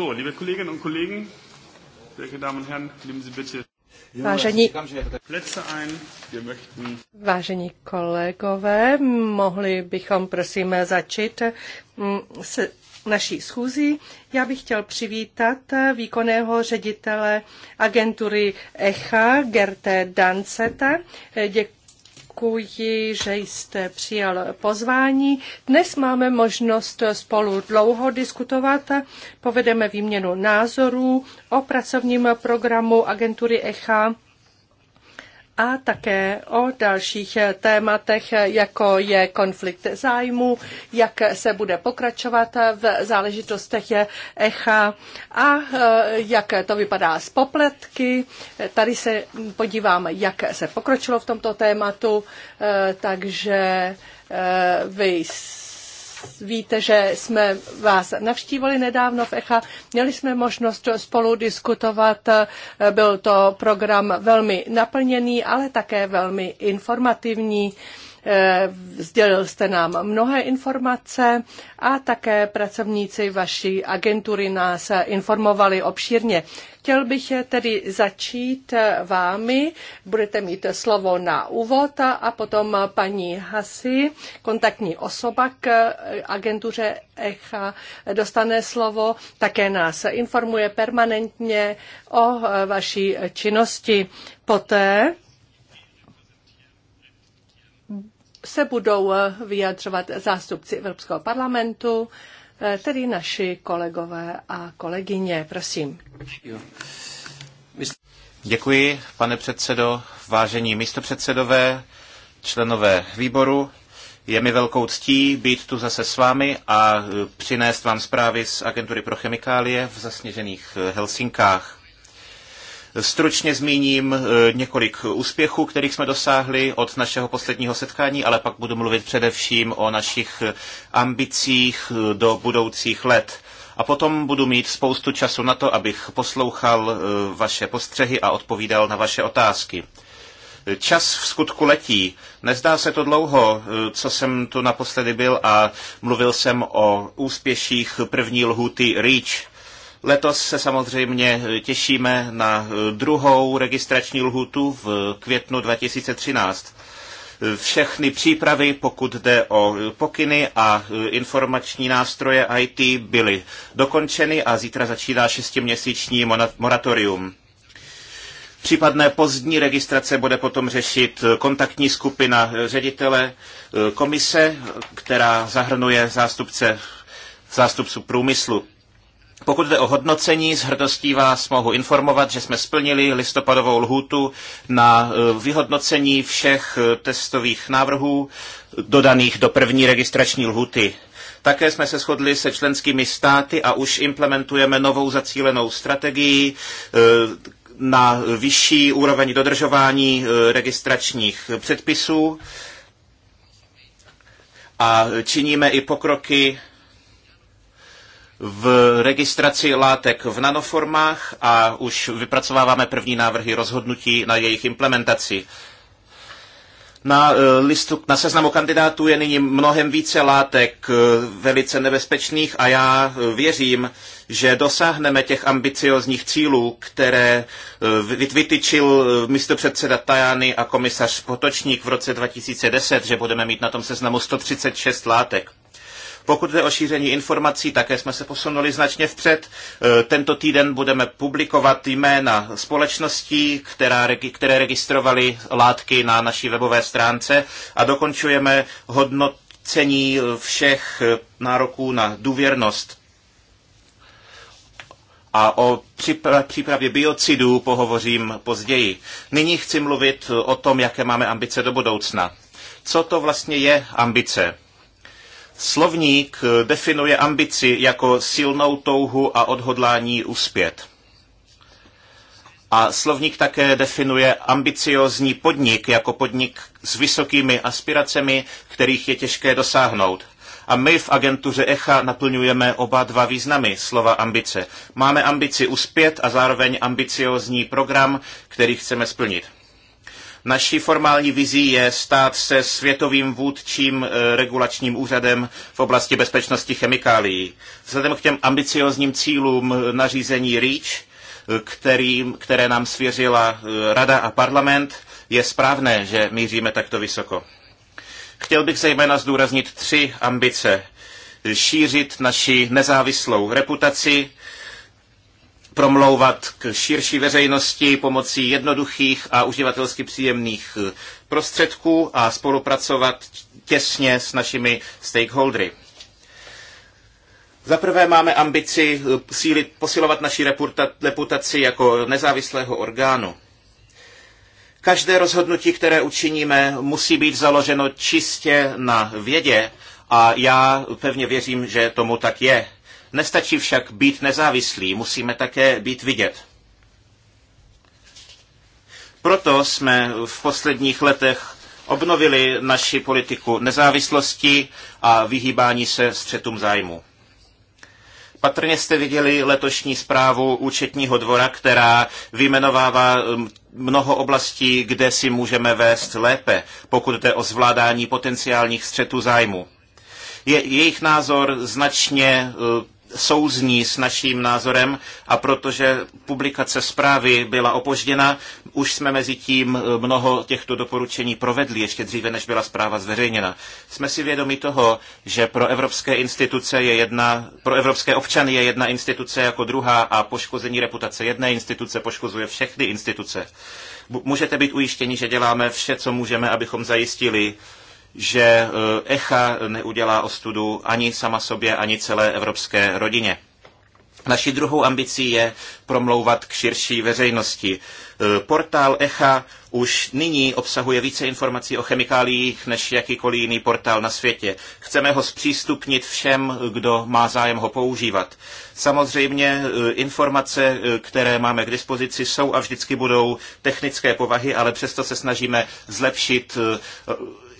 So, liebe Kolleginnen und Kollegen, sehr geehrte Damen und Herren, nehmen Sie bitte Vážení, vážení kolegové, mohli bychom prosím začít mm, s naší schůzí. Já bych chtěl přivítat výkonného ředitele agentury ECHA Gerte Dancete. Děkuji děkuji, že jste přijal pozvání. Dnes máme možnost spolu dlouho diskutovat. Povedeme výměnu názorů o pracovním programu agentury ECHA a také o dalších tématech, jako je konflikt zájmu, jak se bude pokračovat v záležitostech ECHA a e, jak to vypadá z popletky. Tady se podíváme, jak se pokročilo v tomto tématu, e, takže e, vy víte, že jsme vás navštívili nedávno v ECHA. Měli jsme možnost spolu diskutovat. Byl to program velmi naplněný, ale také velmi informativní. Eh, sdělil jste nám mnohé informace a také pracovníci vaší agentury nás informovali obšírně. Chtěl bych tedy začít vámi. Budete mít slovo na úvod a potom paní Hasi, kontaktní osoba k agentuře ECHA, dostane slovo. Také nás informuje permanentně o vaší činnosti. Poté se budou eh, vyjadřovat zástupci Evropského parlamentu, eh, tedy naši kolegové a kolegyně. Prosím. Děkuji, pane předsedo, vážení místopředsedové, členové výboru. Je mi velkou ctí být tu zase s vámi a eh, přinést vám zprávy z Agentury pro chemikálie v zasněžených Helsinkách. Stručně zmíním eh, několik úspěchů, kterých jsme dosáhli od našeho posledního setkání, ale pak budu mluvit především o našich eh, ambicích eh, do budoucích let. A potom budu mít spoustu času na to, abych poslouchal vaše postřehy a odpovídal na vaše otázky. Čas v skutku letí. Nezdá se to dlouho, co jsem tu naposledy byl a mluvil jsem o úspěších první lhuty REACH. Letos se samozřejmě těšíme na eh, druhou registrační lhutu v květnu 2013 všechny přípravy, pokud jde o eh, pokyny a eh, informační nástroje IT, byly dokončeny a zítra začíná šestiměsíční moratorium. Případné pozdní registrace bude potom řešit kontaktní skupina ředitele komise, která zahrnuje zástupce, zástupců průmyslu. Pokud jde o hodnocení, s hrdostí vás mohu informovat, že jsme splnili listopadovou lhůtu na eh, vyhodnocení všech eh, testových návrhů dodaných do první registrační lhuty. Také jsme se shodli se členskými státy a už implementujeme novou zacílenou strategii eh, na vyšší úroveň dodržování registračních předpisů a činíme i pokroky v registraci látek v nanoformách a už vypracováváme první návrhy rozhodnutí na jejich implementaci. Na, e, listu, na seznamu kandidátů je nyní mnohem více látek e, velice nebezpečných a já e, věřím, že dosáhneme těch ambiciozních cílů, které vytyčil předseda Tajany a komisař Potočník v roce 2010, že budeme mít na tom seznamu 136 látek. Pokud jde o šíření informací, také jsme se posunuli značně vpřed. E, tento týden budeme publikovat jména společností, která, které registrovaly látky na naší webové stránce a dokončujeme hodnocení všech nároků na důvěrnost a o přípravě biocidů pohovořím později. Nyní chci mluvit o tom, jaké máme ambice do budoucna. Co to vlastně je ambice? Slovník eh, definuje ambici jako silnou touhu a odhodlání uspět. A slovník také definuje ambiciozní podnik jako podnik s vysokými aspiracemi, kterých je těžké dosáhnout. A my v agentuře ECHA naplňujeme oba dva významy slova ambice. Máme ambici uspět a zároveň ambiciozní program, který chceme splnit. Naší formální vizí je stát se světovým vůdčím eh, regulačním úřadem v oblasti bezpečnosti chemikálií. Vzhledem k těm ambiciozním cílům eh, nařízení REACH, eh, kterým, které nám svěřila Rada a parlament, je správné, že míříme takto vysoko. Chtěl bych zejména zdůraznit tři ambice. Šířit naši nezávislou reputaci, promlouvat k širší veřejnosti pomocí jednoduchých a uživatelsky příjemných eh, prostředků a spolupracovat těsně s našimi stakeholdery. Za prvé máme ambici eh, sílit, posilovat naši reputaci jako nezávislého orgánu. Každé rozhodnutí, které učiníme, musí být založeno čistě na vědě a já pevně věřím, že tomu tak je. Nestačí však být nezávislí, musíme také být vidět. Proto jsme v posledních letech obnovili naši politiku nezávislosti a vyhýbání se střetům zájmu. Patrně jste viděli letošní zprávu účetního dvora, která vyjmenovává mnoho oblastí, kde si můžeme vést lépe, pokud jde o zvládání potenciálních střetů zájmu. Je, jejich názor značně e, souzní s naším názorem a protože publikace zprávy byla opožděna, už jsme mezi tím eh, mnoho těchto doporučení provedli, ještě dříve, než byla zpráva zveřejněna. Jsme si vědomi toho, že pro evropské instituce je jedna, pro evropské občany je jedna instituce jako druhá a poškození reputace jedné instituce poškozuje všechny instituce. Můžete být ujištěni, že děláme vše, co můžeme, abychom zajistili, že e, ECHA neudělá ostudu ani sama sobě, ani celé evropské rodině. Naší druhou ambicí je promlouvat k širší veřejnosti. E, portál ECHA už nyní obsahuje více informací o chemikáliích než jakýkoliv jiný portál na světě. Chceme ho zpřístupnit všem, kdo má zájem ho používat. Samozřejmě e, informace, které máme k dispozici, jsou a vždycky budou technické povahy, ale přesto se snažíme zlepšit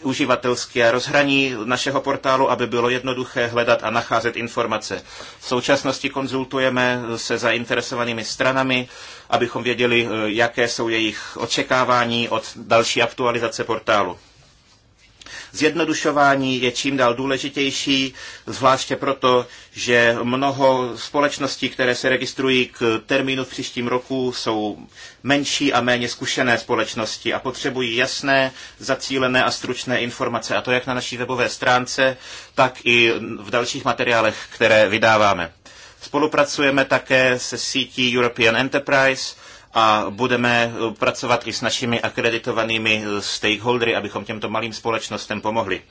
uživatelské rozhraní našeho portálu, aby bylo jednoduché hledat a nacházet informace. V současnosti konzultujeme se zainteresovanými stranami, abychom věděli, eh, jaké jsou jejich očekávání od další aktualizace portálu. Zjednodušování je čím dál důležitější, zvláště proto, že mnoho společností, které se registrují k termínu v příštím roku, jsou menší a méně zkušené společnosti a potřebují jasné, zacílené a stručné informace. A to jak na naší webové stránce, tak i v dalších materiálech, které vydáváme. Spolupracujeme také se sítí European Enterprise, a budeme eh, pracovat i s našimi akreditovanými eh, stakeholdery, abychom těmto malým společnostem pomohli.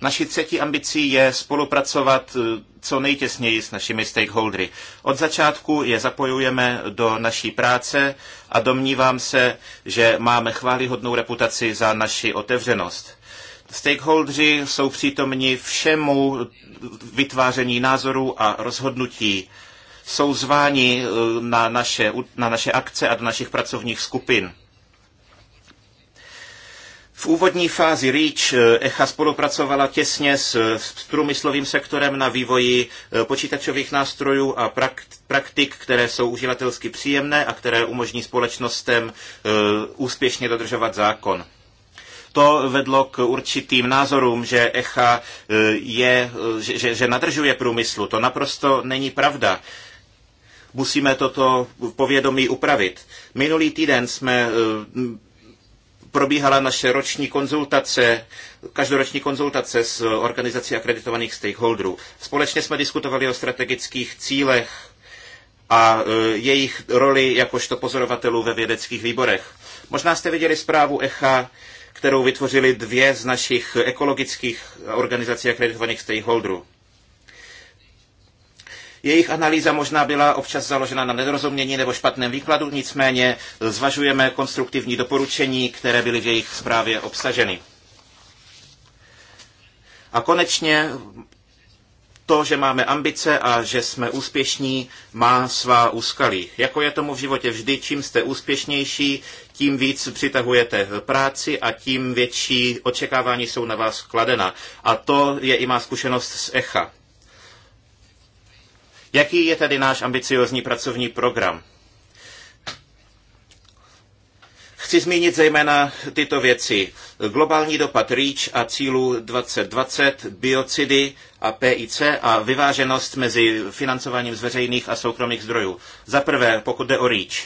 Naší třetí ambicí je spolupracovat eh, co nejtěsněji s našimi stakeholdery. Od začátku je zapojujeme do naší práce a domnívám se, že máme chválihodnou reputaci za naši otevřenost. Stakeholdři jsou přítomni všemu vytváření názorů a rozhodnutí jsou zváni eh, na naše, na naše akce a do našich pracovních skupin. V úvodní fázi REACH eh, ECHA spolupracovala těsně s, s průmyslovým sektorem na vývoji eh, počítačových nástrojů a praktik, které jsou uživatelsky příjemné a které umožní společnostem úspěšně dodržovat zákon. To vedlo k určitým názorům, že ECHA je, že, že nadržuje průmyslu. To naprosto není pravda musíme toto povědomí upravit. Minulý týden jsme eh, probíhala naše roční konzultace, každoroční konzultace s organizací akreditovaných stakeholderů. Společně jsme diskutovali o strategických cílech a eh, jejich roli jakožto pozorovatelů ve vědeckých výborech. Možná jste viděli zprávu ECHA, kterou vytvořili dvě z našich ekologických organizací akreditovaných stakeholderů. Jejich analýza možná byla občas založena na nedorozumění nebo špatném výkladu, nicméně zvažujeme konstruktivní doporučení, které byly v jejich zprávě obsaženy. A konečně to, že máme ambice a že jsme úspěšní, má svá úskalí. Jako je tomu v životě vždy, čím jste úspěšnější, tím víc přitahujete práci a tím větší očekávání jsou na vás kladena. A to je i má zkušenost z ECHA. Jaký je tedy náš ambiciozní pracovní program? Chci zmínit zejména tyto věci. Globální dopad REACH a cílů 2020, biocidy a PIC a vyváženost mezi financováním z veřejných a soukromých zdrojů. Za prvé, pokud jde o REACH.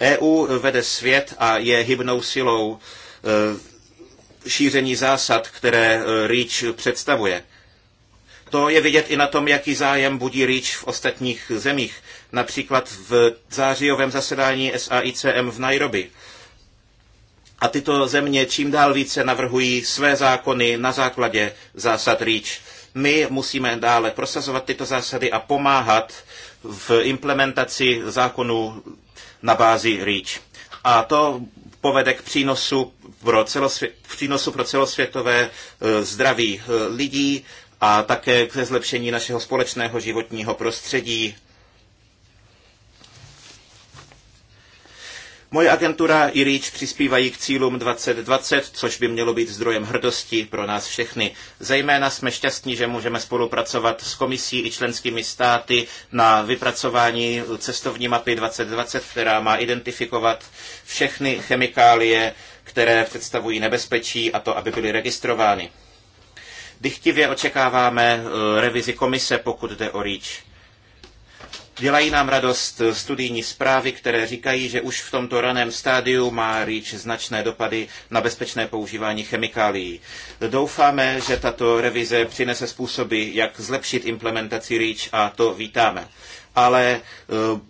EU vede svět a je hybnou silou e, šíření zásad, které e, REACH představuje. To je vidět i na tom, jaký zájem budí REACH v ostatních zemích. Například v zářijovém zasedání SAICM v Nairobi. A tyto země čím dál více navrhují své zákony na základě zásad REACH. My musíme dále prosazovat tyto zásady a pomáhat v implementaci zákonů na bázi REACH. A to povede k přínosu pro, celosvě- přínosu pro celosvětové eh, zdraví eh, lidí, a také k zlepšení našeho společného životního prostředí. Moje agentura i REACH přispívají k cílům 2020, což by mělo být zdrojem hrdosti pro nás všechny. Zejména jsme šťastní, že můžeme spolupracovat s komisí i členskými státy na vypracování cestovní mapy 2020, která má identifikovat všechny chemikálie, které představují nebezpečí a to, aby byly registrovány. Dychtivě očekáváme eh, revizi komise, pokud jde o REACH. Dělají nám radost eh, studijní zprávy, které říkají, že už v tomto raném stádiu má REACH značné dopady na bezpečné používání chemikálií. Doufáme, že tato revize přinese způsoby, jak zlepšit implementaci REACH a to vítáme. Ale eh,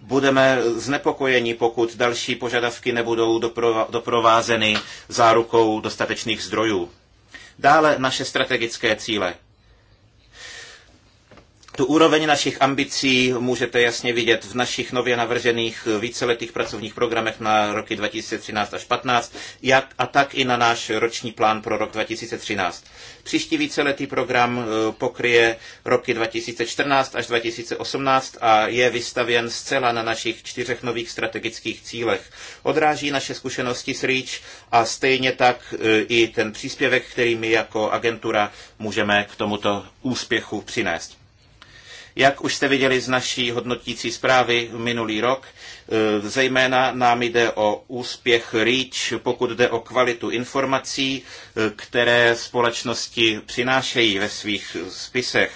budeme znepokojeni, pokud další požadavky nebudou doprovázeny zárukou dostatečných zdrojů. Dále naše strategické cíle. Tu úroveň našich ambicí můžete jasně vidět v našich nově navržených víceletých pracovních programech na roky 2013 až 2015 jak, a tak i na náš roční plán pro rok 2013. Příští víceletý program eh, pokryje roky 2014 až 2018 a je vystavěn zcela na našich čtyřech nových strategických cílech. Odráží naše zkušenosti s REACH a stejně tak eh, i ten příspěvek, který my jako agentura můžeme k tomuto úspěchu přinést. Jak už jste viděli z naší hodnotící zprávy minulý rok, eh, zejména nám jde o úspěch REACH, pokud jde o kvalitu informací, eh, které společnosti přinášejí ve svých spisech.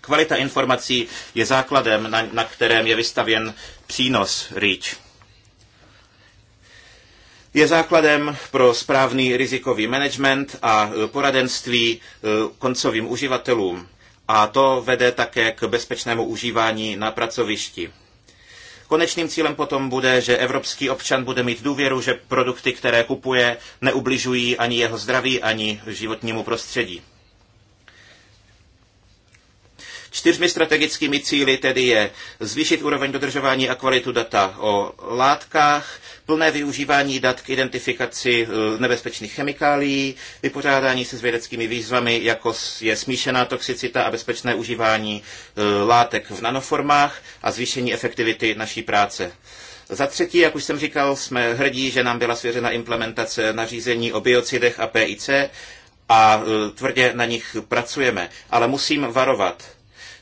Kvalita informací je základem, na, na kterém je vystavěn přínos REACH je základem pro správný rizikový management a eh, poradenství koncovým uživatelům a to vede také k bezpečnému užívání na pracovišti. Konečným cílem potom bude, že evropský občan bude mít důvěru, že produkty, které kupuje, neubližují ani jeho zdraví, ani životnímu prostředí. Čtyřmi strategickými cíly tedy je zvýšit úroveň dodržování a kvalitu data o látkách, plné využívání dat k identifikaci eh, nebezpečných chemikálií, vypořádání se s vědeckými výzvami, jako je smíšená toxicita a bezpečné užívání eh, látek v nanoformách a zvýšení efektivity naší práce. Za třetí, jak už jsem říkal, jsme hrdí, že nám byla svěřena implementace nařízení o biocidech a PIC a eh, tvrdě na nich pracujeme. Ale musím varovat.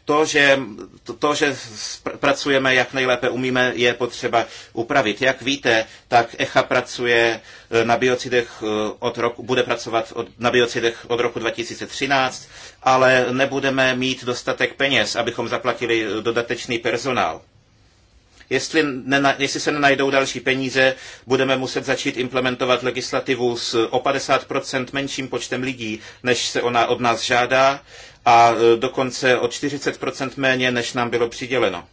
To, že, to, to, že pracujeme, jak nejlépe umíme, je potřeba upravit. Jak víte, tak ECHA pracuje e, na biocidech e, od roku, bude pracovat od, na biocidech od roku 2013, ale nebudeme mít dostatek peněz, abychom zaplatili e, dodatečný personál. Jestli, nena, jestli se nenajdou další peníze, budeme muset začít implementovat legislativu s o 50% menším počtem lidí, než se ona od nás žádá a e, dokonce o 40% méně, než nám bylo přiděleno.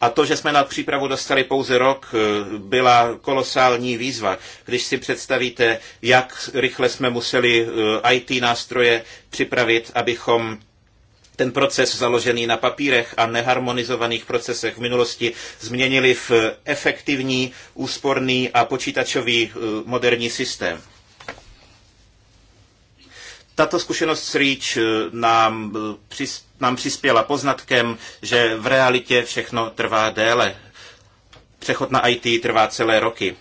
A to, že jsme na přípravu dostali pouze rok, e, byla kolosální výzva. Když si představíte, jak rychle jsme museli e, IT nástroje připravit, abychom ten proces založený na papírech a neharmonizovaných procesech v minulosti změnili v efektivní, úsporný a počítačový moderní systém. Tato zkušenost s REACH eh, nám, eh, přis, nám přispěla poznatkem, že v realitě všechno trvá déle. Přechod na IT trvá celé roky.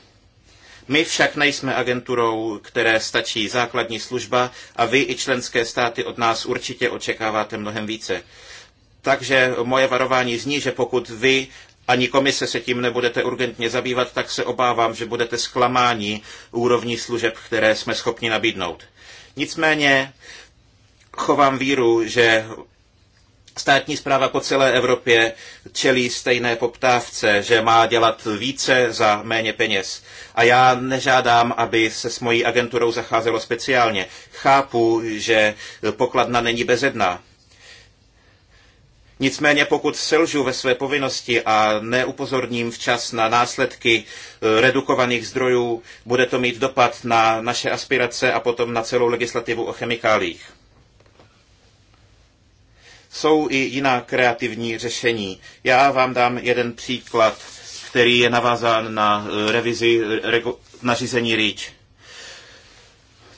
My však nejsme agenturou, které stačí základní služba a vy i členské státy od nás určitě očekáváte mnohem více. Takže moje varování zní, že pokud vy ani komise se tím nebudete urgentně zabývat, tak se obávám, že budete zklamáni úrovní služeb, které jsme schopni nabídnout. Nicméně chovám víru, že státní zpráva po celé Evropě čelí stejné poptávce, že má dělat více za méně peněz. A já nežádám, aby se s mojí agenturou zacházelo speciálně. Chápu, že pokladna není bezedná. Nicméně pokud selžu ve své povinnosti a neupozorním včas na následky eh, redukovaných zdrojů, bude to mít dopad na naše aspirace a potom na celou legislativu o chemikáliích. Jsou i jiná kreativní řešení. Já vám dám jeden příklad, který je navázán na eh, revizi eh, nařízení REACH.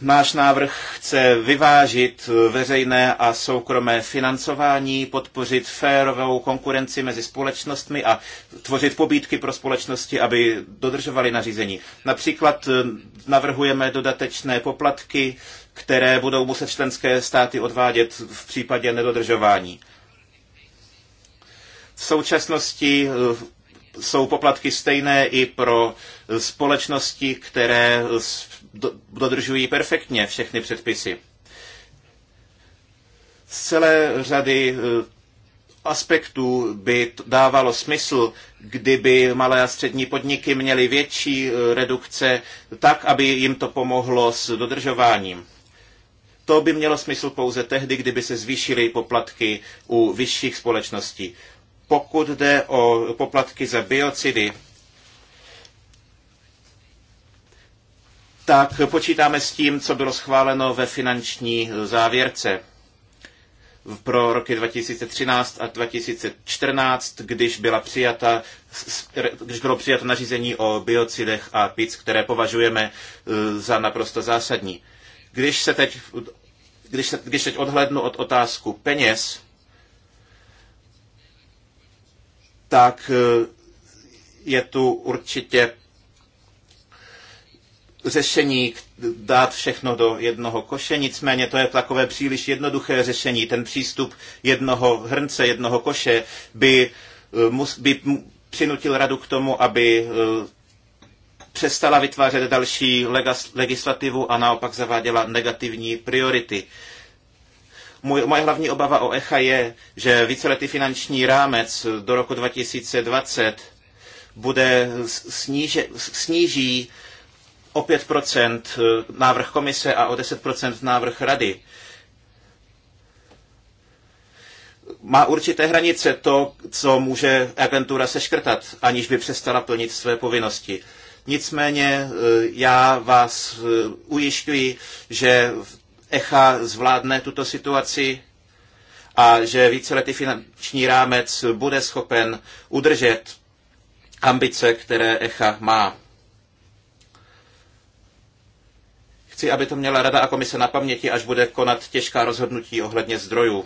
Náš návrh chce vyvážit veřejné a soukromé financování, podpořit férovou konkurenci mezi společnostmi a tvořit pobídky pro společnosti, aby dodržovali nařízení. Například eh, navrhujeme dodatečné poplatky, které budou muset členské státy odvádět v případě nedodržování. V současnosti eh, jsou poplatky stejné i pro společnosti, které dodržují perfektně všechny předpisy. Z celé řady e, aspektů by dávalo smysl, kdyby malé a střední podniky měly větší e, redukce, tak, aby jim to pomohlo s dodržováním. To by mělo smysl pouze tehdy, kdyby se zvýšily poplatky u vyšších společností. Pokud jde o poplatky za biocidy, tak počítáme s tím, co bylo schváleno ve finanční závěrce pro roky 2013 a 2014, když, byla přijata, když bylo přijato nařízení o biocidech a PIC, které považujeme e, za naprosto zásadní. Když se teď, když se, když teď odhlednu od otázku peněz, tak e, je tu určitě řešení dát všechno do jednoho koše, nicméně to je takové příliš jednoduché řešení. Ten přístup jednoho hrnce, jednoho koše by, eh, by přinutil radu k tomu, aby eh, přestala vytvářet další legislativu a naopak zaváděla negativní priority. Můj, moje hlavní obava o ECHA je, že víceletý finanční rámec do roku 2020 bude sníže, sníží o 5% eh, návrh komise a o 10% návrh rady. Má určité hranice to, co může agentura seškrtat, aniž by přestala plnit své povinnosti. Nicméně eh, já vás eh, ujišťuji, že ECHA zvládne tuto situaci a že víceletý finanční rámec bude schopen udržet ambice, které ECHA má. Chci, aby to měla Rada a Komise na paměti, až bude konat těžká rozhodnutí ohledně zdrojů.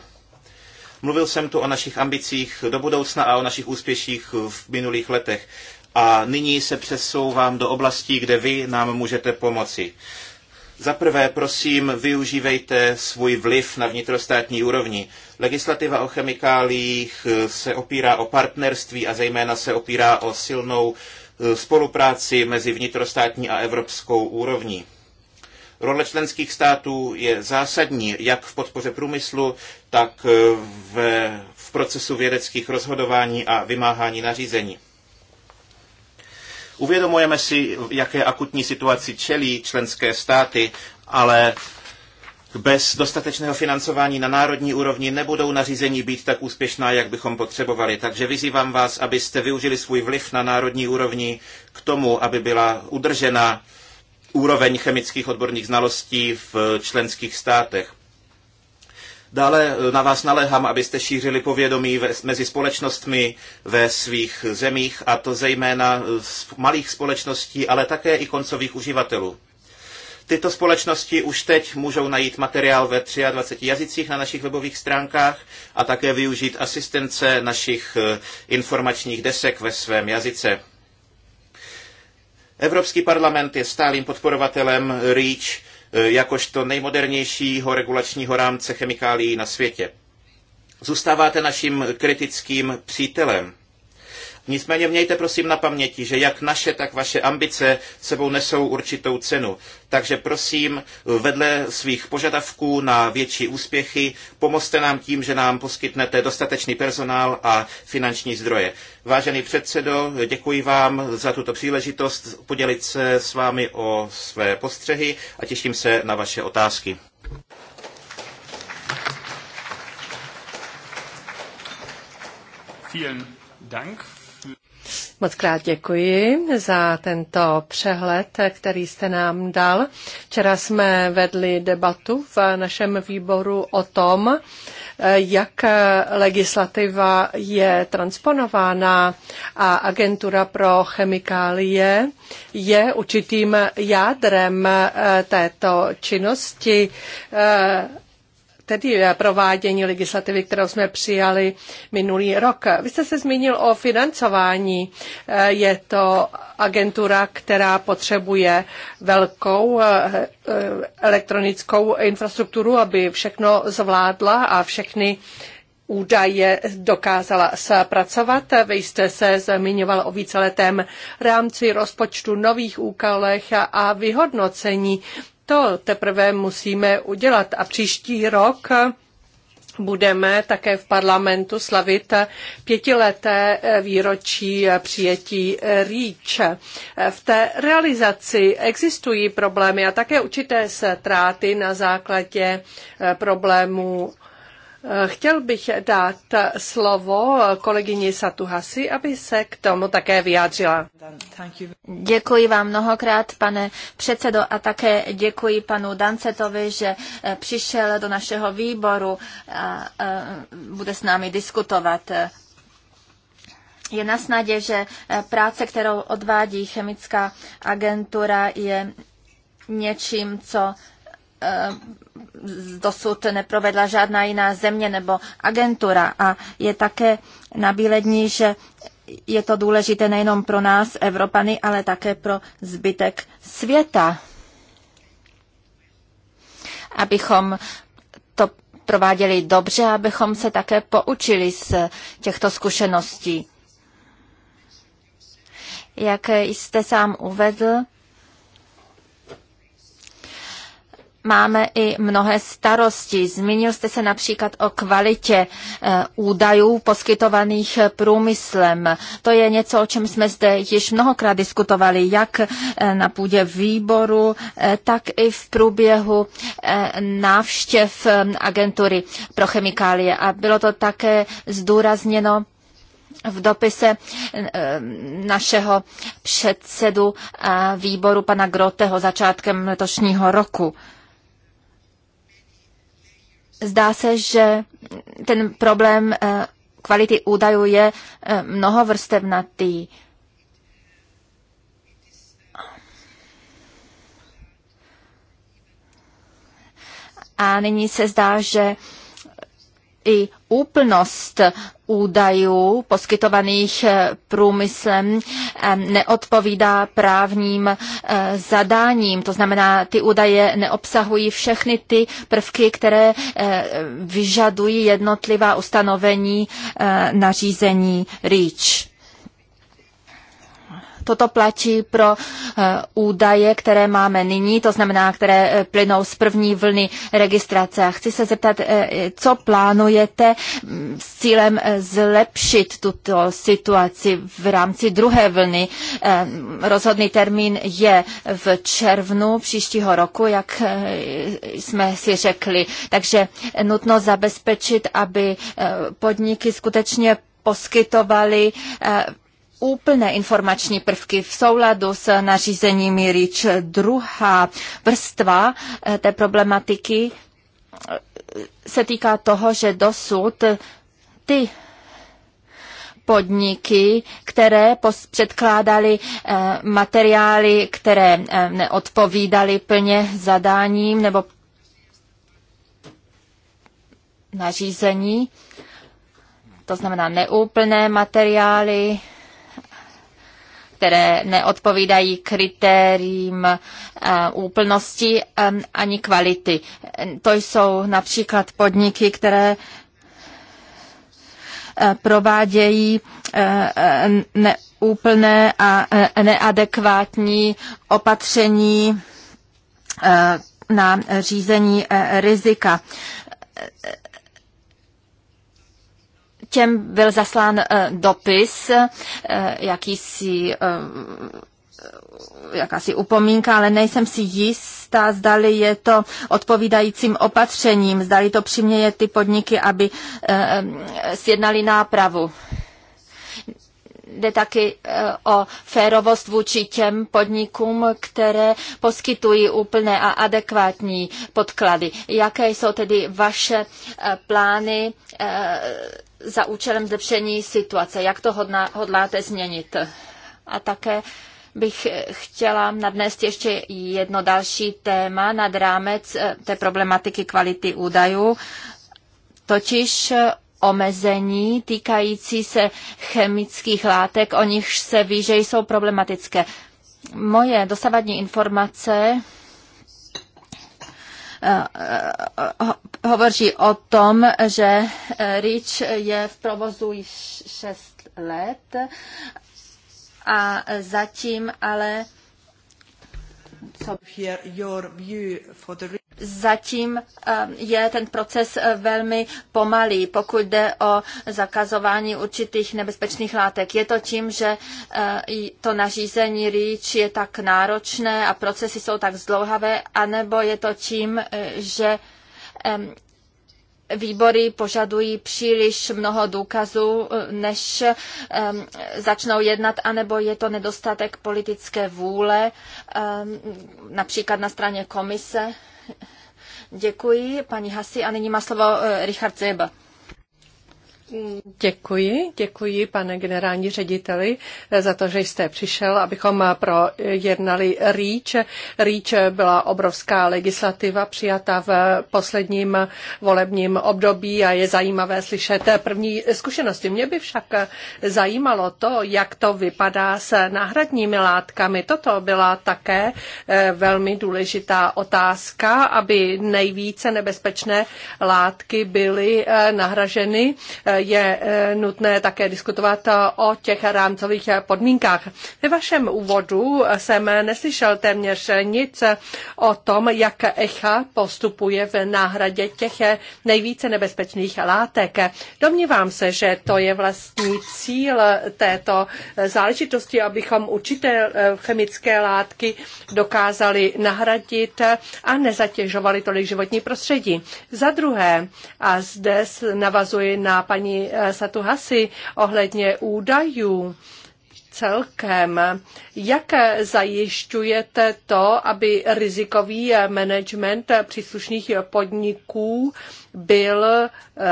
Mluvil jsem tu o našich ambicích do budoucna a o našich úspěších v minulých letech. A nyní se přesouvám do oblastí, kde vy nám můžete pomoci. Za prvé, prosím, využívejte svůj vliv na vnitrostátní úrovni. Legislativa o chemikáliích eh, se opírá o partnerství a zejména se opírá o silnou eh, spolupráci mezi vnitrostátní a evropskou úrovní. Role členských států je zásadní jak v podpoře průmyslu, tak eh, v, v procesu vědeckých rozhodování a vymáhání nařízení. Uvědomujeme si, jaké akutní situaci čelí členské státy, ale bez dostatečného financování na národní úrovni nebudou nařízení být tak úspěšná, jak bychom potřebovali. Takže vyzývám vás, abyste využili svůj vliv na národní úrovni k tomu, aby byla udržena úroveň chemických odborných znalostí v členských státech. Dále eh, na vás naléhám, abyste šířili povědomí mezi společnostmi ve svých zemích, a to zejména eh, z malých společností, ale také i koncových uživatelů. Tyto společnosti už teď můžou najít materiál ve 23 jazycích na našich webových stránkách a také využít asistence našich eh, informačních desek ve svém jazyce. Evropský parlament je stálým podporovatelem REACH eh, jakožto nejmodernějšího regulačního rámce chemikálií na světě. Zůstáváte naším kritickým přítelem Nicméně mějte prosím na paměti, že jak naše, tak vaše ambice sebou nesou určitou cenu. Takže prosím, vedle svých požadavků na větší úspěchy, pomozte nám tím, že nám poskytnete dostatečný personál a finanční zdroje. Vážený předsedo, děkuji vám za tuto příležitost podělit se s vámi o své postřehy a těším se na vaše otázky. Vielen Dank. Moc krát děkuji za tento přehled, který jste nám dal. Včera jsme vedli debatu v našem výboru o tom, jak legislativa je transponována a agentura pro chemikálie je určitým jádrem eh, této činnosti eh, tedy eh, provádění legislativy, kterou jsme přijali minulý rok. Vy jste se zmínil o financování. Eh, je to agentura, která potřebuje velkou eh, elektronickou infrastrukturu, aby všechno zvládla a všechny údaje dokázala zpracovat. Vy jste se zmiňoval o víceletém rámci rozpočtu nových úkolech a vyhodnocení to teprve musíme udělat a příští rok budeme také v parlamentu slavit pětileté výročí přijetí REACH. V té realizaci existují problémy a také určité ztráty na základě problémů Chtěl bych dát slovo kolegyni Satuhasi, aby se k tomu také vyjádřila. Děkuji vám mnohokrát, pane předsedo, a také děkuji panu Dancetovi, že eh, přišel do našeho výboru a bude s námi diskutovat. Je na snadě, že eh, práce, kterou odvádí chemická agentura, je něčím, co Eh, dosud neprovedla žádná jiná země nebo agentura. A je také nabílední, že je to důležité nejenom pro nás, Evropany, ale také pro zbytek světa, abychom to prováděli dobře, abychom se také poučili z těchto zkušeností. Jak jste sám uvedl, máme i mnohé starosti. Zmínil jste se například o kvalitě eh, údajů poskytovaných eh, průmyslem. To je něco, o čem jsme zde již mnohokrát diskutovali, jak eh, na půdě výboru, tak i v průběhu návštěv agentury pro chemikálie. A bylo to také zdůrazněno v dopise našeho předsedu výboru pana Groteho začátkem letošního roku zdá se, že ten problém eh, kvality údajů je eh, mnohovrstevnatý. A nyní se zdá, že i úplnost údajů poskytovaných eh, průmyslem neodpovídá právním eh, zadáním. To znamená, ty údaje neobsahují všechny ty prvky, které eh, vyžadují jednotlivá ustanovení nařízení REACH. Toto platí pro eh, údaje, které máme nyní, to znamená, které eh, plynou z první vlny registrace. A chci se zeptat, eh, co plánujete mm, s cílem zlepšit tuto situaci v rámci druhé vlny. Rozhodný termín je v červnu příštího roku, jak jsme si řekli. Takže nutno zabezpečit, aby podniky skutečně poskytovaly úplné informační prvky v souladu s nařízeními RIČ. Druhá vrstva eh, té problematiky eh, se týká toho, že dosud ty podniky, které předkládaly eh, materiály, které neodpovídaly plně zadáním nebo nařízení, to znamená neúplné materiály, které neodpovídají kritériím eh, úplnosti eh, ani kvality. To jsou například podniky, které eh, provádějí neúplné a neadekvátní opatření na řízení rizika těm byl zaslán eh, dopis, eh, jakýsi eh, jakási upomínka, ale nejsem si jistá, zdali je to odpovídajícím opatřením, zdali to přiměje ty podniky, aby sjednali nápravu jde taky o férovost vůči těm podnikům, které poskytují úplné a adekvátní podklady. Jaké jsou tedy vaše plány za účelem zlepšení situace. Jak to hodná, hodláte změnit? A také bych chtěla nadnést ještě jedno další téma nad rámec eh, té problematiky kvality údajů, totiž eh, omezení týkající se chemických látek, o nichž se ví, že jsou problematické. Moje dosavadní informace Eh, eh, eh, hovoří o tom, že Rich je v provozu již 6 let a zatím ale zatím eh, je ten proces eh, velmi pomalý, pokud jde o zakazování určitých nebezpečných látek. Je to tím, že eh, to nařízení REACH je tak náročné a procesy jsou tak zdlouhavé, anebo je to tím, že výbory požadují příliš mnoho důkazů, než um, začnou jednat, anebo je to nedostatek politické vůle, um, například na straně komise. Děkuji, paní Hasi. A nyní má slovo eh, Richard Zeba. Děkuji, děkuji pane generální řediteli za to, že jste přišel, abychom projednali REACH. REACH byla obrovská legislativa přijata v posledním volebním období a je zajímavé slyšet první zkušenosti. Mě by však zajímalo to, jak to vypadá s náhradními látkami. Toto byla také eh, velmi důležitá otázka, aby nejvíce nebezpečné látky byly eh, nahraženy eh, je eh, nutné také diskutovat eh, o těch rámcových eh, podmínkách. Ve vašem úvodu jsem neslyšel téměř nic o tom, jak ECHA postupuje v náhradě těch nejvíce nebezpečných látek. Domnívám se, že to je vlastní cíl této záležitosti, abychom určité chemické látky dokázali nahradit a nezatěžovali tolik životní prostředí. Za druhé, a zde navazuji na paní paní eh, Satuhasi ohledně údajů celkem. Jak zajišťujete to, aby rizikový management příslušných podniků byl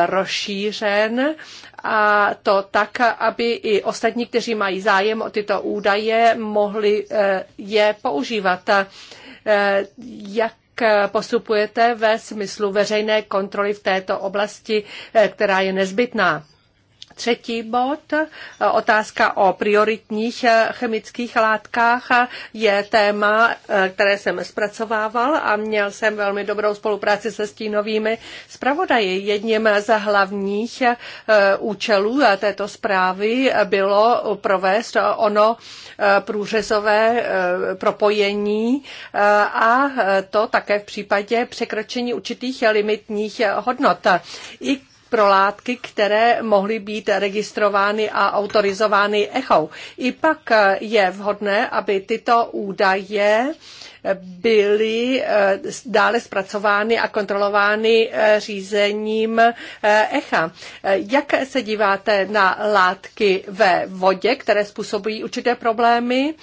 rozšířen a to tak, aby i ostatní, kteří mají zájem o tyto údaje, mohli eh, je používat? Eh, jak postupujete ve smyslu veřejné kontroly v této oblasti, eh, která je nezbytná? Třetí bod, otázka o prioritních eh, chemických látkách je téma, eh, které jsem zpracovával a měl jsem velmi dobrou spolupráci se stínovými zpravodaji. Jedním z hlavních eh, účelů této zprávy bylo provést ono průřezové propojení a to také v případě překročení určitých limitních hodnot. I pro látky, které mohly být registrovány a autorizovány ECHO. I pak je vhodné, aby tyto údaje byly eh, dále zpracovány a kontrolovány eh, řízením eh, ECHA. Jak se díváte na látky ve vodě, které způsobují určité problémy,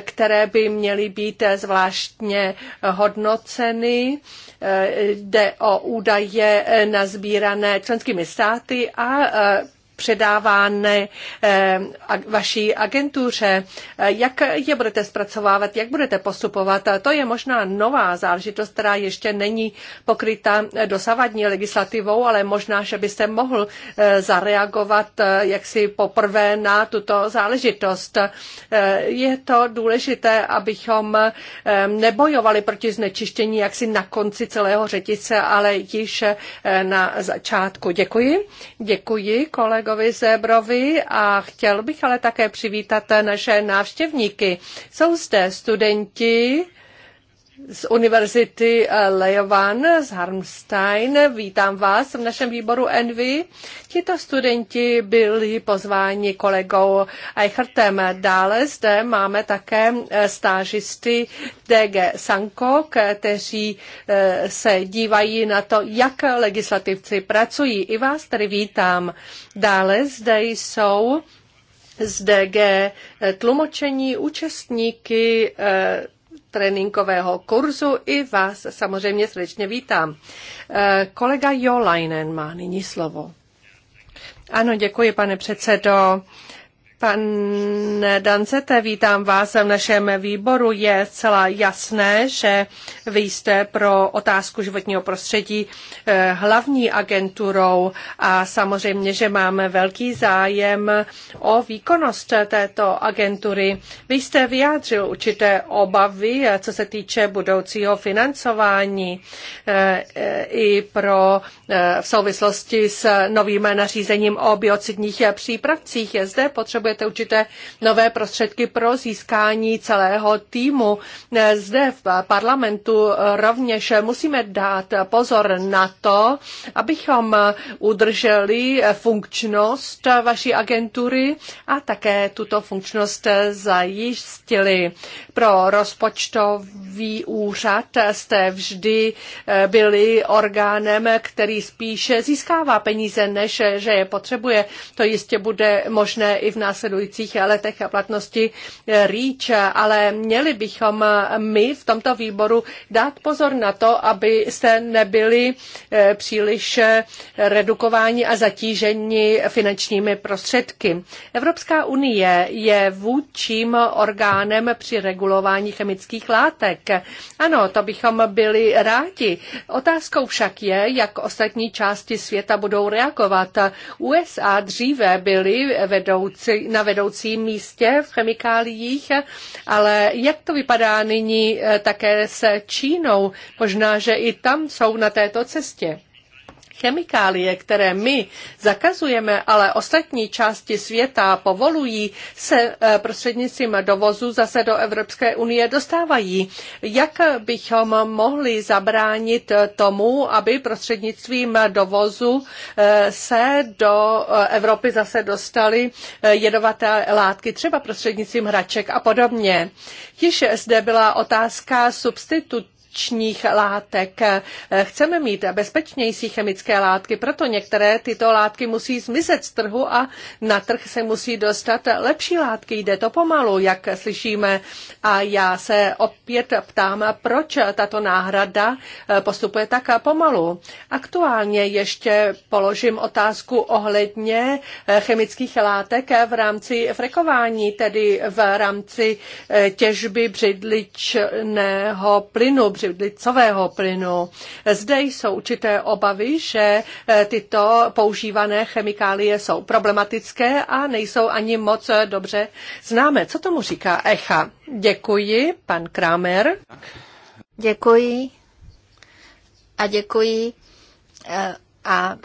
které by měly být zvláštně hodnoceny? Jde o údaje nazbírané členskými státy a předávány eh, vaší agentuře. Eh, jak je budete zpracovávat, jak budete postupovat? Eh, to je možná nová záležitost, která ještě není pokryta dosavadní legislativou, ale možná, že byste mohl zareagovat jaksi poprvé na tuto záležitost. Je to důležité, abychom nebojovali proti znečištění jaksi na konci celého řetice, ale již na začátku. Děkuji. Děkuji, kolego kolegovi Zébrovi a chtěl bych ale také přivítat naše návštěvníky. Jsou zde studenti, z Univerzity eh, Lejován z Harmstein. Vítám vás v našem výboru Envy. Tito studenti byli pozváni kolegou Eichertem. Dále zde máme také eh, stážisty DG Sanko, kteří eh, se dívají na to, jak legislativci pracují. I vás tedy vítám. Dále zde jsou z DG tlumočení účastníky tréninkového kurzu i vás samozřejmě srdečně vítám. Eh, kolega Jolainen má nyní slovo. Ano, děkuji, pane předsedo. Pane Dancete, vítám vás v našem výboru. Je celá jasné, že vy jste pro otázku životního prostředí eh, hlavní agenturou a samozřejmě, že máme velký zájem o výkonnost této agentury. Vy jste vyjádřil určité obavy, eh, co se týče budoucího financování eh, i pro v souvislosti s novým nařízením o biocidních přípravcích. je Zde potřeba potřebujete určité nové prostředky pro získání celého týmu. Zde v parlamentu rovněž musíme dát pozor na to, abychom udrželi funkčnost vaší agentury a také tuto funkčnost zajistili. Pro rozpočtový úřad jste vždy eh, byli orgánem, který spíše získává peníze, než že je potřebuje. To jistě bude možné i v nás následujících letech platnosti eh, REACH, ale měli bychom eh, my v tomto výboru dát pozor na to, aby se nebyli eh, příliš redukováni a zatíženi finančními prostředky. Evropská unie je vůdčím orgánem při regulování chemických látek. Ano, to bychom byli rádi. Otázkou však je, jak ostatní části světa budou reagovat. USA dříve byly vedoucí na vedoucím místě v chemikáliích, ale jak to vypadá nyní eh, také se Čínou? Možná, že i tam jsou na této cestě chemikálie, které my zakazujeme, ale ostatní části světa povolují, se eh, prostřednictvím dovozu zase do Evropské unie dostávají. Jak bychom mohli zabránit tomu, aby prostřednictvím dovozu eh, se do eh, Evropy zase dostaly jedovaté látky, třeba prostřednictvím hraček a podobně. Již zde byla otázka substitutů bezpečných látek. Chceme mít bezpečnější chemické látky, proto některé tyto látky musí zmizet z trhu a na trh se musí dostat lepší látky. Jde to pomalu, jak slyšíme. A já se opět ptám, proč tato náhrada postupuje tak pomalu. Aktuálně ještě položím otázku ohledně chemických látek v rámci frekování, tedy v rámci těžby břidličného plynu, břidlicového plynu. Zde jsou určité obavy, že eh, tyto používané chemikálie jsou problematické a nejsou ani moc dobře známé. Co tomu říká ECHA? Děkuji, pan Kramer. Děkuji a děkuji eh, a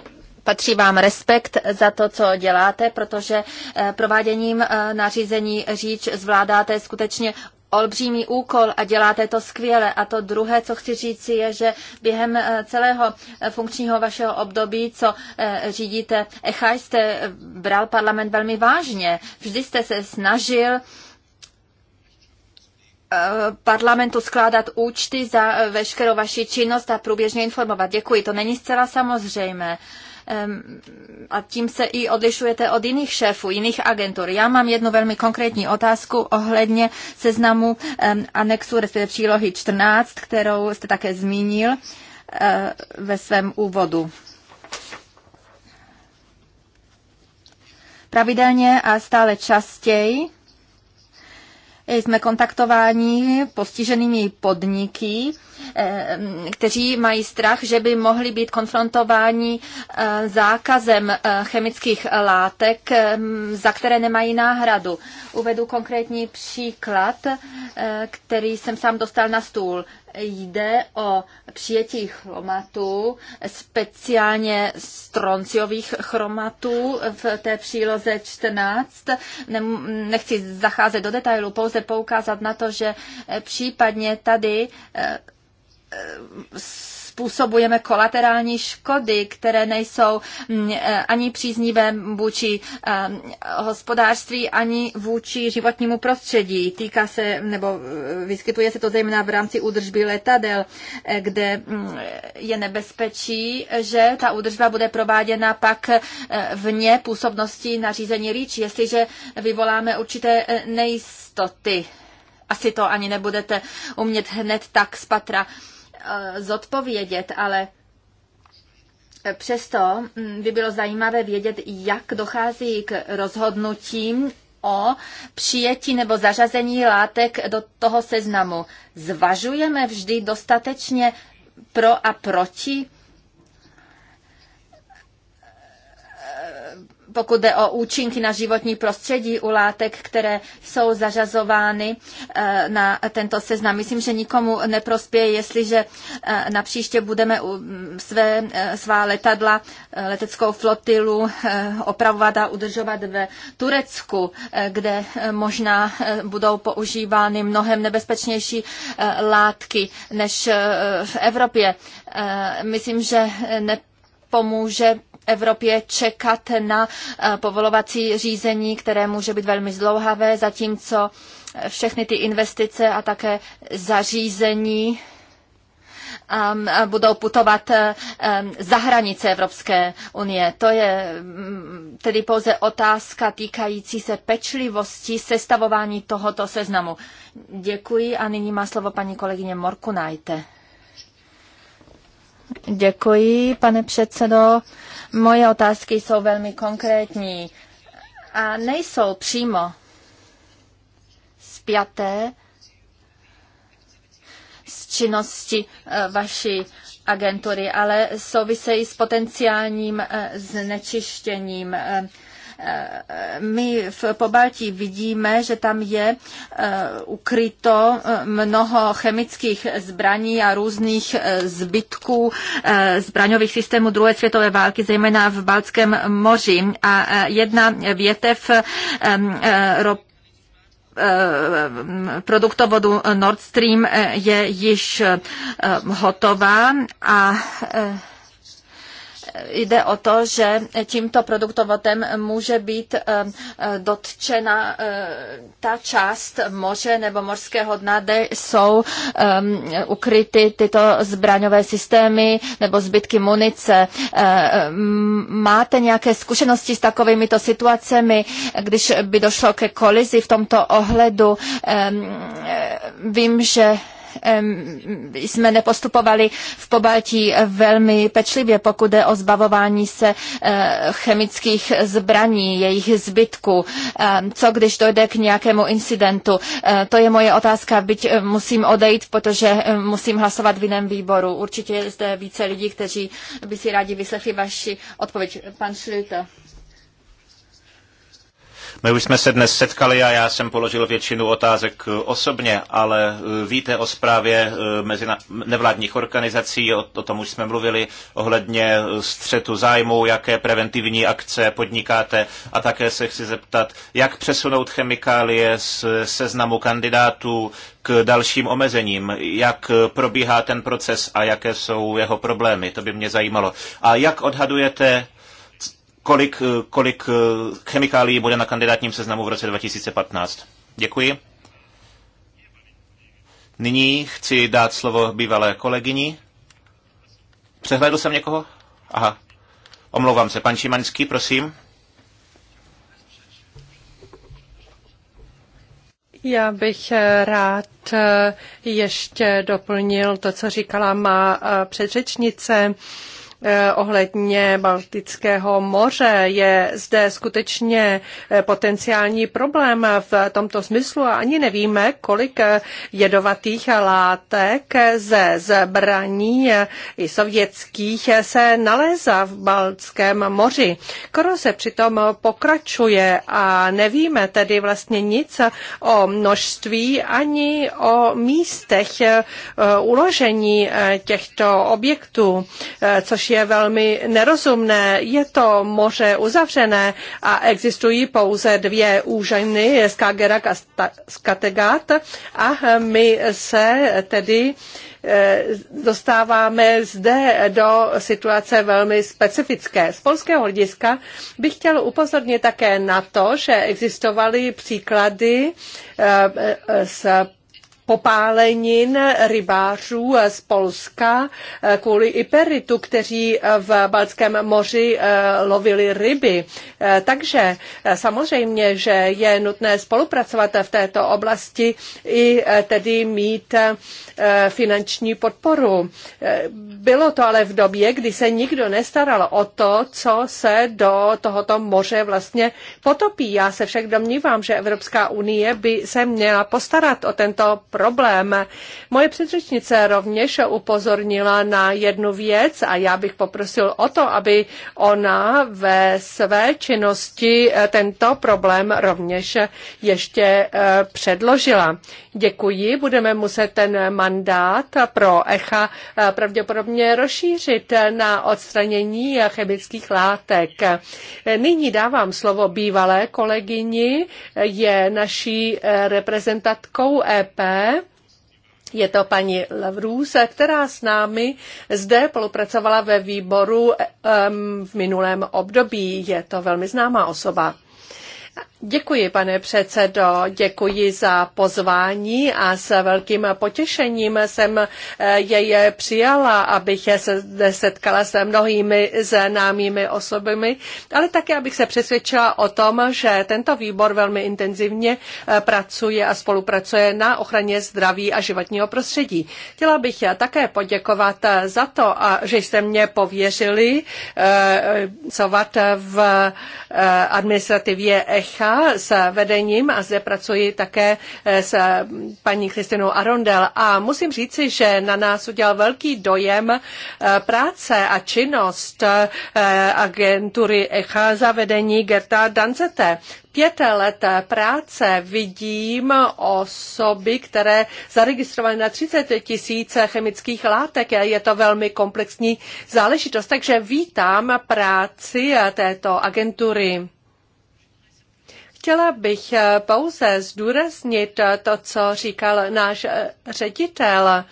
patří vám respekt za to, co děláte, protože eh, prováděním nařízení říč zvládáte skutečně olbřímý úkol a děláte to skvěle. A to druhé, co chci říci, je, že během eh, celého eh, funkčního vašeho období, co eh, řídíte ECHA, jste bral parlament velmi vážně. Vždy jste se snažil parlamentu skládat účty za veškerou vaši činnost a průběžně informovat. Děkuji, to není zcela samozřejmé a tím se i odlišujete od jiných šéfů, jiných agentur. Já mám jednu velmi konkrétní otázku ohledně seznamu anexu, respektive přílohy 14, kterou jste také zmínil eh, ve svém úvodu. Pravidelně a stále častěji jsme kontaktováni postiženými podniky, eh, kteří mají strach, že by mohli být konfrontováni eh, zákazem eh, chemických látek, za které nemají náhradu. Uvedu konkrétní příklad, který jsem sám dostal na stůl jde o přijetí chromatů, speciálně stronciových chromatů v té příloze 14. Nechci zacházet do detailu, pouze poukázat na to, že případně tady eh, eh, způsobujeme kolaterální škody, které nejsou mm, eh, ani příznivé vůči eh, hospodářství, ani vůči životnímu prostředí. Týká se, nebo eh, vyskytuje se to zejména v rámci údržby letadel, kde mm, je nebezpečí, že ta údržba bude prováděna pak vně působnosti nařízení REACH, jestliže vyvoláme určité nejistoty. Asi to ani nebudete umět hned tak spatra Eh, zodpovědět, ale přesto mm, by bylo zajímavé vědět, jak dochází k rozhodnutím o přijetí nebo zařazení látek do toho seznamu. Zvažujeme vždy dostatečně pro a proti pokud jde o účinky na životní prostředí u látek, které jsou zařazovány eh, na tento seznam. Myslím, že nikomu neprospěje, jestliže eh, na příště budeme mm, své, eh, svá letadla, leteckou flotilu opravovat a udržovat ve Turecku, kde možná budou používány mnohem nebezpečnější látky než v Evropě. Myslím, že ne pomůže Evropě čekat na eh, povolovací řízení, které může být velmi zdlouhavé, zatímco všechny ty investice a také zařízení ehm, budou putovat eh, ehm, za hranice Evropské unie. To je mm, tedy pouze otázka týkající se pečlivosti sestavování tohoto seznamu. Děkuji a nyní má slovo paní kolegyně Morkunajte. Děkuji, pane předsedo. Moje otázky jsou velmi konkrétní a nejsou přímo spjaté s činností eh, vaší agentury, ale souvisejí s potenciálním eh, znečištěním eh, my v Pobaltí vidíme, že tam je eh, ukryto eh, mnoho chemických zbraní a různých eh, zbytků zbraňových systémů druhé světové války, zejména v Baltském moři. A jedna větev produktovodu Nord Stream je již hotová a jde o to, že tímto produktovodem může být eh, eh, dotčena eh, ta část moře nebo morského dna, kde jsou ehm, ukryty tyto zbraňové systémy nebo zbytky munice. Máte nějaké zkušenosti s takovými to situacemi, když by došlo ke kolizi v tomto ohledu? Ehm, vím, že jsme nepostupovali v Pobaltí velmi pečlivě, pokud jde o zbavování se eh, chemických zbraní, jejich zbytků. Co když dojde k nějakému incidentu? Eh, to je moje otázka, byť eh, musím odejít, protože musím hlasovat v jiném výboru. Určitě je zde více lidí, kteří by si rádi vyslechli vaši odpověď. Pan Schlüter. My už jsme se dnes setkali a já jsem položil většinu otázek eh, osobně, ale eh, víte o zprávě eh, mezi nevládních organizací, o, tom už jsme mluvili, ohledně střetu zájmu, jaké preventivní akce podnikáte a také se chci zeptat, jak přesunout chemikálie z seznamu kandidátů k dalším omezením, jak probíhá ten proces a jaké jsou jeho problémy, to by mě zajímalo. A jak odhadujete kolik, eh, kolik eh, chemikálií bude na kandidátním seznamu v roce 2015. Děkuji. Nyní chci dát slovo bývalé kolegyni. Přehlédl jsem někoho? Aha. Omlouvám se. Pan Šimanský, prosím. Já bych eh, rád ještě doplnil to, co říkala má předřečnice. Eh, ohledně Baltického moře. Je zde skutečně eh, potenciální problém v tomto smyslu a ani nevíme, kolik eh, jedovatých látek ze zbraní i sovětských se nalézá v Baltském moři. Koroze přitom pokračuje a nevíme tedy vlastně nic o množství ani o místech uložení těchto objektů, což je velmi nerozumné. Je to moře uzavřené a existují pouze dvě úžiny, Skagerak a Skategat a my se tedy eh, dostáváme zde do situace velmi specifické. Z polského hlediska bych chtěl upozornit také na to, že existovaly příklady z eh, eh, popálenin rybářů z Polska kvůli Iperitu, kteří v Balckém moři eh, lovili ryby. Eh, takže eh, samozřejmě, že je nutné spolupracovat v této oblasti i tedy mít finanční podporu. Bylo to ale v době, kdy se nikdo nestaral o to, co se do tohoto moře vlastně potopí. Já se však domnívám, že Evropská unie by se měla postarat o tento problém. Moje předřečnice rovněž upozornila na jednu věc a já bych poprosil o to, aby ona ve své činnosti eh, tento problém rovněž ještě eh, předložila. Děkuji, budeme muset ten mandát pro ECHA eh, pravděpodobně rozšířit na odstranění chemických látek. Nyní dávám slovo bývalé kolegyni, je naší reprezentantkou EP je to paní Lavrůz, která s námi zde spolupracovala ve výboru v minulém období. Je to velmi známá osoba. Děkuji, pane předsedo, děkuji za pozvání a s velkým potěšením jsem eh, jej přijala, abych se setkala s mnohými známými osobami, ale také abych se přesvědčila o tom, že tento výbor velmi intenzivně eh, pracuje a spolupracuje na ochraně zdraví a životního prostředí. Chtěla bych také poděkovat eh, za to, že jste mě pověřili covat v administrativě ECHA s vedením a zde pracuji také eh, s paní Kristinou Arondel a musím říci, že na nás udělal velký dojem eh, práce a činnost eh, agentury ECHA za vedení Gerta Danzete pět let práce vidím osoby, které zaregistrovaly na 30 tisíc chemických látek. Je to velmi komplexní záležitost, takže vítám práci této agentury. Chtěla bych eh, pouze zdůraznit eh, to, co říkal náš eh, ředitel.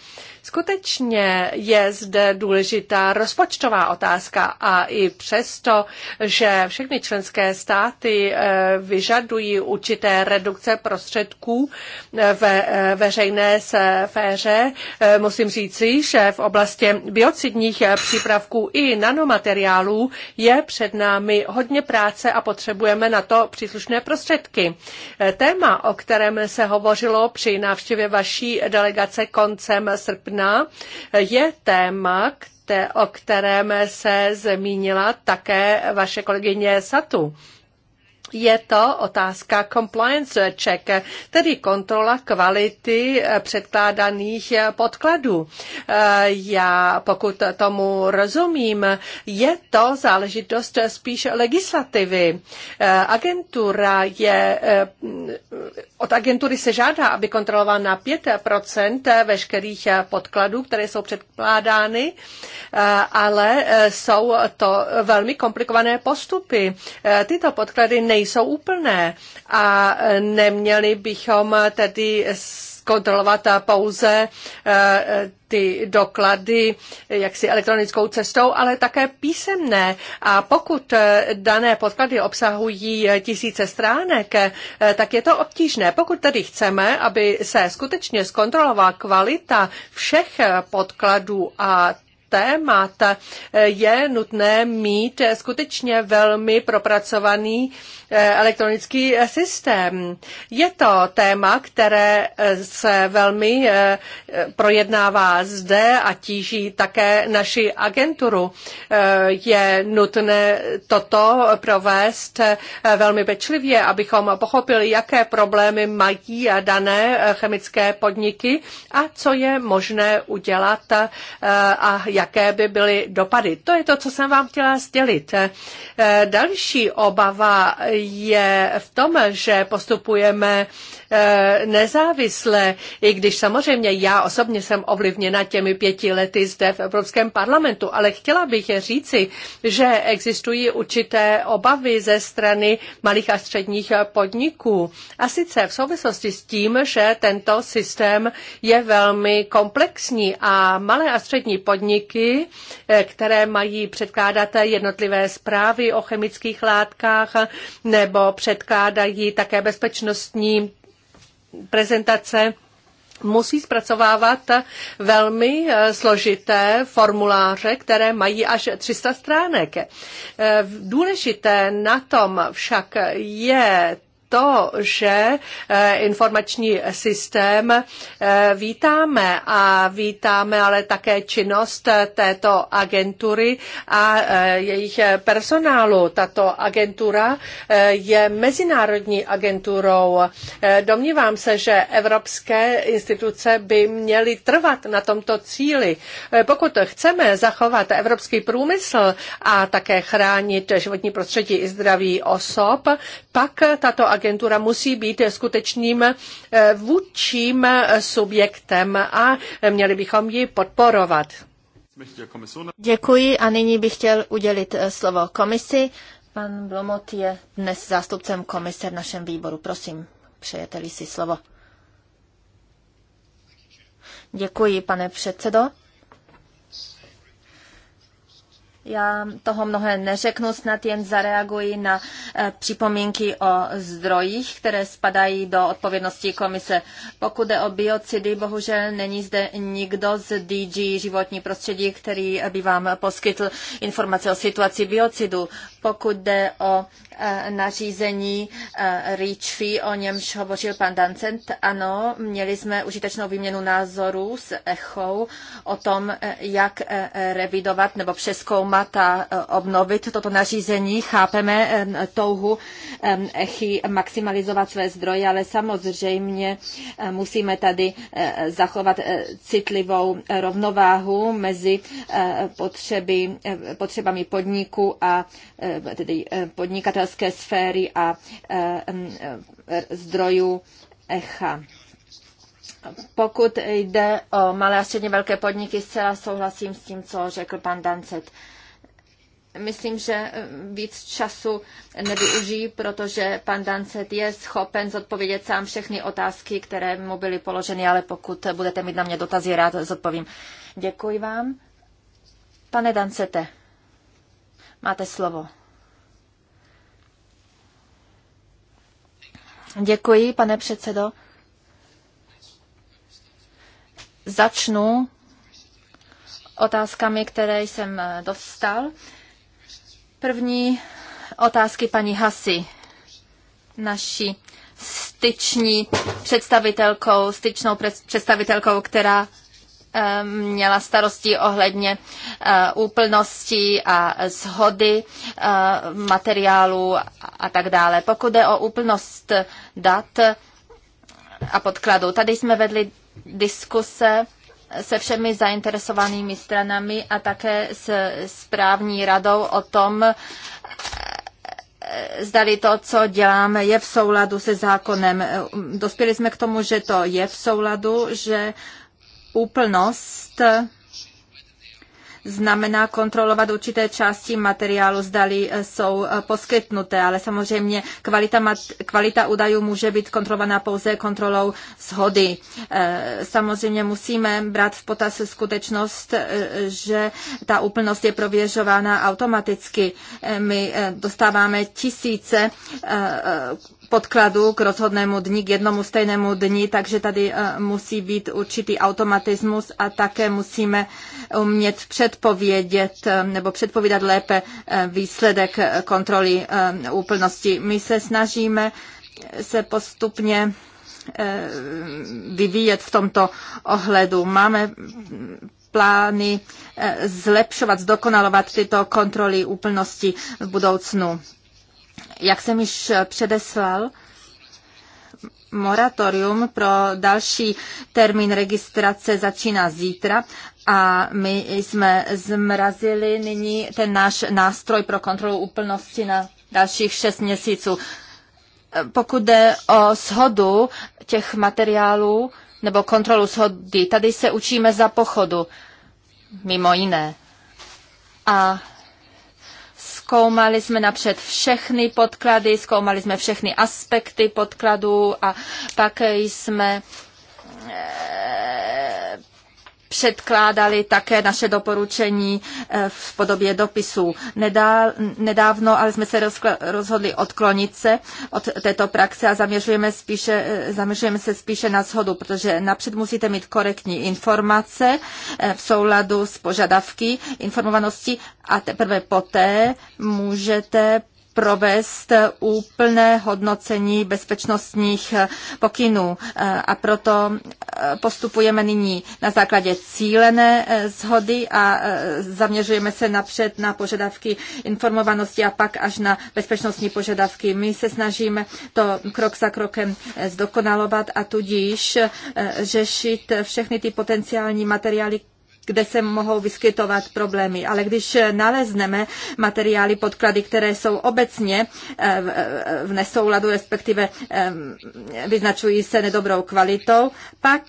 Skutečně je zde důležitá rozpočtová otázka a i přesto, že všechny členské státy eh, vyžadují určité redukce prostředků eh, ve eh, veřejné sféře, musím říci, že v oblasti biocidních přípravků i nanomateriálů je před námi hodně práce a potřebujeme na to příslušné prostředky. Téma, o kterém se hovořilo při návštěvě vaší delegace koncem srpna, srpna je téma, o kterém se zmínila také vaše kolegyně Satu je to otázka compliance check, tedy kontrola kvality předkládaných podkladů. Já, pokud tomu rozumím, je to záležitost spíš legislativy. Agentura je, od agentury se žádá, aby kontrolovala na 5% veškerých podkladů, které jsou předkládány, ale jsou to velmi komplikované postupy. Tyto podklady nejsou úplné a neměli bychom tedy kontrolovat pouze eh, ty doklady jaksi elektronickou cestou, ale také písemné. A pokud eh, dané podklady obsahují tisíce stránek, eh, tak je to obtížné. Pokud tedy chceme, aby se skutečně zkontrolovala kvalita všech podkladů a témat eh, je nutné mít skutečně velmi propracovaný eh, elektronický systém. Je to téma, které eh, se velmi projednává zde a tíží také naši agenturu. Je nutné toto provést velmi pečlivě, abychom pochopili, jaké problémy mají dané chemické podniky a co je možné udělat a jak jaké by byly dopady. To je to, co jsem vám chtěla sdělit. Eh, další obava je v tom, že postupujeme E, nezávislé, i když samozřejmě já osobně jsem ovlivněna těmi pěti lety zde v Evropském parlamentu, ale chtěla bych říci, že existují určité obavy ze strany malých a středních podniků. A sice v souvislosti s tím, že tento systém je velmi komplexní a malé a střední podniky, e, které mají předkládat jednotlivé zprávy o chemických látkách nebo předkládají také bezpečnostní prezentace musí zpracovávat velmi eh, složité formuláře, které mají až 300 stránek. Eh, důležité na tom však je to, že e, informační systém e, vítáme a vítáme ale také činnost e, této agentury a jejich personálu. Tato agentura je mezinárodní agenturou. Domnívám se, že evropské instituce by měly trvat na tomto cíli. Pokud chceme zachovat evropský průmysl a také chránit životní prostředí i zdraví osob, pak tato agentura agentura musí být skutečným eh, vůdčím eh, subjektem a měli bychom ji podporovat. Děkuji a nyní bych chtěl udělit eh, slovo komisi. Pan Blomot je dnes zástupcem komise v našem výboru. Prosím, přejete-li si slovo. Děkuji, pane předsedo. Já toho mnohé neřeknu, snad jen zareaguji na eh, připomínky o zdrojích, které spadají do odpovědnosti komise. Pokud je o biocidy, bohužel není zde nikdo z DG životní prostředí, který by vám poskytl informace o situaci biocidu. Pokud jde o eh, nařízení eh, REACH o němž hovořil pan Dancent, ano, měli jsme užitečnou výměnu názorů s ECHO o tom, jak revidovat nebo přeskoumat přeskoumat a e, obnovit toto nařízení. Chápeme e, touhu e, ECHI maximalizovat své zdroje, ale samozřejmě musíme tady zachovat citlivou rovnováhu mezi potřeby, potřebami podniku a tedy podnikatelské sféry a zdrojů ECHA. Pokud jde o malé a středně velké podniky, zcela souhlasím s tím, co řekl pan Dancet myslím, že eh, víc času nevyužijí, protože pan Dancet je schopen zodpovědět sám všechny otázky, které mu byly položeny, ale pokud budete mít na mě dotazy, rád zodpovím. Děkuji vám. Pane Dancete, máte slovo. Děkuji, pane předsedo. Začnu otázkami, které jsem dostal. První otázky paní Hasy, naší styční představitelkou, styčnou představitelkou, která eh, měla starosti ohledně eh, úplnosti a shody eh, materiálu a tak dále. Pokud jde o úplnost dat a podkladů. tady jsme vedli diskuse se všemi zainteresovanými stranami a také s správní radou o tom, e, e, zdali to, co děláme, je v souladu se zákonem. E, dospěli jsme k tomu, že to je v souladu, že úplnost znamená kontrolovat určité části materiálu, zdali e, jsou e, poskytnuté, ale samozřejmě kvalita, mat, kvalita údajů může být kontrolovaná pouze kontrolou shody. E, samozřejmě musíme brát v potaz skutečnost, že ta úplnost je prověřována automaticky. My dostáváme tisíce podkladů k rozhodnému dni k jednomu stejnému dni, takže tady eh, musí být určitý automatismus a také musíme umět předpovědět eh, nebo předpovídat lépe eh, výsledek kontroly úplnosti. My se snažíme se postupně vyvíjet v tomto ohledu. Máme plány zlepšovat, zdokonalovat tyto kontroly úplnosti v budoucnu. Jak jsem již předeslal, moratorium pro další termín registrace začíná zítra a my jsme zmrazili nyní ten náš nástroj pro kontrolu úplnosti na dalších šest měsíců. Pokud jde o shodu těch materiálů nebo kontrolu shody, tady se učíme za pochodu, mimo jiné. A Zkoumali jsme napřed všechny podklady, zkoumali jsme všechny aspekty podkladů a pak jsme předkládali také naše doporučení eh, v podobě dopisů. Nedávno ale jsme se rozhodli odklonit se od této praxe a zaměřujeme, spíše, eh, zaměřujeme se spíše na shodu, protože napřed musíte mít korektní informace eh, v souladu s požadavky informovanosti a teprve poté můžete provést úplné hodnocení bezpečnostních pokynů a proto postupujeme nyní na základě cílené zhody a zaměřujeme se napřed na požadavky informovanosti a pak až na bezpečnostní požadavky. My se snažíme to krok za krokem zdokonalovat a tudíž řešit všechny ty potenciální materiály, kde se mohou vyskytovat problémy. Ale když nalezneme materiály, podklady, které jsou obecně eh, v nesouladu, respektive eh, vyznačují se nedobrou kvalitou, pak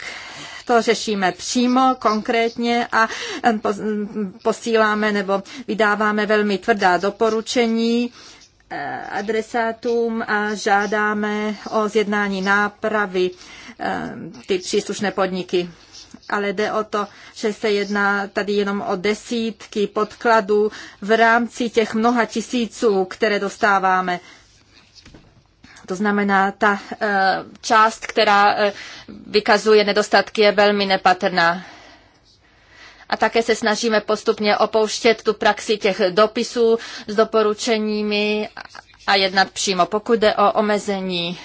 to řešíme přímo, konkrétně a eh, posíláme nebo vydáváme velmi tvrdá doporučení adresátům a žádáme o zjednání nápravy ty příslušné podniky ale jde o to, že se jedná tady jenom o desítky podkladů v rámci těch mnoha tisíců, které dostáváme. To znamená, ta eh, část, která eh, vykazuje nedostatky, je velmi nepatrná. A také se snažíme postupně opouštět tu praxi těch dopisů s doporučeními a jednat přímo. Pokud jde o omezení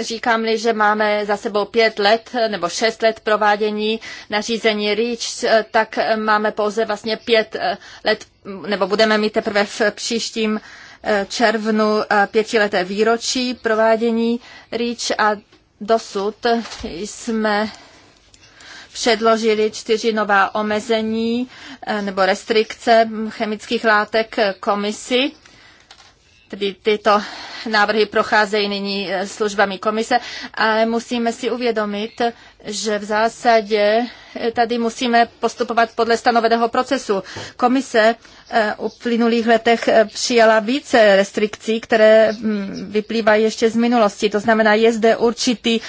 říkám-li, že máme za sebou pět let nebo šest let provádění nařízení REACH, tak máme pouze vlastně pět eh, let, nebo budeme mít teprve v příštím eh, červnu eh, pětileté výročí provádění REACH a dosud jsme předložili čtyři nová omezení nebo restrikce chemických látek komisi Tedy tyto návrhy procházejí nyní eh, službami komise, ale musíme si uvědomit, že v zásadě eh, tady musíme postupovat podle stanoveného procesu. Komise eh, v uplynulých letech přijala více restrikcí, které mm, vyplývají ještě z minulosti. To znamená, je zde určitý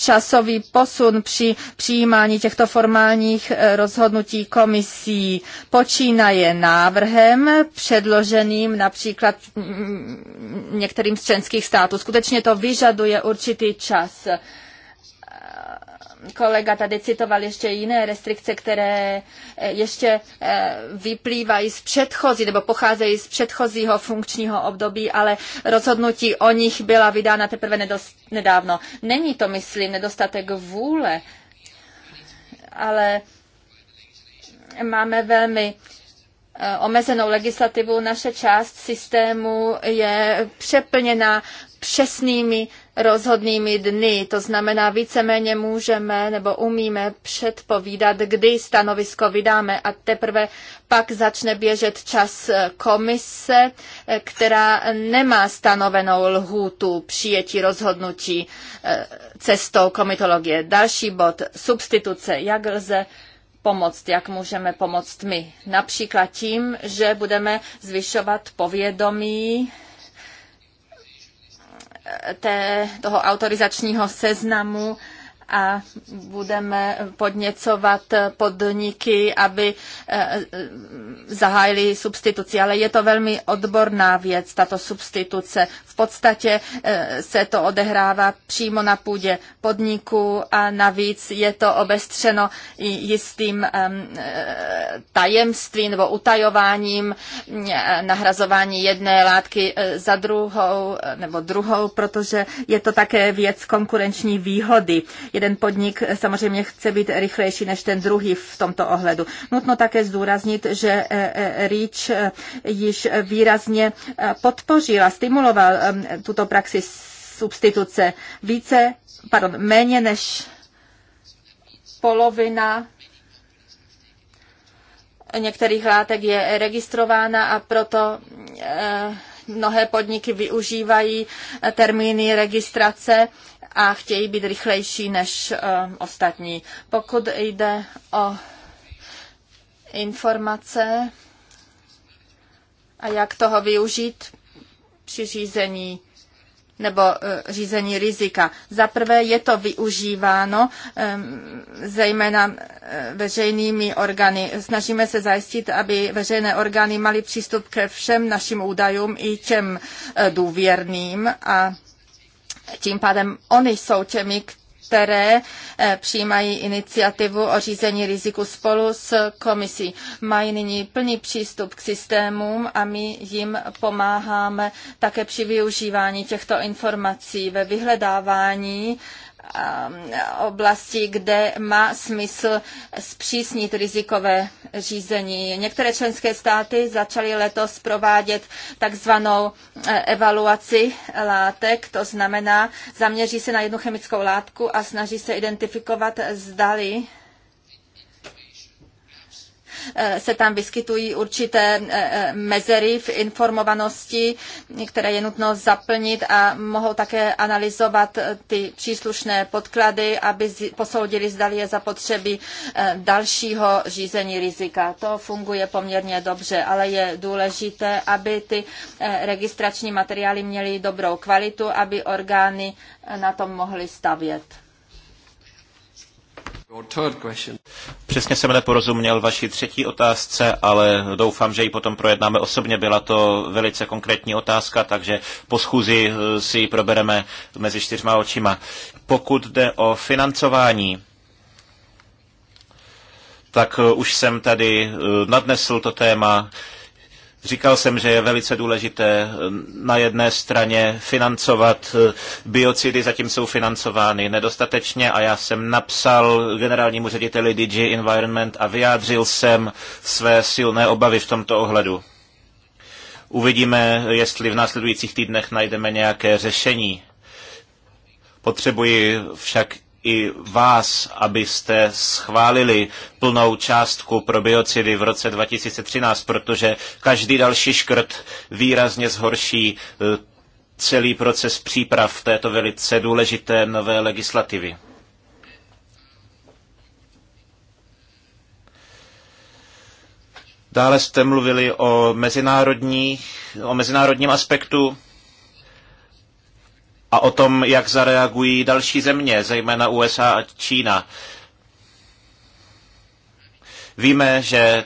časový posun při přijímání těchto formálních eh, rozhodnutí komisí počínaje návrhem předloženým například mm, mm, mm, některým z členských států. Skutečně to vyžaduje určitý čas kolega tady citoval ještě jiné restrikce, které eh, ještě eh, vyplývají z předchozí nebo pocházejí z předchozího funkčního období, ale rozhodnutí o nich byla vydána teprve nedávno. Není to, myslím, nedostatek vůle, ale máme velmi eh, omezenou legislativu. Naše část systému je přeplněna přesnými rozhodnými dny. To znamená, víceméně můžeme nebo umíme předpovídat, kdy stanovisko vydáme a teprve pak začne běžet čas komise, která nemá stanovenou lhůtu přijetí rozhodnutí e, cestou komitologie. Další bod, substituce. Jak lze pomoct, jak můžeme pomoct my. Například tím, že budeme zvyšovat povědomí té, toho autorizačního seznamu a budeme podněcovat podniky, aby eh, eh, zahájili substituci. Ale je to velmi odborná věc, tato substituce. V podstatě eh, se to odehrává přímo na půdě podniku a navíc je to obestřeno jistým tajemstvím nebo utajováním nahrazování jedné látky za druhou nebo druhou, protože je to také věc konkurenční výhody. Je jeden podnik samozřejmě chce být rychlejší než ten druhý v tomto ohledu. Nutno také zdůraznit, že eh, eh, REACH eh, již výrazně podpořil a stimuloval tuto praxi substituce více, pardon, méně než polovina některých látek je registrována a proto mnohé podniky využívají termíny registrace a chtějí být rychlejší než eh, ostatní. Pokud jde o informace a jak toho využít při řízení nebo eh, řízení rizika. Za prvé je to využíváno ehm, zejména eh, veřejnými orgány. Snažíme se zajistit, aby veřejné orgány mali přístup ke všem našim údajům i těm důvěrným a tím pádem oni jsou těmi, které eh, přijímají iniciativu o řízení riziku spolu s komisí. Mají nyní plný přístup k systémům a my jim pomáháme také při využívání těchto informací ve vyhledávání Um, oblasti, kde má smysl zpřísnit rizikové řízení. Některé členské státy začaly letos provádět takzvanou eh, evaluaci látek, to znamená, zaměří se na jednu chemickou látku a snaží se identifikovat, zdali Eh, se tam vyskytují určité eh, mezery v informovanosti, které je nutno zaplnit a mohou také analyzovat eh, ty příslušné podklady, aby posoudili, zda je zapotřebí dalšího řízení rizika. To funguje poměrně dobře, ale je důležité, aby ty registrační materiály měly dobrou kvalitu, aby orgány na tom mohly stavět. Přesně jsem neporozuměl vaší třetí otázce, ale doufám, že ji potom projednáme osobně. Byla to velice konkrétní otázka, takže po schůzi eh, si ji probereme mezi čtyřma očima. Pokud jde o financování, tak eh, už jsem tady eh, nadnesl to téma. Říkal jsem, že je velice důležité eh, na jedné straně financovat eh, biocidy, zatím jsou financovány nedostatečně a já jsem napsal generálnímu řediteli DG Environment a vyjádřil jsem své silné obavy v tomto ohledu. Uvidíme, jestli v následujících týdnech najdeme nějaké řešení. Potřebuji však i vás, abyste schválili plnou částku pro biocidy v roce 2013, protože každý další škrt výrazně zhorší e, celý proces příprav této velice důležité nové legislativy. Dále jste mluvili o, mezinárodních, o mezinárodním aspektu a o tom, jak zareagují další země, zejména USA a Čína. Víme, že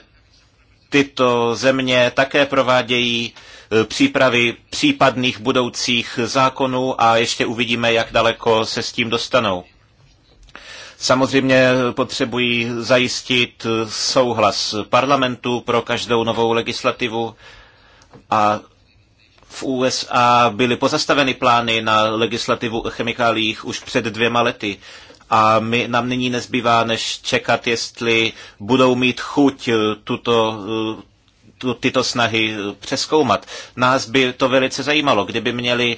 tyto země také provádějí e, přípravy případných budoucích zákonů a ještě uvidíme, jak daleko se s tím dostanou. Samozřejmě potřebují zajistit e, souhlas parlamentu pro každou novou legislativu a v USA byly pozastaveny plány na legislativu o chemikáliích už před dvěma lety. A my, nám nyní nezbývá, než čekat, jestli budou mít chuť eh, tuto, eh, tu, tyto snahy eh, přeskoumat. Nás by to velice zajímalo, kdyby měli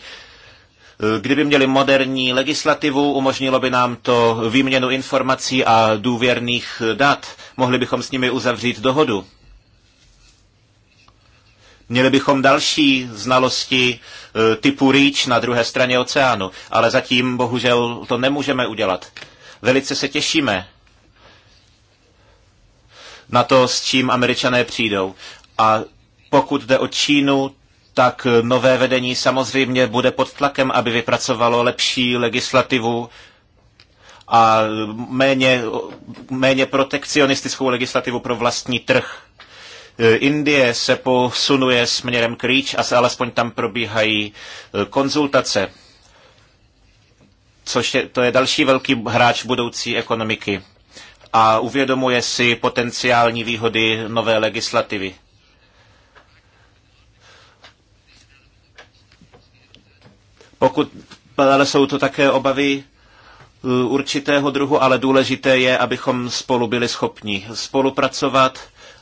Kdyby měli moderní legislativu, umožnilo by nám to výměnu informací a důvěrných dat. Mohli bychom s nimi uzavřít dohodu. Měli bychom další znalosti e, typu REACH na druhé straně oceánu, ale zatím bohužel to nemůžeme udělat. Velice se těšíme na to, s čím američané přijdou. A pokud jde o Čínu, tak nové vedení samozřejmě bude pod tlakem, aby vypracovalo lepší legislativu a méně, méně protekcionistickou legislativu pro vlastní trh. Eh, Indie se posunuje směrem k REACH a se alespoň tam probíhají eh, konzultace, což je, to je další velký hráč budoucí ekonomiky a uvědomuje si potenciální výhody nové legislativy. Pokud ale jsou to také obavy eh, určitého druhu, ale důležité je, abychom spolu byli schopni spolupracovat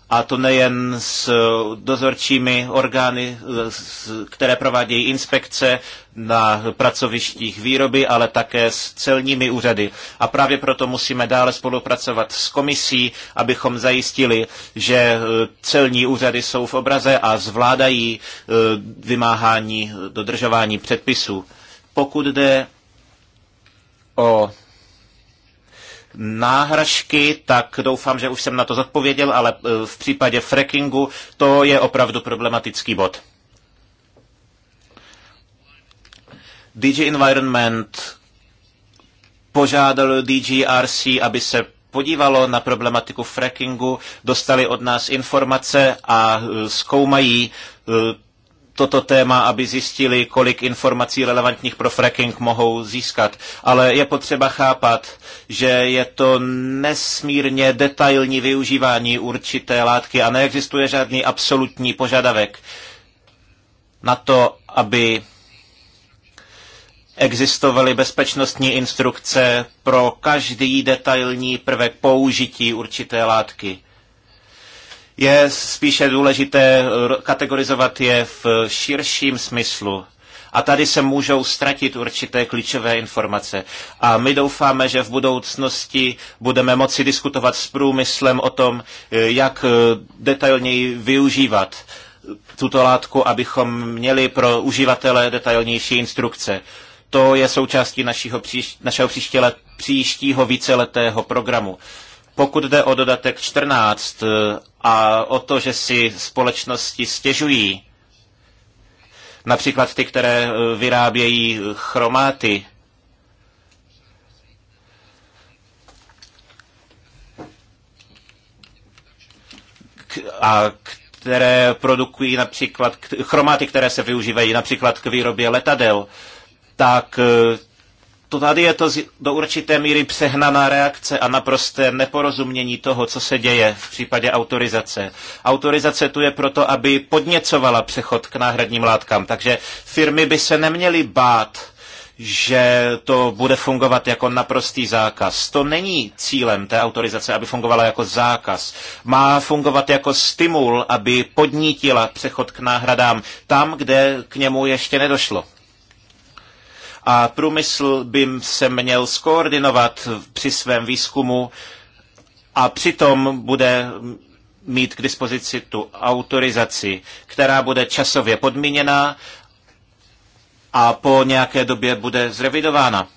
a to nejen s eh, dozorčími orgány, eh, které provádějí inspekce na pracovištích výroby, ale také s celními úřady. A právě proto musíme dále spolupracovat s komisí, abychom zajistili, že eh, celní úřady jsou v obraze a zvládají vymáhání, dodržování předpisů. Pokud jde o náhražky, tak doufám, že už jsem na to zodpověděl, ale e, v případě frackingu to je opravdu problematický bod. DG Environment požádal DGRC, aby se podívalo na problematiku frackingu, dostali od nás informace a e, zkoumají e, toto téma, aby zjistili, kolik informací relevantních pro fracking mohou získat. Ale je potřeba chápat, že je to nesmírně detailní využívání určité látky a neexistuje žádný absolutní požadavek na to, aby existovaly bezpečnostní instrukce pro každý detailní prvek použití určité látky. Je spíše důležité kategorizovat je v širším smyslu. A tady se můžou ztratit určité klíčové informace. A my doufáme, že v budoucnosti budeme moci diskutovat s průmyslem o tom, eh, jak eh, detailněji využívat tuto látku, abychom měli pro uživatele detailnější instrukce. To je součástí našeho příš- našeho příštího víceletého programu. Pokud jde o dodatek 14 eh, a o to, že si společnosti stěžují, například ty, které eh, vyrábějí eh, chromáty, a které produkují například chromáty, které se využívají například k výrobě letadel, tak to tady je to do určité míry přehnaná reakce a naprosté neporozumění toho, co se děje v případě autorizace. Autorizace tu je proto, aby podněcovala přechod k náhradním látkám, takže firmy by se neměly bát že to bude fungovat jako naprostý zákaz. To není cílem té autorizace, aby fungovala jako zákaz. Má fungovat jako stimul, aby podnítila přechod k náhradám tam, kde k němu ještě nedošlo a průmysl by se měl skoordinovat při svém výzkumu a přitom bude mít k dispozici tu autorizaci, která bude časově podmíněná a po nějaké době bude zrevidována.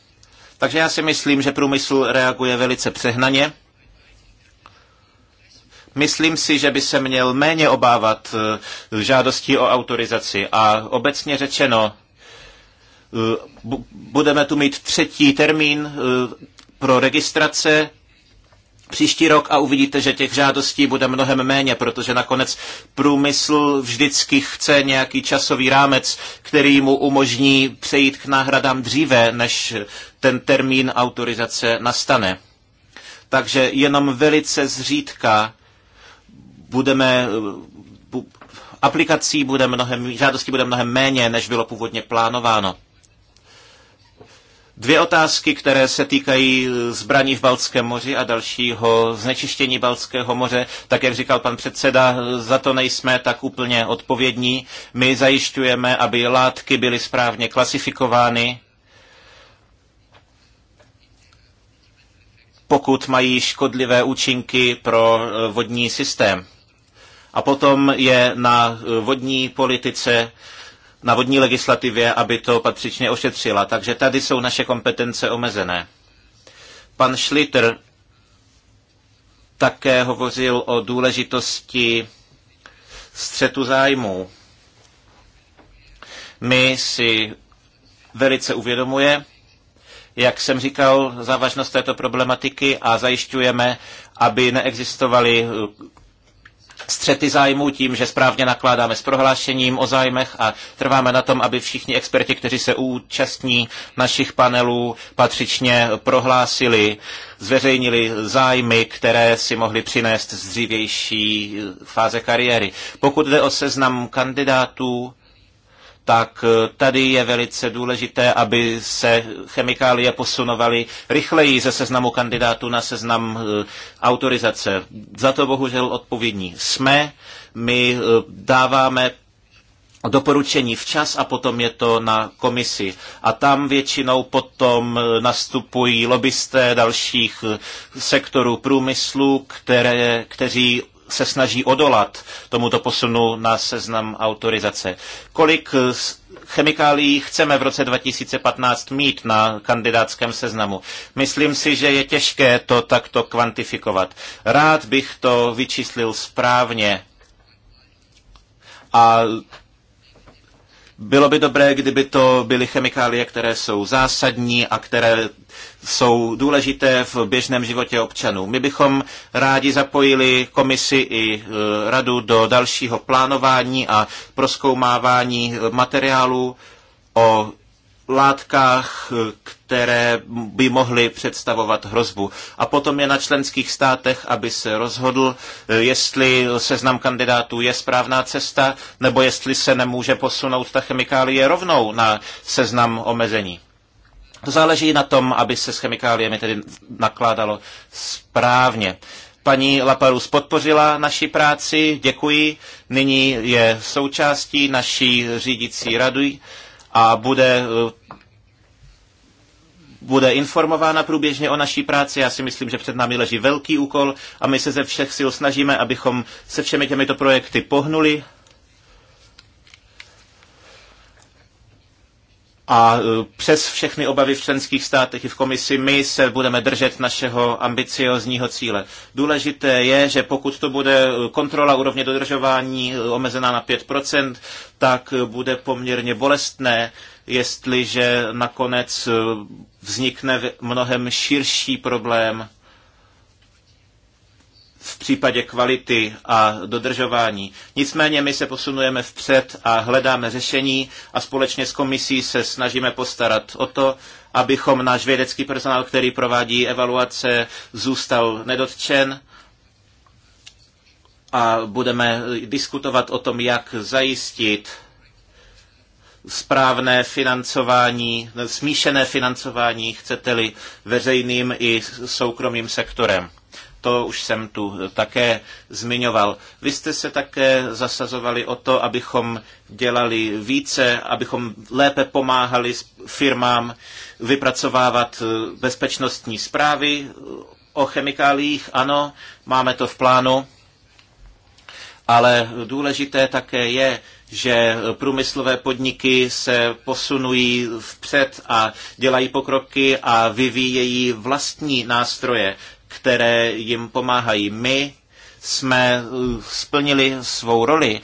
Takže já si myslím, že průmysl reaguje velice přehnaně. Myslím si, že by se měl méně obávat eh, žádostí o autorizaci a obecně řečeno, Eh, budeme tu mít třetí termín eh, pro registrace příští rok a uvidíte, že těch žádostí bude mnohem méně, protože nakonec průmysl vždycky chce nějaký časový rámec, který mu umožní přejít k náhradám dříve, než ten termín autorizace nastane. Takže jenom velice zřídka budeme eh, aplikací bude mnohem, žádostí bude mnohem méně, než bylo původně plánováno. Dvě otázky, které se týkají zbraní v Balckém moři a dalšího znečištění Balckého moře. Tak, jak říkal pan předseda, za to nejsme tak úplně odpovědní. My zajišťujeme, aby látky byly správně klasifikovány, pokud mají škodlivé účinky pro eh, vodní systém. A potom je na eh, vodní politice na vodní legislativě, aby to patřičně ošetřila. Takže tady jsou naše kompetence omezené. Pan Schlitter také hovořil o důležitosti střetu zájmů. My si velice uvědomuje, jak jsem říkal, závažnost této problematiky a zajišťujeme, aby neexistovaly střety zájmů tím, že správně nakládáme s prohlášením o zájmech a trváme na tom, aby všichni experti, kteří se účastní našich panelů, patřičně prohlásili, zveřejnili zájmy, které si mohli přinést z dřívější fáze kariéry. Pokud jde o seznam kandidátů, tak eh, tady je velice důležité, aby se chemikálie posunovaly rychleji ze seznamu kandidátů na seznam eh, autorizace. Za to bohužel odpovědní jsme. My eh, dáváme doporučení včas a potom je to na komisi. A tam většinou potom nastupují lobbysté dalších sektorů průmyslu, které, kteří se snaží odolat tomuto posunu na seznam autorizace. Kolik eh, chemikálií chceme v roce 2015 mít na kandidátském seznamu. Myslím si, že je těžké to takto kvantifikovat. Rád bych to vyčíslil správně. A bylo by dobré, kdyby to byly chemikálie, které jsou zásadní a které jsou důležité v běžném životě občanů. My bychom rádi zapojili komisi i e, radu do dalšího plánování a proskoumávání materiálů o látkách, které by mohly představovat hrozbu. A potom je na členských státech, aby se rozhodl, e, jestli seznam kandidátů je správná cesta, nebo jestli se nemůže posunout ta chemikálie rovnou na seznam omezení. To záleží na tom, aby se s chemikáliemi tedy nakládalo správně. Paní Laparus podpořila naši práci, děkuji. Nyní je součástí naší řídící rady a bude eh, bude informována průběžně o naší práci. Já si myslím, že před námi leží velký úkol a my se ze všech sil snažíme, abychom se všemi těmito projekty pohnuli A e, přes všechny obavy v členských státech i v komisi my se budeme držet našeho ambiciozního cíle. Důležité je, že pokud to bude e, kontrola úrovně dodržování e, omezená na 5%, tak bude poměrně bolestné, jestliže nakonec vznikne mnohem širší problém v případě kvality a dodržování. Nicméně my se posunujeme vpřed a hledáme řešení a společně s komisí se snažíme postarat o to, abychom náš vědecký personál, který provádí evaluace, zůstal nedotčen a budeme diskutovat o tom, jak zajistit správné financování, smíšené financování, chcete-li, veřejným i soukromým sektorem to už jsem tu také zmiňoval. Vy jste se také zasazovali o to, abychom dělali více, abychom lépe pomáhali firmám vypracovávat eh, bezpečnostní zprávy o chemikáliích. Ano, máme to v plánu, ale důležité také je, že průmyslové podniky se posunují vpřed a dělají pokroky a vyvíjejí vlastní nástroje které jim pomáhají. My jsme eh, splnili svou roli,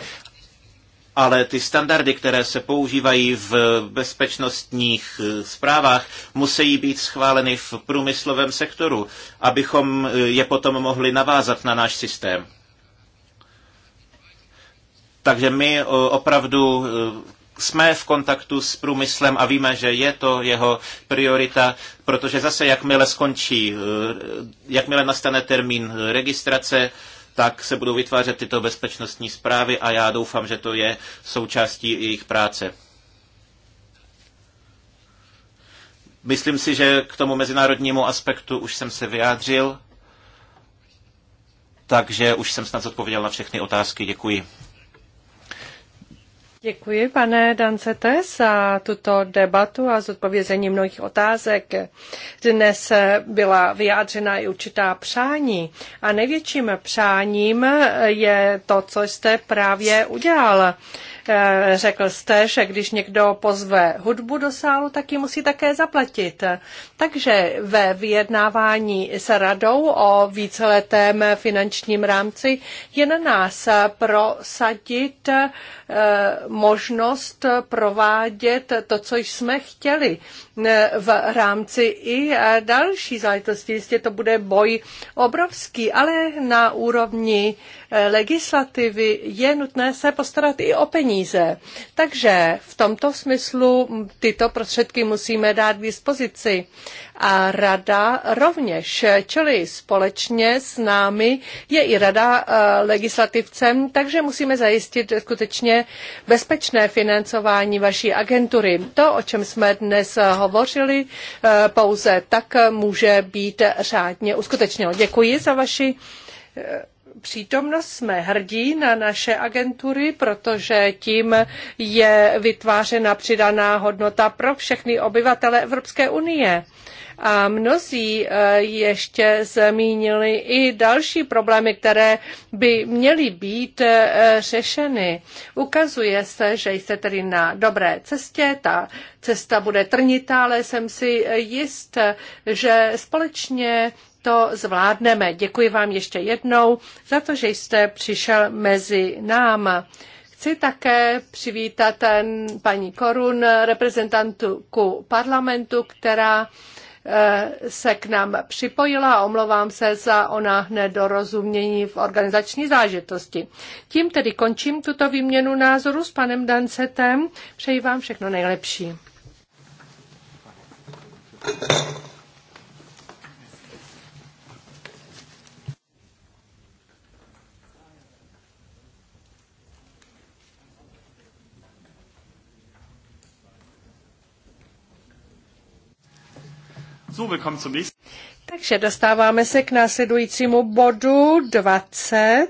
ale ty standardy, které se používají v bezpečnostních eh, zprávách, musí být schváleny v průmyslovém sektoru, abychom eh, je potom mohli navázat na náš systém. Takže my opravdu jsme v kontaktu s průmyslem a víme, že je to jeho priorita, protože zase jakmile skončí, eh, jakmile nastane termín registrace, tak se budou vytvářet tyto bezpečnostní zprávy a já doufám, že to je součástí jejich práce. Myslím si, že k tomu mezinárodnímu aspektu už jsem se vyjádřil, takže už jsem snad odpověděl na všechny otázky. Děkuji. Děkuji, pane Dancete, za tuto debatu a zodpovězení mnohých otázek. Dnes byla vyjádřena i určitá přání a největším přáním je to, co jste právě udělal. Eh, řekl jste, že když někdo pozve hudbu do sálu, tak ji musí také zaplatit. Takže ve vyjednávání s radou o víceletém finančním rámci je na nás prosadit eh, možnost provádět to, co jsme chtěli eh, v rámci i eh, další záležitosti. Jistě to bude boj obrovský, ale na úrovni Eh, legislativy je nutné se postarat i o peníze. Takže v tomto smyslu tyto prostředky musíme dát k dispozici. A rada rovněž, čili společně s námi je i rada eh, legislativcem, takže musíme zajistit skutečně bezpečné financování vaší agentury. To, o čem jsme dnes hovořili, eh, pouze tak může být řádně uskutečněno. Děkuji za vaši přítomnost. Jsme hrdí na naše agentury, protože tím je vytvářena přidaná hodnota pro všechny obyvatele Evropské unie. A mnozí eh, ještě zmínili i další problémy, které by měly být eh, řešeny. Ukazuje se, že jste tedy na dobré cestě, ta cesta bude trnitá, ale jsem si jist, že společně to zvládneme. Děkuji vám ještě jednou za to, že jste přišel mezi náma. Chci také přivítat eh, paní Korun, reprezentantku parlamentu, která eh, se k nám připojila a omlouvám se za ona nedorozumění v organizační zážitosti. Tím tedy končím tuto výměnu názoru s panem Dancetem. Přeji vám všechno nejlepší. Thank you. Takže dostáváme se k následujícímu bodu 20.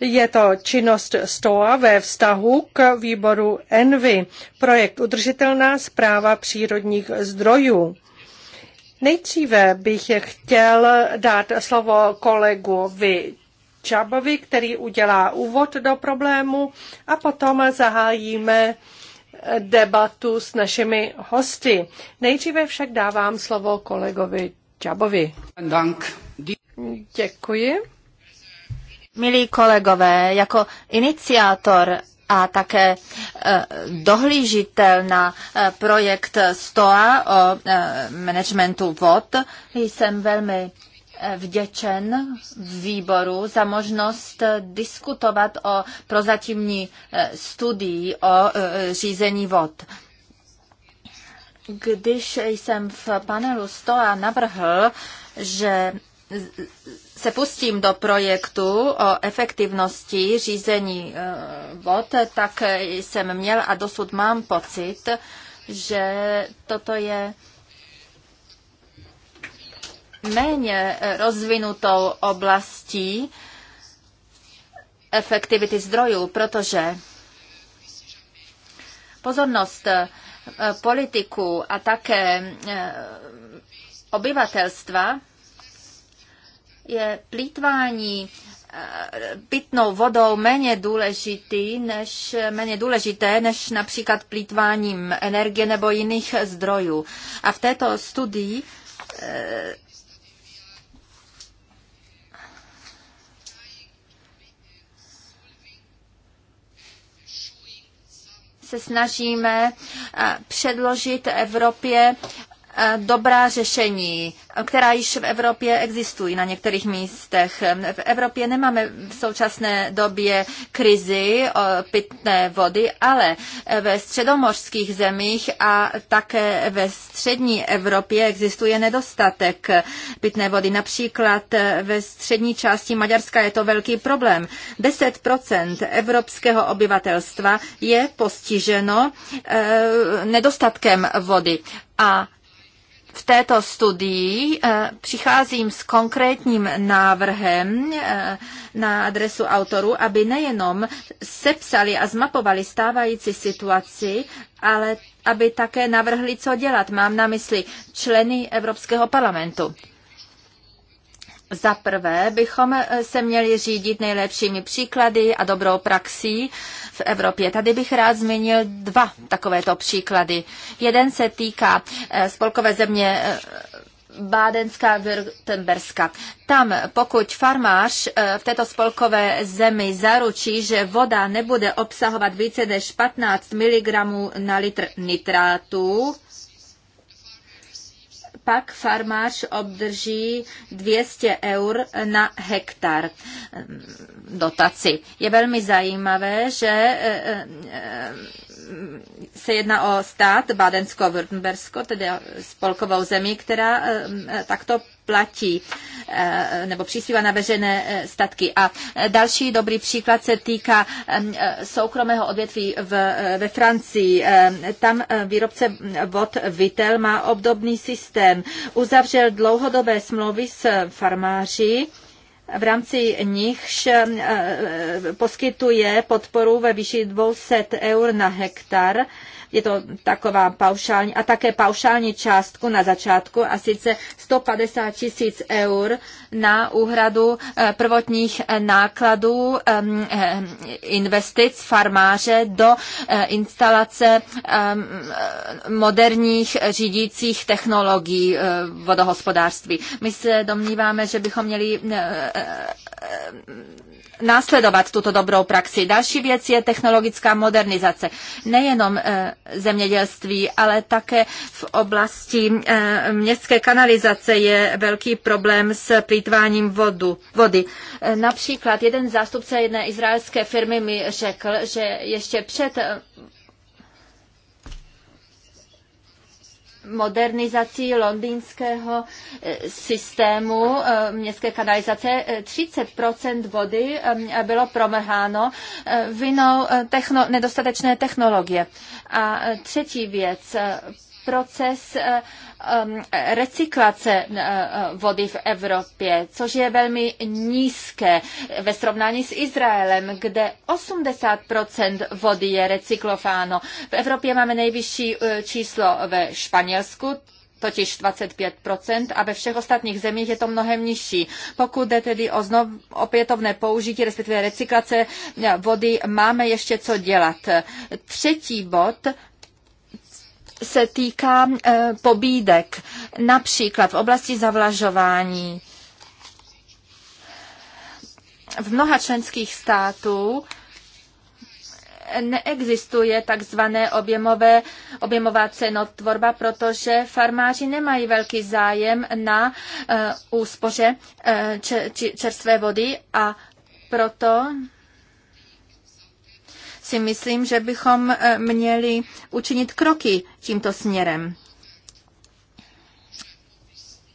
Je to činnost STOA ve vztahu k výboru ENVY, projekt Udržitelná zpráva přírodních zdrojů. Nejdříve bych chtěl dát slovo kolegovi Čabovi, který udělá úvod do problému a potom zahájíme debatu s našimi hosty. Nejdříve však dávám slovo kolegovi Čabovi. Děkuji. Milí kolegové, jako iniciátor a také eh, dohlížitel na eh, projekt STOA o eh, managementu vod jsem velmi vděčen výboru za možnost diskutovat o prozatímní eh, studii o eh, řízení vod. Když jsem v panelu STOA navrhl, že se pustím do projektu o efektivnosti řízení eh, vod, tak jsem měl a dosud mám pocit, že toto je méně rozvinutou oblastí efektivity zdrojů, protože pozornost eh, politiků a také eh, obyvatelstva je plítvání eh, pitnou vodou méně, důležitý než, méně důležité než například plítváním energie nebo jiných zdrojů. A v této studii se snažíme eh, předložit Evropě Eh, dobrá řešení, eh, která již v Evropě existují na některých místech. Eh, v Evropě nemáme v současné době krizi pitné vody, ale ve středomořských zemích a také ve střední Evropě existuje nedostatek pitné vody. Například ve střední části Maďarska je to velký problém. 10% evropského obyvatelstva je postiženo nedostatkem vody. A v této studii eh, přicházím s konkrétním návrhem eh, na adresu autorů, aby nejenom sepsali a zmapovali stávající situaci, ale aby také navrhli, co dělat. Mám na mysli členy Evropského parlamentu. Za prvé bychom eh, se měli řídit nejlepšími příklady a dobrou praxí v Evropě. Tady bych rád zmínil dva takovéto příklady. Jeden se týká eh, spolkové země eh, Bádenská Württemberska. Tam, pokud farmář v této spolkové zemi zaručí, že voda nebude obsahovat více než 15 mg na litr nitrátů, pak farmář obdrží 200 eur na hektar ehm, dotaci. Je velmi zajímavé, že ehm, se jedná o stát badensko württembersko tedy spolkovou zemi, která ehm, takto platí eh, nebo přispívá na veřejné eh, statky. A eh, další dobrý příklad se týká mm, soukromého odvětví v, ve Francii. Tam výrobce mm, vod Vitel má obdobný systém. Uzavřel dlouhodobé smlouvy s farmáři v rámci nichž poskytuje podporu ve výši 200 eur na hektar je to taková paušální, a také paušální částku na začátku a sice 150 tisíc eur na úhradu eh, prvotních eh, nákladů eh, investic farmáře do instalace moderních řídících technologií vodohospodářství. My se domníváme, že bychom měli následovat tuto dobrou praxi. Další věc je technologická modernizace. Nejenom zemědělství, ale také v oblasti městské kanalizace je velký problém s plítvání plýtváním vodu, vody. Například jeden zástupce jedné izraelské firmy mi řekl, že ještě před eh, modernizací londýnského eh, systému eh, městské kanalizace 30 vody bylo promrháno vinou techno, nedostatečné technologie. A třetí věc, proces eh, recyklace eh, vody v Evropě, což je velmi nízké ve srovnání s Izraelem, kde 80 vody je recyklováno. V Evropě máme nejvyšší eh, číslo ve Španělsku, totiž 25%, a ve všech ostatních zemích je to mnohem nižší. Pokud jde tedy o znov opětovné použití, respektive recyklace vody, máme ještě co dělat. Třetí bod, se týká e, pobídek, například v oblasti zavlažování. V mnoha členských států neexistuje takzvané objemové, objemová cenotvorba, protože farmáři nemají velký zájem na e, úspoře uh, čerstvé vody a proto si myslím, že bychom eh, měli učinit kroky tímto směrem.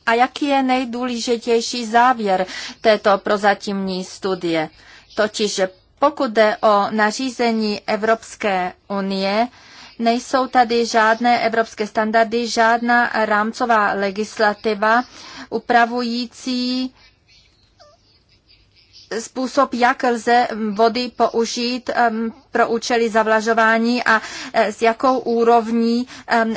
A jaký je nejdůležitější závěr této prozatímní studie? Totiž, že pokud jde o nařízení Evropské unie, nejsou tady žádné evropské standardy, žádná rámcová legislativa upravující způsob, jak lze vody použít pro účely zavlažování a e, s jakou úrovní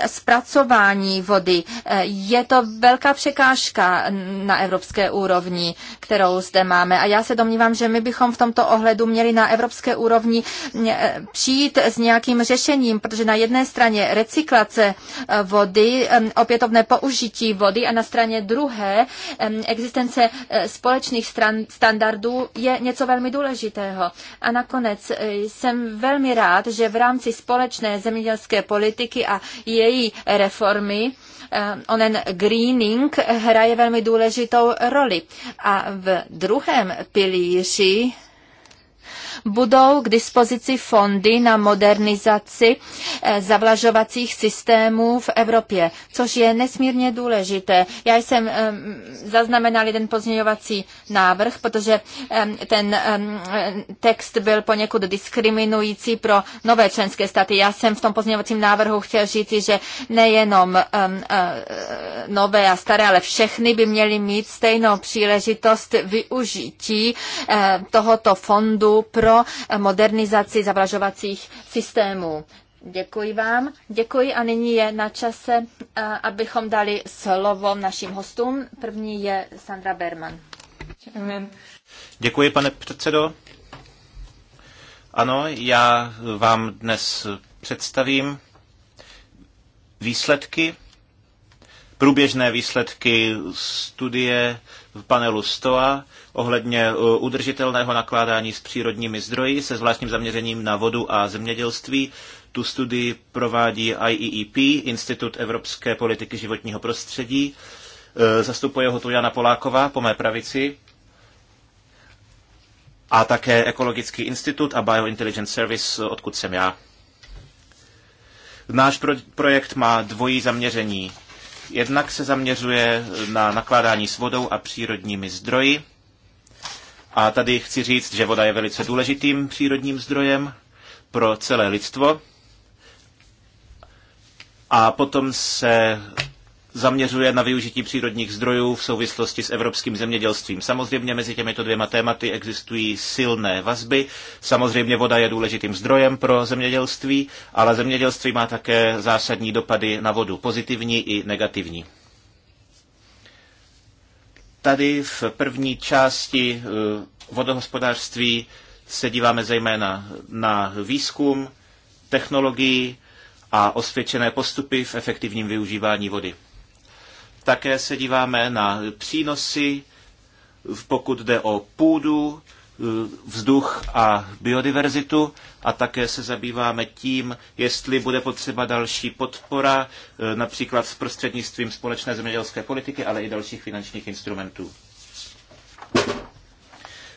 zpracování vody. E, je to velká překážka na evropské úrovni, kterou zde máme. A já se domnívám, že my bychom v tomto ohledu měli na evropské úrovni e, přijít s nějakým řešením, protože na jedné straně recyklace vody, opětovné použití vody a na straně druhé existence společných standardů je něco velmi důležitého. A nakonec eh, jsem velmi rád, že v rámci společné zemědělské politiky a její reformy eh, onen greening hraje velmi důležitou roli. A v druhém pilíři budou k dispozici fondy na modernizaci eh, zavlažovacích systémů v Evropě, což je nesmírně důležité. Já jsem eh, zaznamenal jeden pozměňovací návrh, protože eh, ten text byl poněkud diskriminující pro nové členské státy. Já jsem v tom pozměňovacím návrhu chtěl říct, že nejenom nové a staré, ale všechny by měly mít stejnou příležitost využití tohoto fondu pro modernizaci zavlažovacích systémů. Děkuji vám. Děkuji a nyní je na čase, eh, abychom dali slovo našim hostům. První je Sandra Berman. Děkuji, pane předsedo. Ano, já vám dnes představím výsledky, průběžné výsledky studie v panelu STOA ohledně uh, udržitelného nakládání s přírodními zdroji se zvláštním zaměřením na vodu a zemědělství. Tu studii provádí IEEP, Institut Evropské politiky životního prostředí. Uh, zastupuje ho tu Jana Poláková po mé pravici a také Ekologický institut a Biointelligence Service, uh, odkud jsem já. Náš pro- projekt má dvojí zaměření. Jednak se zaměřuje na nakládání s vodou a přírodními zdroji. A tady chci říct, že voda je velice důležitým přírodním zdrojem pro celé lidstvo. A potom se zaměřuje na využití přírodních zdrojů v souvislosti s evropským zemědělstvím. Samozřejmě mezi těmito dvěma tématy existují silné vazby. Samozřejmě voda je důležitým zdrojem pro zemědělství, ale zemědělství má také zásadní dopady na vodu, pozitivní i negativní. Tady v první části eh, vodohospodářství se díváme zejména na výzkum, technologii a osvědčené postupy v efektivním využívání vody. Také se díváme na přínosy, pokud jde o půdu, vzduch a biodiverzitu a také se zabýváme tím, jestli bude potřeba další podpora, například s prostřednictvím společné zemědělské politiky, ale i dalších finančních instrumentů.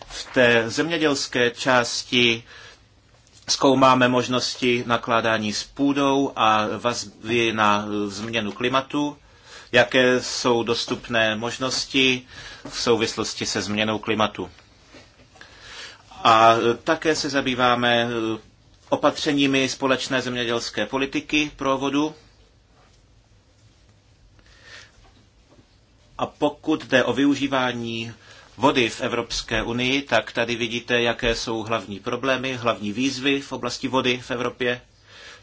V té zemědělské části zkoumáme možnosti nakládání s půdou a vazby na změnu klimatu jaké jsou dostupné možnosti v souvislosti se změnou klimatu. A také se zabýváme opatřeními společné zemědělské politiky pro vodu. A pokud jde o využívání vody v Evropské unii, tak tady vidíte, jaké jsou hlavní problémy, hlavní výzvy v oblasti vody v Evropě.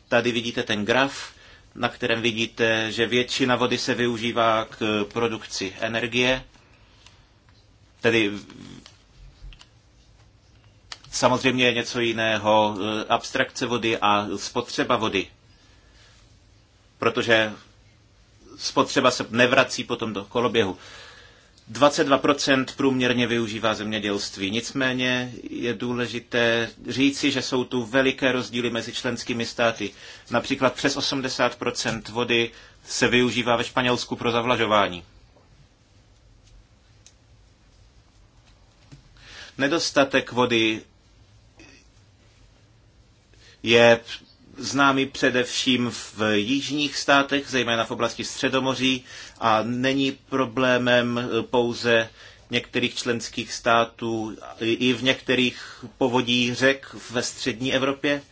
Tady vidíte ten graf, na kterém vidíte, že většina vody se využívá k produkci energie, tedy samozřejmě je něco jiného eh, abstrakce vody a spotřeba vody, protože spotřeba se nevrací potom do koloběhu. 22% průměrně využívá zemědělství. Nicméně je důležité říci, že jsou tu veliké rozdíly mezi členskými státy. Například přes 80% vody se využívá ve Španělsku pro zavlažování. Nedostatek vody je známý především v jižních státech, zejména v oblasti Středomoří, a není problémem pouze některých členských států i v některých povodí řek ve střední Evropě,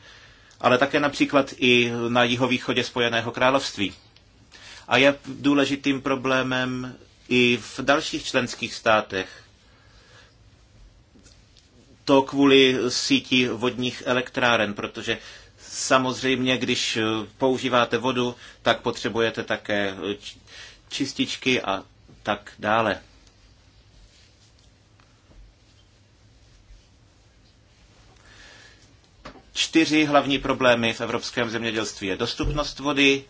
ale také například i na jihovýchodě Spojeného království. A je důležitým problémem i v dalších členských státech. To kvůli síti vodních elektráren, protože Samozřejmě, když eh, používáte vodu, tak potřebujete také eh, čističky a tak dále. Čtyři hlavní problémy v evropském zemědělství je dostupnost vody,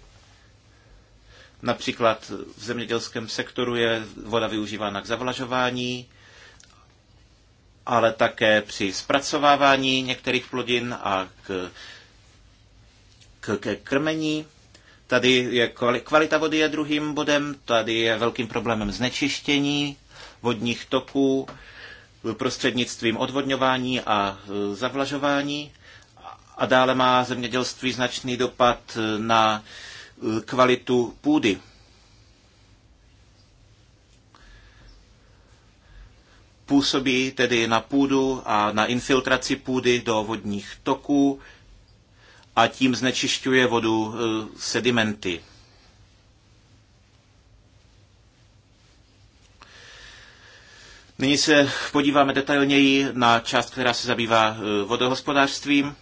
Například v zemědělském sektoru je voda využívána k zavlažování, ale také při zpracovávání některých plodin a k ke krmení. Tady je kvalita vody je druhým bodem, tady je velkým problémem znečištění vodních toků prostřednictvím odvodňování a e, zavlažování. A dále má zemědělství značný dopad e, na e, kvalitu půdy. Působí tedy na půdu a na infiltraci půdy do vodních toků a tím znečišťuje vodu eh, sedimenty. Nyní se podíváme detailněji na část, která se zabývá eh, vodohospodářstvím.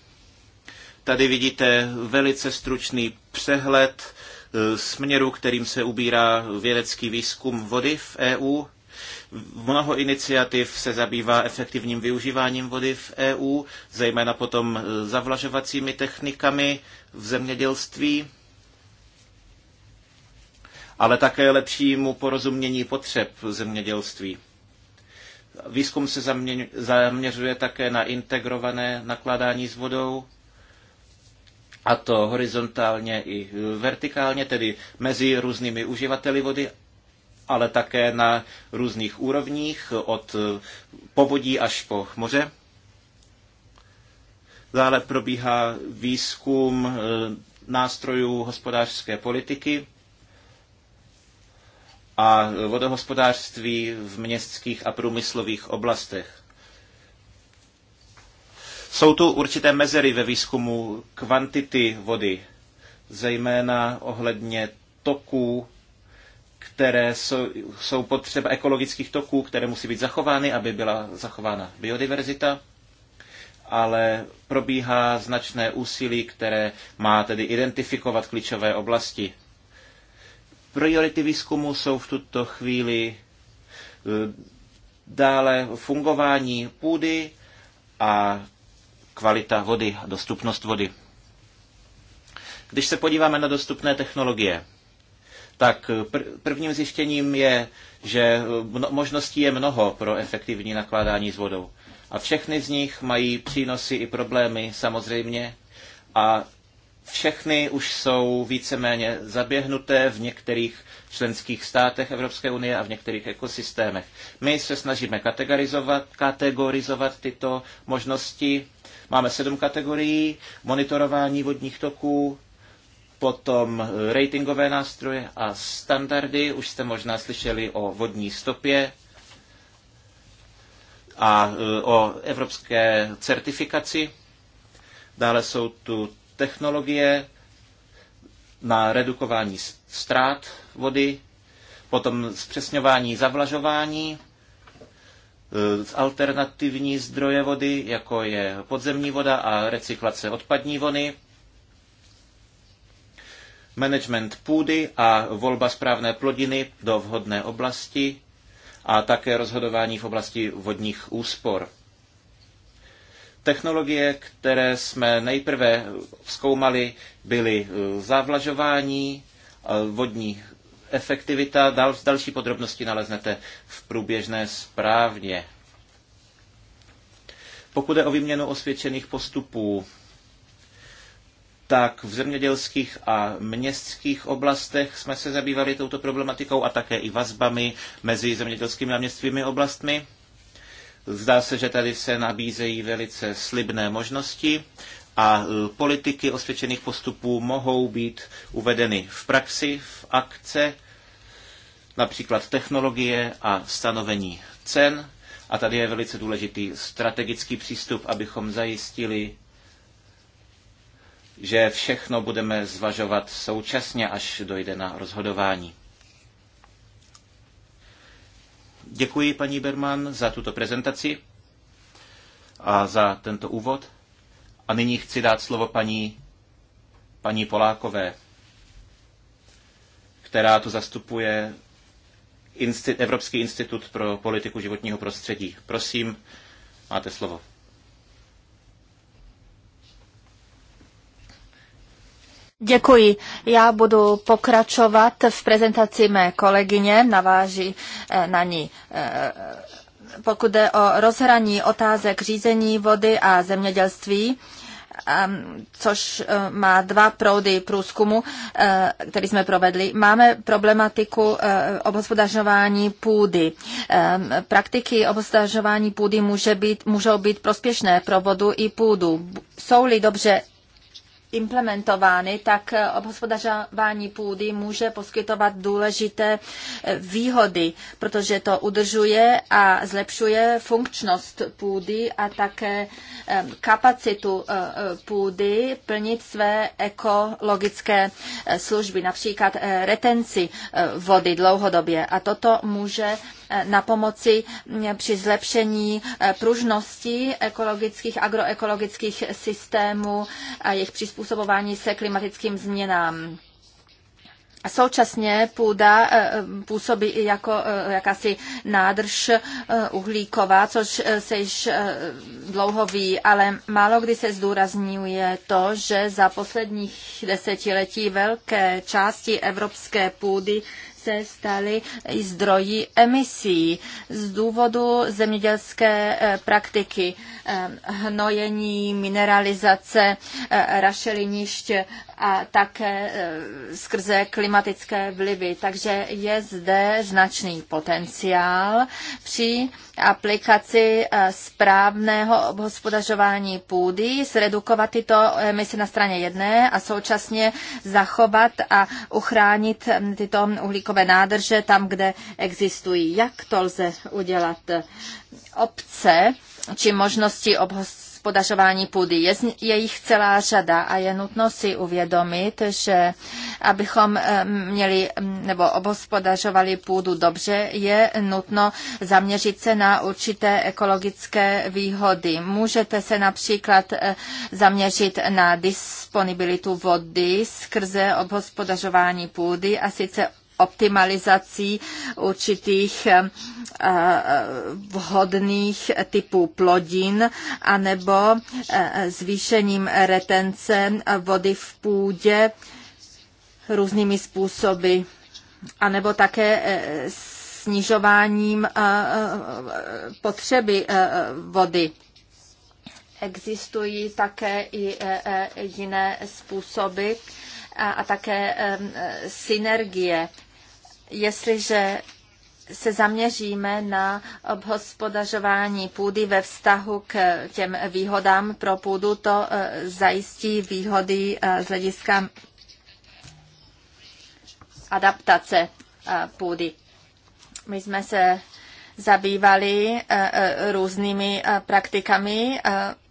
Tady vidíte velice stručný přehled eh, směru, kterým se ubírá vědecký výzkum vody v EU. Mnoho iniciativ se zabývá efektivním využíváním vody v EU, zejména potom e, zavlažovacími technikami v zemědělství, ale také lepšímu porozumění potřeb zemědělství. Výzkum se zaměřuje také na integrované nakládání s vodou, a to horizontálně i vertikálně, tedy mezi různými uživateli vody ale také na různých úrovních, od povodí až po moře. Dále probíhá výzkum eh, nástrojů hospodářské politiky a vodohospodářství v městských a průmyslových oblastech. Jsou tu určité mezery ve výzkumu kvantity vody, zejména ohledně toků které jsou, jsou potřeba ekologických toků, které musí být zachovány, aby byla zachována biodiverzita, ale probíhá značné úsilí, které má tedy identifikovat klíčové oblasti. Priority výzkumu jsou v tuto chvíli e, dále fungování půdy a kvalita vody, dostupnost vody. Když se podíváme na dostupné technologie, tak prvním zjištěním je, že eh, možností je mnoho pro efektivní nakládání s vodou. A všechny z nich mají přínosy i problémy samozřejmě. A všechny už jsou víceméně zaběhnuté v některých členských státech Evropské unie a v některých ekosystémech. My se snažíme kategorizovat, kategorizovat tyto možnosti. Máme sedm kategorií. Monitorování vodních toků, potom ratingové nástroje a standardy. Už jste možná slyšeli o vodní stopě a e, o evropské certifikaci. Dále jsou tu technologie na redukování ztrát vody, potom zpřesňování zavlažování, e, alternativní zdroje vody, jako je podzemní voda a recyklace odpadní vody, management půdy a volba správné plodiny do vhodné oblasti a také rozhodování v oblasti vodních úspor. Technologie, které jsme nejprve zkoumali, byly e, zavlažování, e, vodní efektivita. Dal, další podrobnosti naleznete v průběžné správně. Pokud je o výměnu osvědčených postupů, tak v zemědělských a městských oblastech jsme se zabývali touto problematikou a také i vazbami mezi zemědělskými a městskými oblastmi. Zdá se, že tady se nabízejí velice slibné možnosti a e, politiky osvědčených postupů mohou být uvedeny v praxi, v akce, například technologie a stanovení cen. A tady je velice důležitý strategický přístup, abychom zajistili že všechno budeme zvažovat současně, až dojde na rozhodování. Děkuji paní Berman za tuto prezentaci a za tento úvod. A nyní chci dát slovo paní, paní Polákové, která tu zastupuje Evropský institut pro politiku životního prostředí. Prosím, máte slovo. Děkuji. Já budu pokračovat v prezentaci mé kolegyně, naváží eh, na ní. Eh, pokud jde o rozhraní otázek řízení vody a zemědělství, ehm, což eh, má dva proudy průzkumu, který jsme provedli. Máme problematiku obhospodařování půdy. Ehm, praktiky obhospodařování půdy může být, můžou být prospěšné pro vodu i půdu. Jsou-li dobře implementovány, tak obhospodařování půdy může poskytovat důležité výhody, protože to udržuje a zlepšuje funkčnost půdy a také kapacitu e, e, půdy plnit své ekologické e, služby, například retenci vody dlouhodobě. A toto může Eh, na pomoci mm, při zlepšení eh, pružnosti ekologických, agroekologických systémů a jejich přizpůsobování se klimatickým změnám. A současně půda eh, působí i jako jakási nádrž uhlíková, což se již dlouho ví, ale málo kdy se zdůrazňuje to, že za posledních desetiletí velké části evropské půdy se staly zdroji emisí z důvodu zemědělské eh, praktiky, eh, hnojení, mineralizace, eh, rašelinišť a také skrze klimatické vlivy. Takže je zde značný potenciál při aplikaci správného obhospodařování půdy, zredukovat tyto emise na straně jedné a současně zachovat a uchránit hm, tyto uhlíkové takové nádrže tam, kde existují. Jak to lze udělat? Obce či možnosti obhospodařování půdy. Je, je jich celá řada a je nutno si uvědomit, že abychom eh, měli mm, nebo obhospodařovali půdu dobře, je nutno zaměřit se na určité ekologické výhody. Můžete se například eh, zaměřit na disponibilitu vody skrze obhospodařování půdy a sice optimalizací určitých eh, eh, vhodných typů plodin anebo eh, zvýšením retence vody v půdě různými způsoby anebo také snižováním potřeby vody. Existují také i jiné způsoby a také synergie jestliže se zaměříme na obhospodařování půdy ve vztahu k těm výhodám pro půdu, to eh, zajistí výhody eh, z hlediska adaptace eh, půdy. My jsme se zabývali různými praktikami,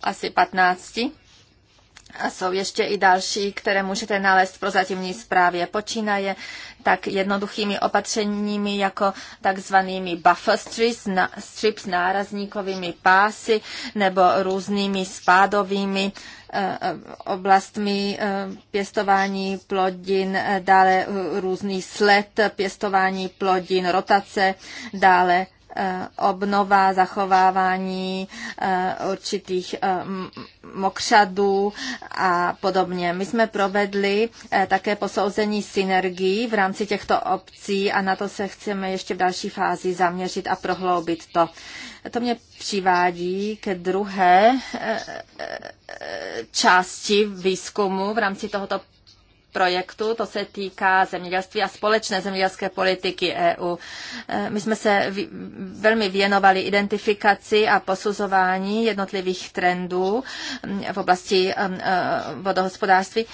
asi 15 a jsou ještě i další, které můžete nalézt v prozatímní zprávě. Počínaje tak jednoduchými opatřeními jako takzvanými buffer strips, na, strips nárazníkovými pásy nebo různými spádovými eh, eh, oblastmi eh, pěstování plodin, dále různý sled pěstování plodin, rotace, dále Eh, obnova, zachovávání eh, určitých eh, mokřadů a podobně. My jsme provedli také posouzení synergií v rámci těchto obcí a na to se chceme ještě v další fázi zaměřit a prohloubit to. To mě přivádí ke druhé části výzkumu v rámci tohoto projektu, to se týká zemědělství a společné zemědělské politiky EU. E, my jsme se velmi věnovali identifikaci a posuzování jednotlivých trendů mm, v oblasti mm, e, vodohospodářství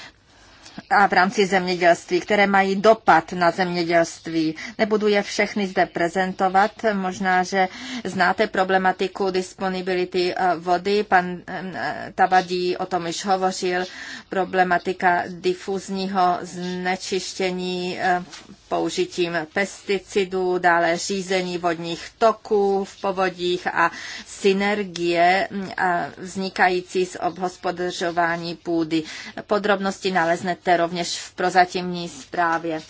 a v rámci zemědělství, které mají dopad na zemědělství. Nebudu je všechny zde prezentovat, možná, že znáte problematiku disponibility eh, vody, pan eh, Tabadí o tom již hovořil, problematika difuzního znečištění eh, použitím pesticidů, dále řízení vodních toků v povodích a synergie mm, vznikající z obhospodařování půdy. Podrobnosti naleznete rovněž v prozatímní zprávě.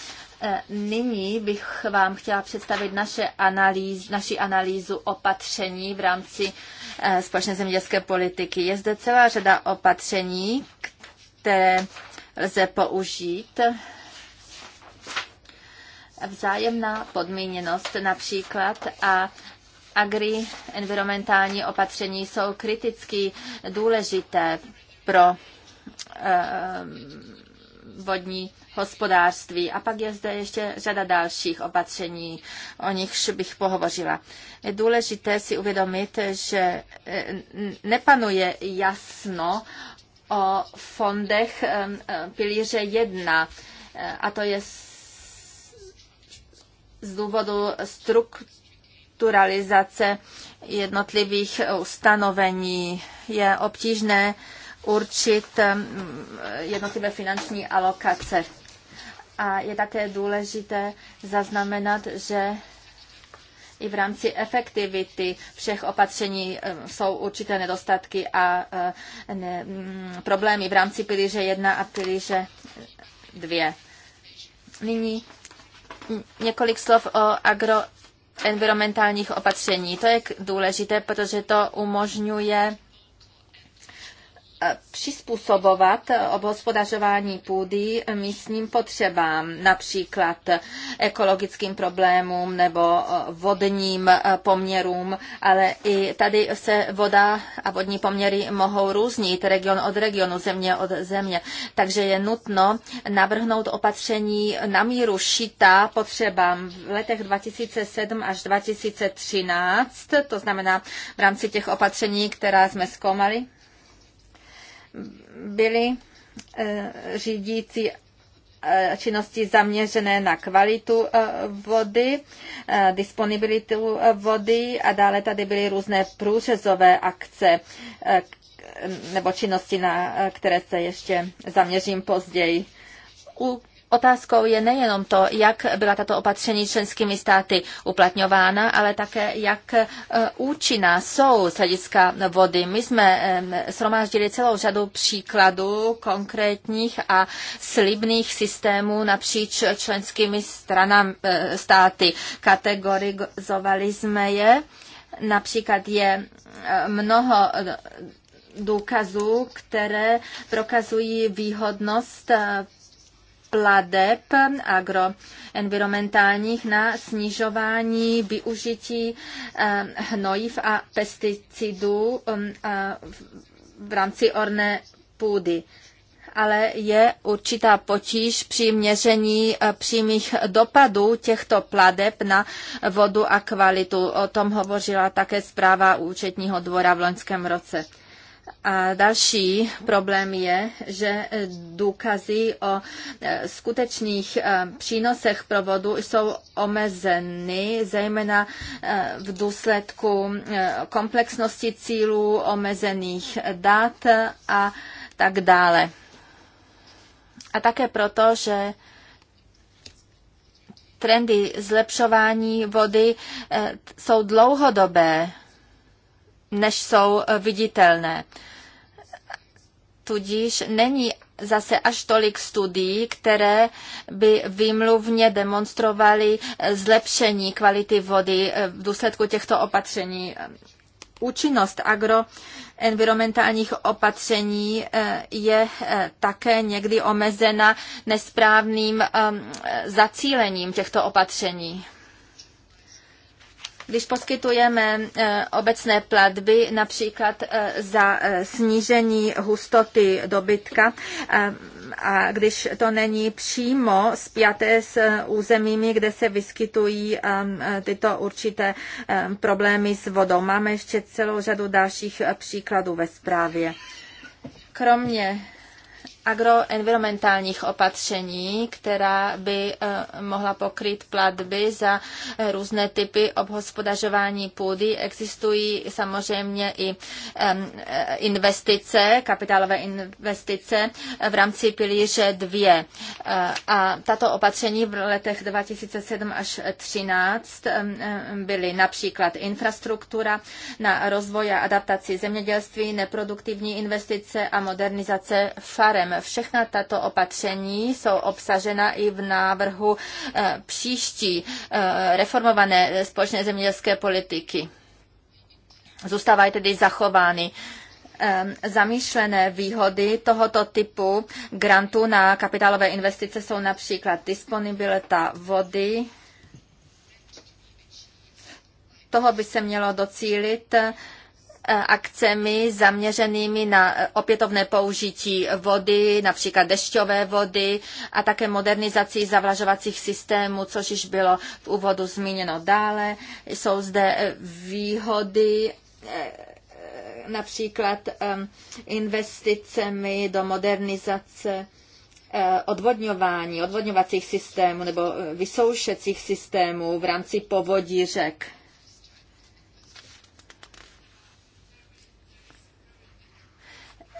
E, nyní bych vám chtěla představit naše analýz, naši analýzu opatření v rámci e, společné zemědělské politiky. Je zde celá řada opatření, které lze použít vzájemná podmíněnost například a agri-environmentální opatření jsou kriticky důležité pro eh, vodní hospodářství. A pak je zde ještě řada dalších opatření, o nichž bych pohovořila. Je důležité si uvědomit, že eh, nepanuje jasno o fondech eh, pilíře 1, a to je z důvodu strukturalizace jednotlivých ustanovení. Je obtížné určit mm, jednotlivé finanční alokace. A je také důležité zaznamenat, že i v rámci efektivity všech opatření mm, jsou určité nedostatky a eh, ne, mm, problémy v rámci pilíře 1 a pilíře 2. Nyní několik slov o agroenvironmentálních opatření. To je důležité, protože to umožňuje přizpůsobovat obhospodařování půdy místním potřebám, například ekologickým problémům nebo vodním poměrům, ale i tady se voda a vodní poměry mohou různit region od regionu, země od země, takže je nutno navrhnout opatření na míru šita potřebám v letech 2007 až 2013, to znamená v rámci těch opatření, která jsme zkoumali byly eh, řídící eh, činnosti zaměřené na kvalitu eh, vody, disponibilitu vody a dále tady byly různé průřezové akce nebo činnosti, na které se ještě zaměřím později. U Otázkou je nejenom to, jak byla tato opatření členskými státy uplatňována, ale také jak e, účinná jsou z hlediska vody. My jsme shromáždili celou řadu příkladů konkrétních a slibných systémů napříč členskými stranami e, státy. Kategorizovali jsme je. Například je e, mnoho důkazů, které prokazují výhodnost pladeb agroenvironmentálních na snižování využití eh, hnojiv a pesticidů eh, v rámci orné půdy ale je určitá potíž při měření eh, přímých dopadů těchto pladeb na vodu a kvalitu. O tom hovořila také zpráva účetního dvora v loňském roce. A další problém je, že důkazy o e, skutečných e, přínosech provodu jsou omezeny, zejména e, v důsledku komplexnosti cílů, omezených dat a tak dále. A také proto, že trendy zlepšování vody jsou dlouhodobé, než jsou viditelné tudíž není zase až tolik studií, které by výmluvně demonstrovaly eh, zlepšení kvality vody eh, v důsledku těchto opatření. Eh, účinnost agroenvironmentálních opatření je také někdy omezena nesprávným ehm, zacílením těchto opatření. Když poskytujeme eh, obecné platby, například eh, za eh, snížení hustoty dobytka, a když to není přímo spjaté s územími, kde se vyskytují tyto určité problémy s vodou. Máme ještě celou řadu dalších příkladů ve zprávě. Kromě agroenvironmentálních opatření, která by eh, mohla pokryt platby za eh, různé typy obhospodařování půdy. Existují samozřejmě i eh, investice, kapitálové investice v rámci pilíře 2. A tato opatření v letech 2007 až 2013 byly například infrastruktura na rozvoj a adaptaci zemědělství, neproduktivní investice a modernizace farem. Všechna tato opatření jsou obsažena i v návrhu eh, příští eh, reformované společné zemědělské politiky. Zůstávají tedy zachovány eh, zamýšlené výhody tohoto typu grantů na kapitálové investice jsou například disponibilita vody, toho by se mělo docílit E, akcemi zaměřenými na e, opětovné použití vody, například dešťové vody a také modernizací zavlažovacích systémů, což již bylo v úvodu zmíněno dále. Jsou zde e, výhody například investicemi do modernizace odvodňování, odvodňovacích systémů nebo vysoušecích systémů v rámci povodí řek.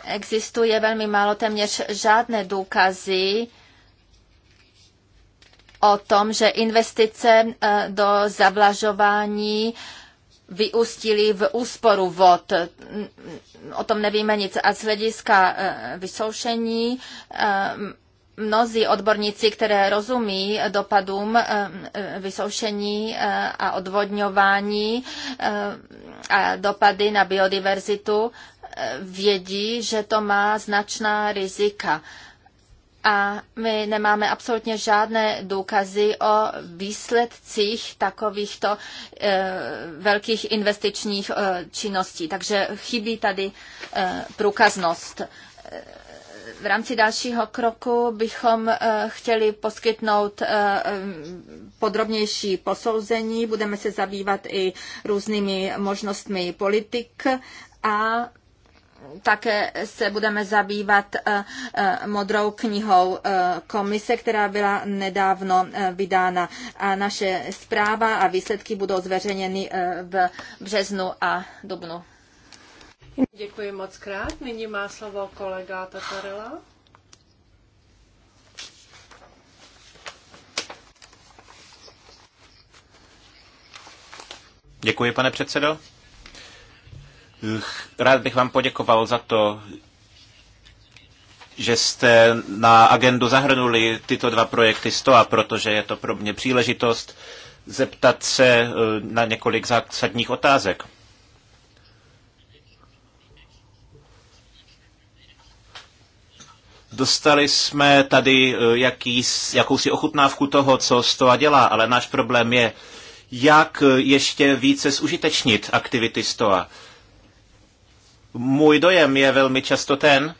existuje velmi málo, téměř žádné důkazy o tom, že investice eh, do zavlažování vyústily v úsporu vod. O tom nevíme nic. A z hlediska eh, vysoušení eh, mnozí odborníci, které rozumí dopadům vysoušení a odvodňování a dopady na biodiverzitu, vědí, že to má značná rizika. A my nemáme absolutně žádné důkazy o výsledcích takovýchto e, velkých investičních e, činností. Takže chybí tady e, průkaznost. V rámci dalšího kroku bychom chtěli poskytnout podrobnější posouzení. Budeme se zabývat i různými možnostmi politik a také se budeme zabývat eh, eh, modrou knihou eh, komise, která byla nedávno vydána. A naše zpráva a výsledky budou zveřejněny v březnu a dubnu. Děkuji moc krát. Nyní má slovo kolega Tatarela. Děkuji, pane předsedo. Eh, rád bych vám poděkoval za to, že jste na agendu zahrnuli tyto dva projekty STOA, protože je to pro mě příležitost zeptat se eh, na několik zásadních otázek. Dostali jsme tady eh, jaký, jakousi ochutnávku toho, co STOA dělá, ale náš problém je, jak ještě více zužitečnit aktivity STOA můj dojem je velmi často ten,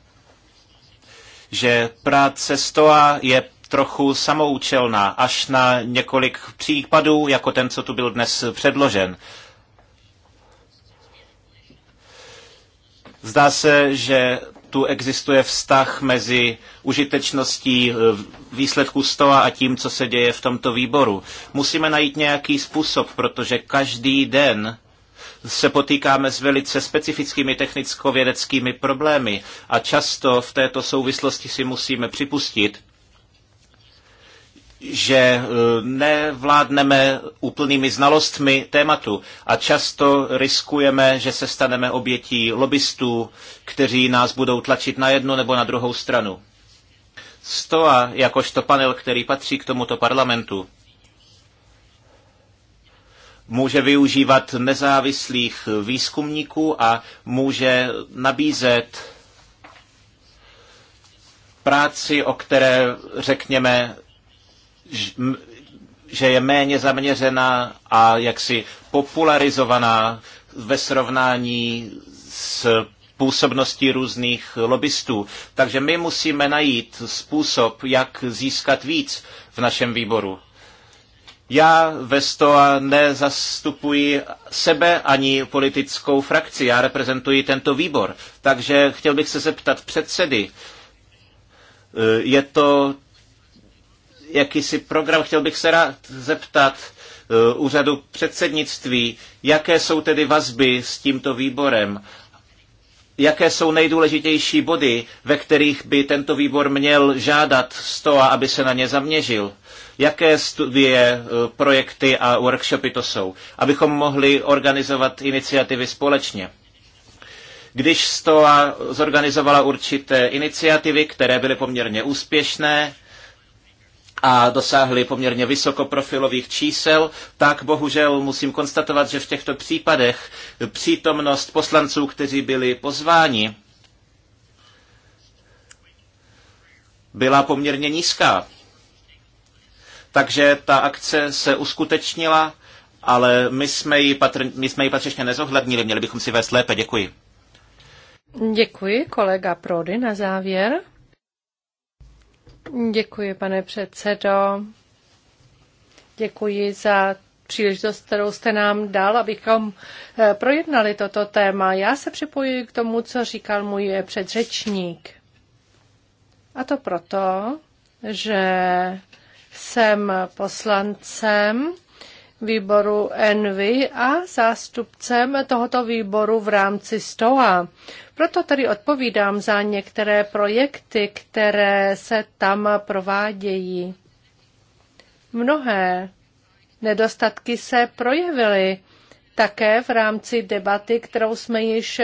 že práce stoa je trochu samoučelná, až na několik případů, jako ten, co tu byl dnes předložen. Zdá se, že tu existuje vztah mezi užitečností eh, výsledků stoa a tím, co se děje v tomto výboru. Musíme najít nějaký způsob, protože každý den se potýkáme s velice specifickými technicko-vědeckými problémy a často v této souvislosti si musíme připustit, že e, nevládneme úplnými znalostmi tématu a často riskujeme, že se staneme obětí lobbystů, kteří nás budou tlačit na jednu nebo na druhou stranu. STOA, jakožto panel, který patří k tomuto parlamentu, může využívat nezávislých výzkumníků a může nabízet práci, o které řekněme, že je méně zaměřená a jaksi popularizovaná ve srovnání s působností různých lobbystů. Takže my musíme najít způsob, jak získat víc v našem výboru. Já ve STOA nezastupuji sebe ani politickou frakci, já reprezentuji tento výbor. Takže chtěl bych se zeptat předsedy, e, je to jakýsi program, chtěl bych se rád zeptat e, úřadu předsednictví, jaké jsou tedy vazby s tímto výborem jaké jsou nejdůležitější body, ve kterých by tento výbor měl žádat STOA, aby se na ně zaměřil jaké studie, eh, projekty a workshopy to jsou, abychom mohli organizovat iniciativy společně. Když STOA zorganizovala určité iniciativy, které byly poměrně úspěšné, a dosáhly poměrně vysokoprofilových čísel, tak bohužel musím konstatovat, že v těchto případech přítomnost poslanců, kteří byli pozváni, byla poměrně nízká. Takže ta akce se uskutečnila, ale my jsme ji, patr- my jsme ji patřičně nezohlednili, měli bychom si vést lépe. Děkuji. Děkuji, kolega Prody na závěr. Děkuji, pane předsedo. Děkuji za příležitost, kterou jste nám dal, abychom eh, projednali toto téma. Já se připojuji k tomu, co říkal můj předřečník. A to proto, že jsem poslancem výboru ENVY a zástupcem tohoto výboru v rámci STOA. Proto tedy odpovídám za některé projekty, které se tam provádějí. Mnohé nedostatky se projevily také v rámci debaty, kterou jsme již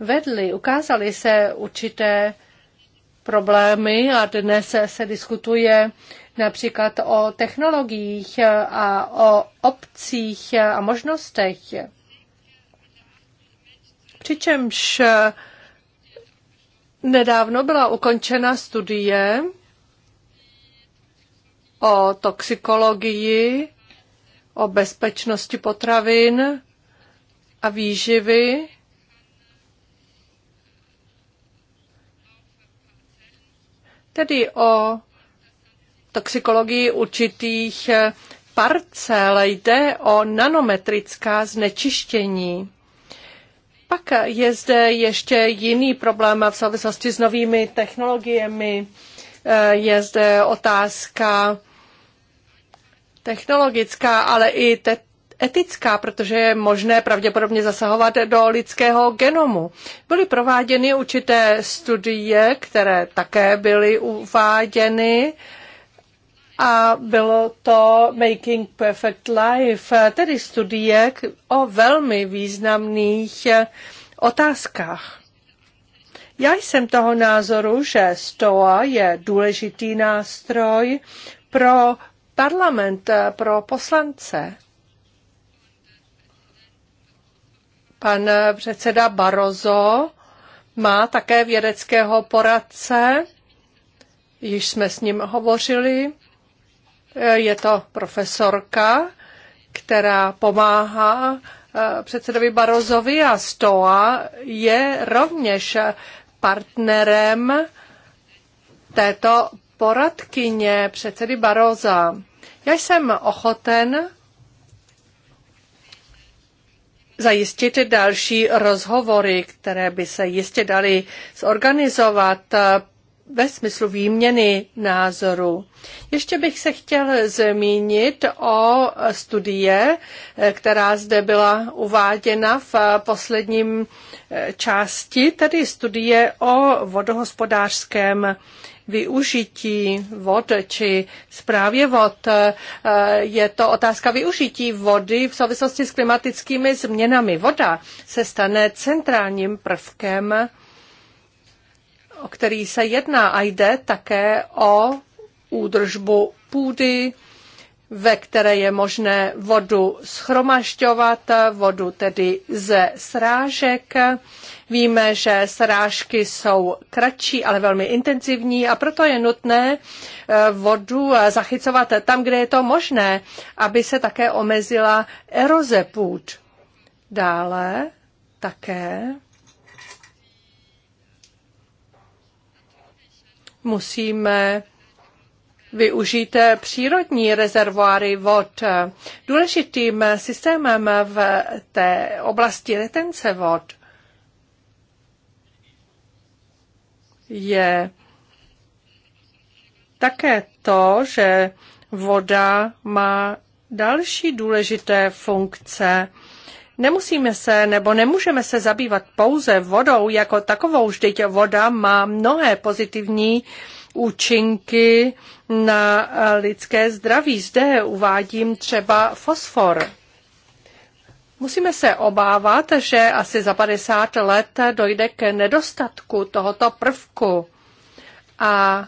vedli. Ukázaly se určité problémy a dnes se diskutuje například o technologiích a o obcích a možnostech. Přičemž nedávno byla ukončena studie o toxikologii, o bezpečnosti potravin a výživy. Tedy o toxikologii určitých eh, parcel. Jde o nanometrická znečištění. Pak je zde ještě jiný problém v souvislosti s novými technologiemi. Eh, je zde otázka technologická, ale i te- etická, protože je možné pravděpodobně zasahovat do lidského genomu. Byly prováděny určité studie, které také byly uváděny. Uh, a bylo to Making Perfect Life, tedy studie o velmi významných eh, otázkách. Já jsem toho názoru, že STOA je důležitý nástroj pro parlament, eh, pro poslance. Pan eh, předseda Barozo má také vědeckého poradce, již jsme s ním hovořili. Je to profesorka, která pomáhá eh, předsedovi Barozovi a Stoa je rovněž partnerem této poradkyně předsedy Baroza. Já jsem ochoten zajistit další rozhovory, které by se jistě daly zorganizovat ve smyslu výměny názoru. Ještě bych se chtěl zmínit o studie, která zde byla uváděna v posledním eh, části, tedy studie o vodohospodářském využití vod či zprávě vod. Eh, je to otázka využití vody v souvislosti s klimatickými změnami. Voda se stane centrálním prvkem o který se jedná a jde také o údržbu půdy, ve které je možné vodu schromažďovat, vodu tedy ze srážek. Víme, že srážky jsou kratší, ale velmi intenzivní a proto je nutné eh, vodu eh, zachycovat tam, kde je to možné, aby se také omezila eroze půd. Dále také musíme využít přírodní rezervoáry vod. Důležitým systémem v té oblasti retence vod je také to, že voda má další důležité funkce Nemusíme se nebo nemůžeme se zabývat pouze vodou jako takovou, vždyť voda má mnohé pozitivní účinky na lidské zdraví. Zde uvádím třeba fosfor. Musíme se obávat, že asi za 50 let dojde k nedostatku tohoto prvku a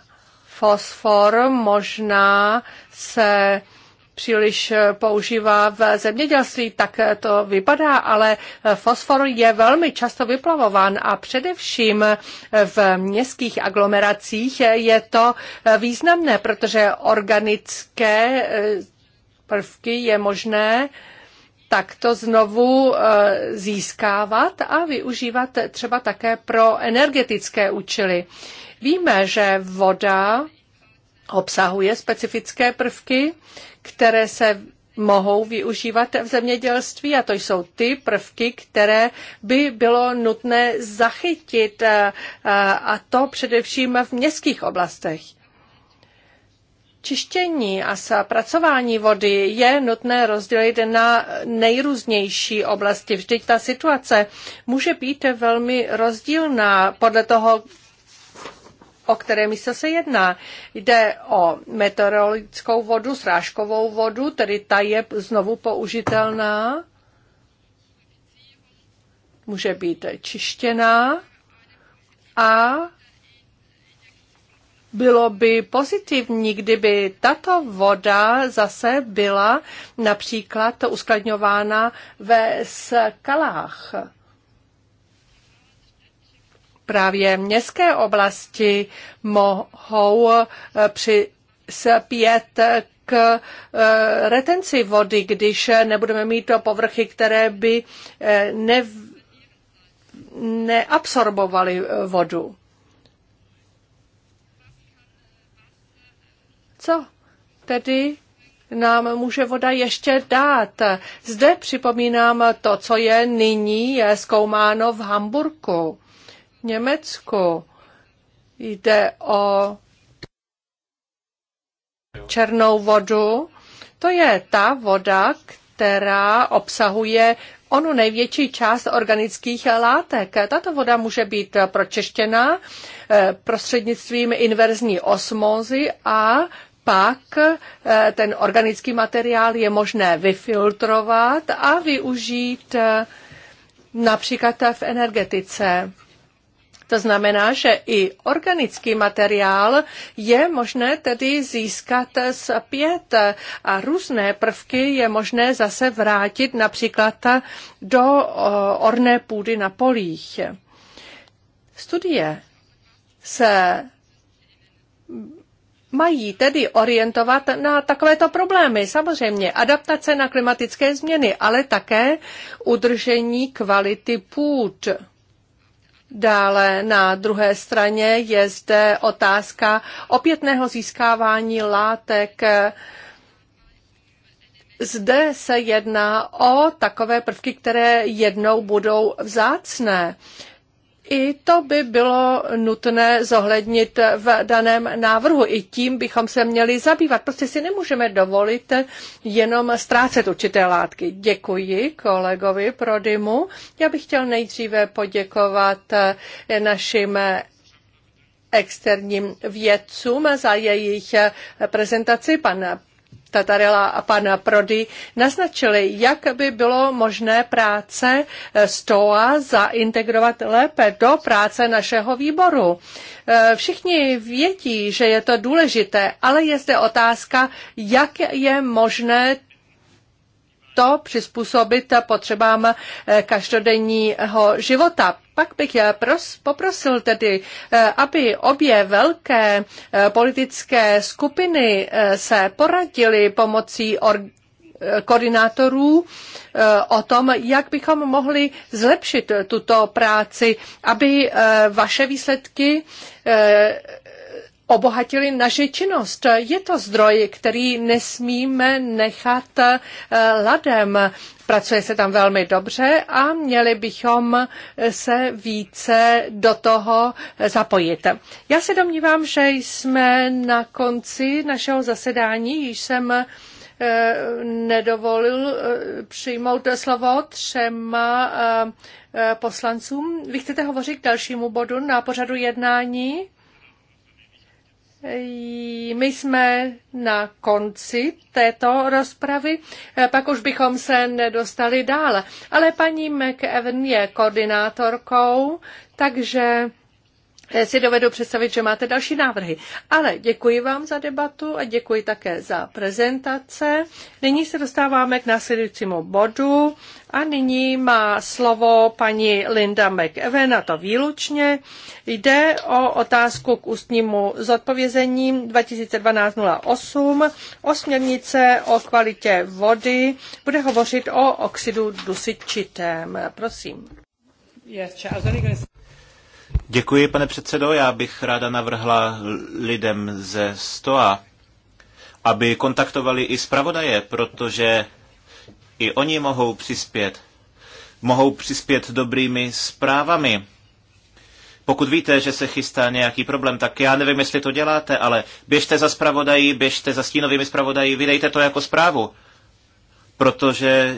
fosfor možná se příliš eh, používá v zemědělství, tak eh, to vypadá, ale eh, fosfor je velmi často vyplavován a především v městských aglomeracích je to významné, protože organické prvky je možné tak to znovu získávat a využívat třeba také pro energetické účely. Víme, že voda obsahuje specifické prvky, které se mohou využívat v zemědělství a to jsou ty prvky, které by bylo nutné zachytit eh, eh, a to především v městských oblastech. Čištění a zpracování vody je nutné rozdělit na nejrůznější oblasti. Vždyť ta situace může být velmi rozdílná podle toho, o které místo se jedná. Jde o meteorologickou vodu, srážkovou vodu, tedy ta je znovu použitelná. Může být čištěná a bylo by pozitivní, kdyby tato voda zase byla například uskladňována ve skalách. Právě městské oblasti mohou eh, při k eh, retenci vody, když nebudeme mít povrchy, které by eh, ne, neabsorbovaly vodu. Co tedy nám může voda ještě dát? Zde připomínám to, co je nyní zkoumáno v Hamburku Německu. Jde o černou vodu. To je ta voda, která obsahuje onu největší část organických látek. Tato voda může být pročištěna eh, prostřednictvím inverzní osmózy a pak eh, ten organický materiál je možné vyfiltrovat a využít eh, například v energetice. To znamená, že i organický materiál je možné tedy získat z pět a různé prvky je možné zase vrátit například do orné půdy na polích. Studie se mají tedy orientovat na takovéto problémy. Samozřejmě adaptace na klimatické změny, ale také udržení kvality půd. Dále na druhé straně je zde otázka opětného získávání látek. Zde se jedná o takové prvky, které jednou budou vzácné. I to by bylo nutné zohlednit v daném návrhu. I tím bychom se měli zabývat. Prostě si nemůžeme dovolit jenom ztrácet určité látky. Děkuji kolegovi Prodymu. Já bych chtěl nejdříve poděkovat našim externím vědcům za jejich prezentaci, pan Tatarela a pan Prody naznačili, jak by bylo možné práce eh, STOA zaintegrovat lépe do práce našeho výboru. Eh, všichni vědí, že je to důležité, ale je zde otázka, jak je možné to přizpůsobit potřebám eh, každodenního života. Pak bych pros, poprosil tedy, eh, aby obě velké eh, politické skupiny se poradily pomocí or, koordinátorů o tom, jak bychom mohli zlepšit tuto práci, aby vaše výsledky obohatili naši činnost. Je to zdroj, který nesmíme nechat eh, ladem. Pracuje se tam velmi dobře a měli bychom se více do toho zapojit. Já se domnívám, že jsme na konci našeho zasedání, již jsem eh, nedovolil eh, přijmout slovo třema poslancům. Vy chcete hovořit k dalšímu bodu na pořadu jednání? My jsme na konci této rozpravy, eh, pak už bychom se nedostali dál. Ale paní McEwen je koordinátorkou, takže Eh, si dovedu představit, že máte další návrhy. Ale děkuji vám za debatu a děkuji také za prezentace. Nyní se dostáváme k následujícímu bodu a nyní má slovo paní Linda McEwen a to výlučně. Jde o otázku k ústnímu zodpovězení 2012-08 o směrnice o kvalitě vody. Bude hovořit o oxidu dusičitém. Prosím. Yes, Děkuji, pane předsedo. Já bych ráda navrhla lidem ze STOA, aby kontaktovali i zpravodaje, protože i oni mohou přispět. Mohou přispět dobrými zprávami. Pokud víte, že se chystá nějaký problém, tak já nevím, jestli to děláte, ale běžte za zpravodají, běžte za stínovými zpravodají, vydejte to jako zprávu. Protože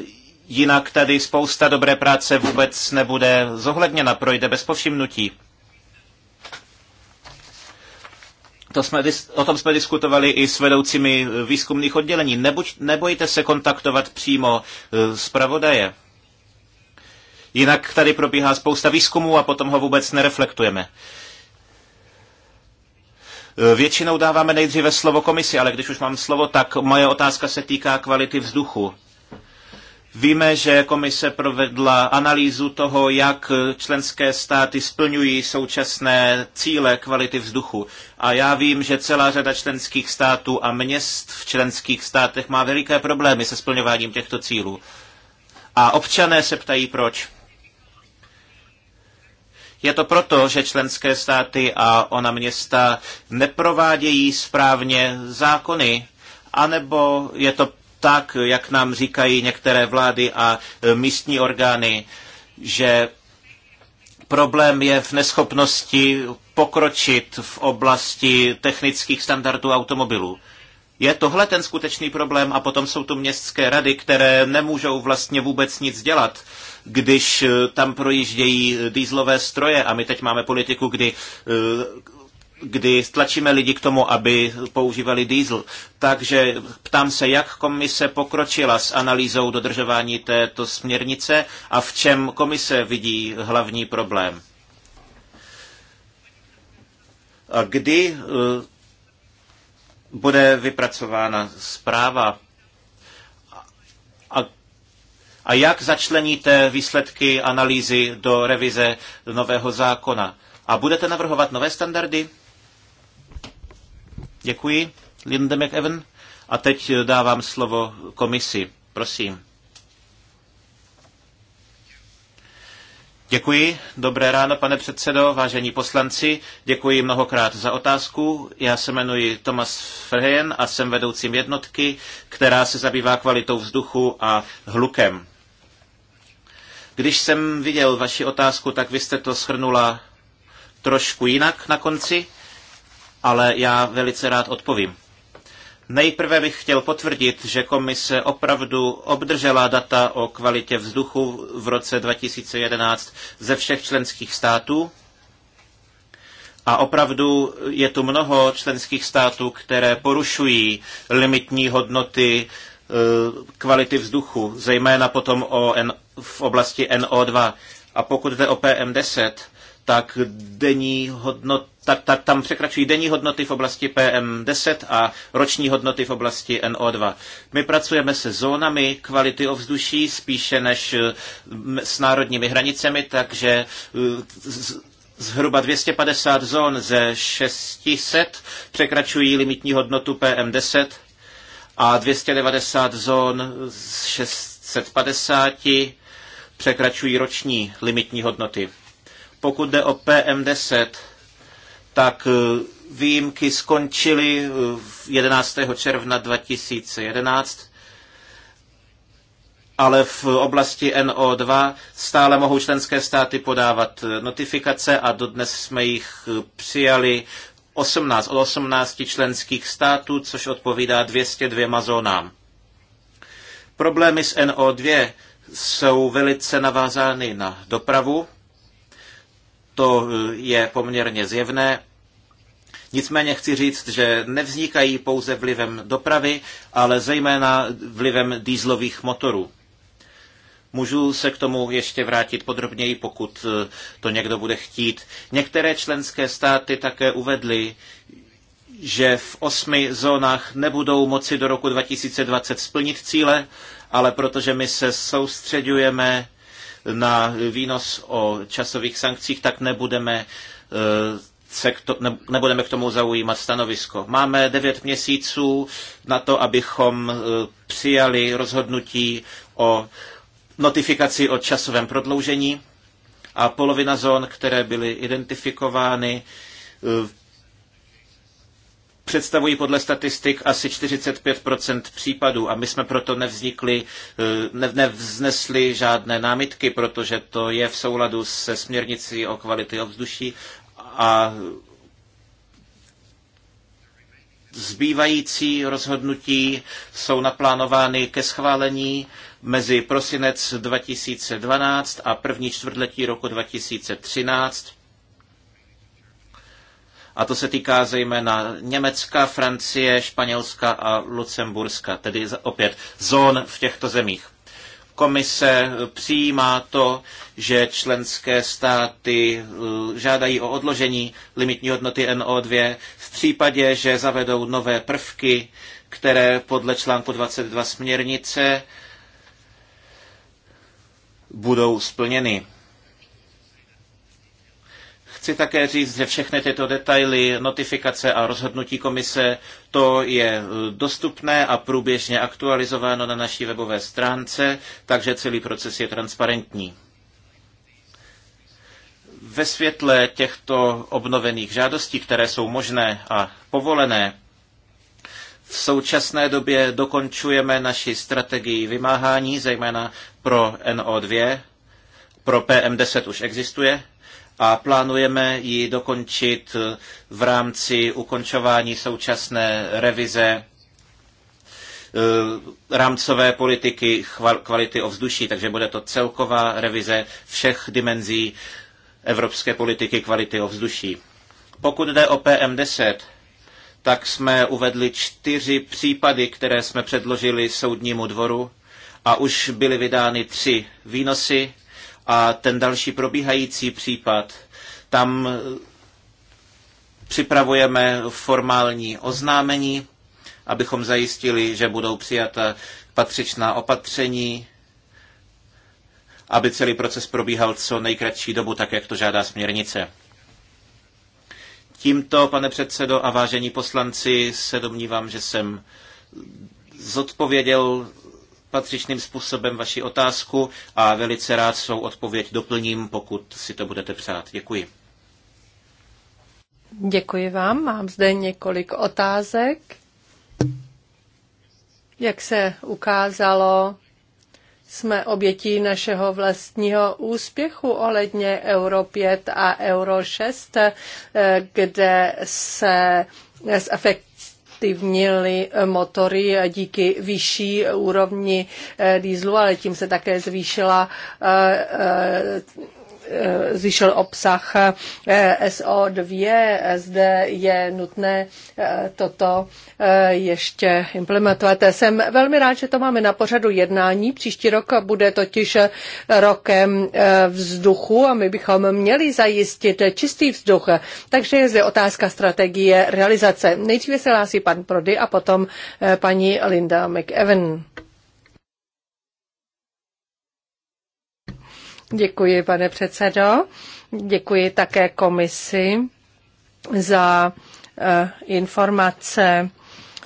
jinak tady spousta dobré práce vůbec nebude zohledněna, projde bez povšimnutí. To jsme, o tom jsme diskutovali i s vedoucími výzkumných oddělení. Nebuď, nebojte se kontaktovat přímo e, pravodaje. Jinak tady probíhá spousta výzkumů a potom ho vůbec nereflektujeme. E, většinou dáváme nejdříve slovo komisi, ale když už mám slovo, tak moje otázka se týká kvality vzduchu. Víme, že komise provedla analýzu toho, jak členské státy splňují současné cíle kvality vzduchu. A já vím, že celá řada členských států a měst v členských státech má veliké problémy se splňováním těchto cílů. A občané se ptají, proč. Je to proto, že členské státy a ona města neprovádějí správně zákony, anebo je to tak, jak nám říkají některé vlády a e, místní orgány, že problém je v neschopnosti pokročit v oblasti technických standardů automobilů. Je tohle ten skutečný problém a potom jsou tu městské rady, které nemůžou vlastně vůbec nic dělat, když e, tam projíždějí e, dýzlové stroje a my teď máme politiku, kdy kdy stlačíme lidi k tomu, aby používali diesel. Takže ptám se, jak komise pokročila s analýzou dodržování této směrnice a v čem komise vidí hlavní problém. A kdy eh, bude vypracována zpráva a, a jak začleníte výsledky analýzy do revize nového zákona? A budete navrhovat nové standardy? Děkuji, Linda McEwen. A teď eh, dávám slovo komisi. Prosím. Děkuji. Dobré ráno, pane předsedo, vážení poslanci. Děkuji mnohokrát za otázku. Já se jmenuji Tomas Frhejen a jsem vedoucím jednotky, která se zabývá kvalitou vzduchu a hlukem. Když jsem viděl vaši otázku, tak vy jste to shrnula trošku jinak na konci ale já velice rád odpovím. Nejprve bych chtěl potvrdit, že komise opravdu obdržela data o kvalitě vzduchu v roce 2011 ze všech členských států. A opravdu je tu mnoho členských států, které porušují limitní hodnoty e, kvality vzduchu, zejména potom o N, v oblasti NO2. A pokud jde o PM10, tak denní hodnoty ta, ta, tam překračují denní hodnoty v oblasti PM10 a roční hodnoty v oblasti NO2. My pracujeme se zónami kvality ovzduší spíše než eh, s národními hranicemi, takže eh, zhruba 250 zón ze 600 překračují limitní hodnotu PM10 a 290 zón z 650 překračují roční limitní hodnoty. Pokud jde o PM10, tak eh, výjimky skončily 11. Eh, června 2011, ale v oblasti NO2 stále mohou členské státy podávat eh, notifikace a dodnes jsme jich přijali 18 od 18 členských států, což odpovídá 202 zónám. Problémy s NO2 jsou velice navázány na dopravu, to eh, je poměrně zjevné. Nicméně chci říct, že nevznikají pouze vlivem dopravy, ale zejména vlivem dýzlových motorů. Můžu se k tomu ještě vrátit podrobněji, pokud eh, to někdo bude chtít. Některé členské státy také uvedly, že v osmi zónách nebudou moci do roku 2020 splnit cíle, ale protože my se soustředujeme na výnos o časových sankcích, tak nebudeme eh, se to, ne, nebudeme k tomu zaujímat stanovisko. Máme devět měsíců na to, abychom eh, přijali rozhodnutí o notifikaci o časovém prodloužení a polovina zón, které byly identifikovány, eh, představují podle statistik asi 45 případů a my jsme proto nevznikli, eh, nevznesli žádné námitky, protože to je v souladu se směrnicí o kvalitě ovzduší a Zbývající rozhodnutí jsou naplánovány ke schválení mezi prosinec 2012 a první čtvrtletí roku 2013 a to se týká zejména Německa, Francie, Španělska a Lucemburska, tedy opět zón v těchto zemích. Komise eh, přijímá to, že členské státy eh, žádají o odložení limitní hodnoty NO2 v případě, že zavedou nové prvky, které podle článku 22 směrnice budou splněny. Chci také říct, že všechny tyto detaily, notifikace a rozhodnutí komise, to je e, dostupné a průběžně aktualizováno na naší webové stránce, takže celý proces je transparentní ve světle těchto obnovených žádostí, které jsou možné a povolené, v současné době dokončujeme naši strategii vymáhání, zejména pro NO2. Pro PM10 už existuje a plánujeme ji dokončit v rámci ukončování současné revize e, rámcové politiky kvality ovzduší, takže bude to celková revize všech dimenzí evropské politiky kvality ovzduší. Pokud jde o PM10, tak jsme uvedli čtyři případy, které jsme předložili soudnímu dvoru a už byly vydány tři výnosy a ten další probíhající případ, tam eh, připravujeme formální oznámení, abychom zajistili, že budou přijata patřičná opatření, aby celý proces probíhal co nejkratší dobu, tak jak to žádá směrnice. Tímto, pane předsedo a vážení poslanci, se domnívám, že jsem zodpověděl patřičným způsobem vaši otázku a velice rád svou odpověď doplním, pokud si to budete přát. Děkuji. Děkuji vám. Mám zde několik otázek. Jak se ukázalo, jsme obětí našeho vlastního úspěchu ohledně Euro 5 a Euro 6, eh, kde se z efekt zaktivnili motory díky vyšší úrovni eh, dýzlu, ale tím se také zvýšila eh, eh, zvýšil obsah eh, SO2. Zde je nutné eh, toto eh, ještě implementovat. Jsem velmi rád, že to máme na pořadu jednání. Příští rok bude totiž rokem vzduchu a my bychom měli zajistit čistý vzduch. Takže je zde otázka strategie realizace. Nejdříve se hlásí pan Prody a potom paní Linda McEwen. Děkuji, pane předsedo. Děkuji také komisi za eh, informace.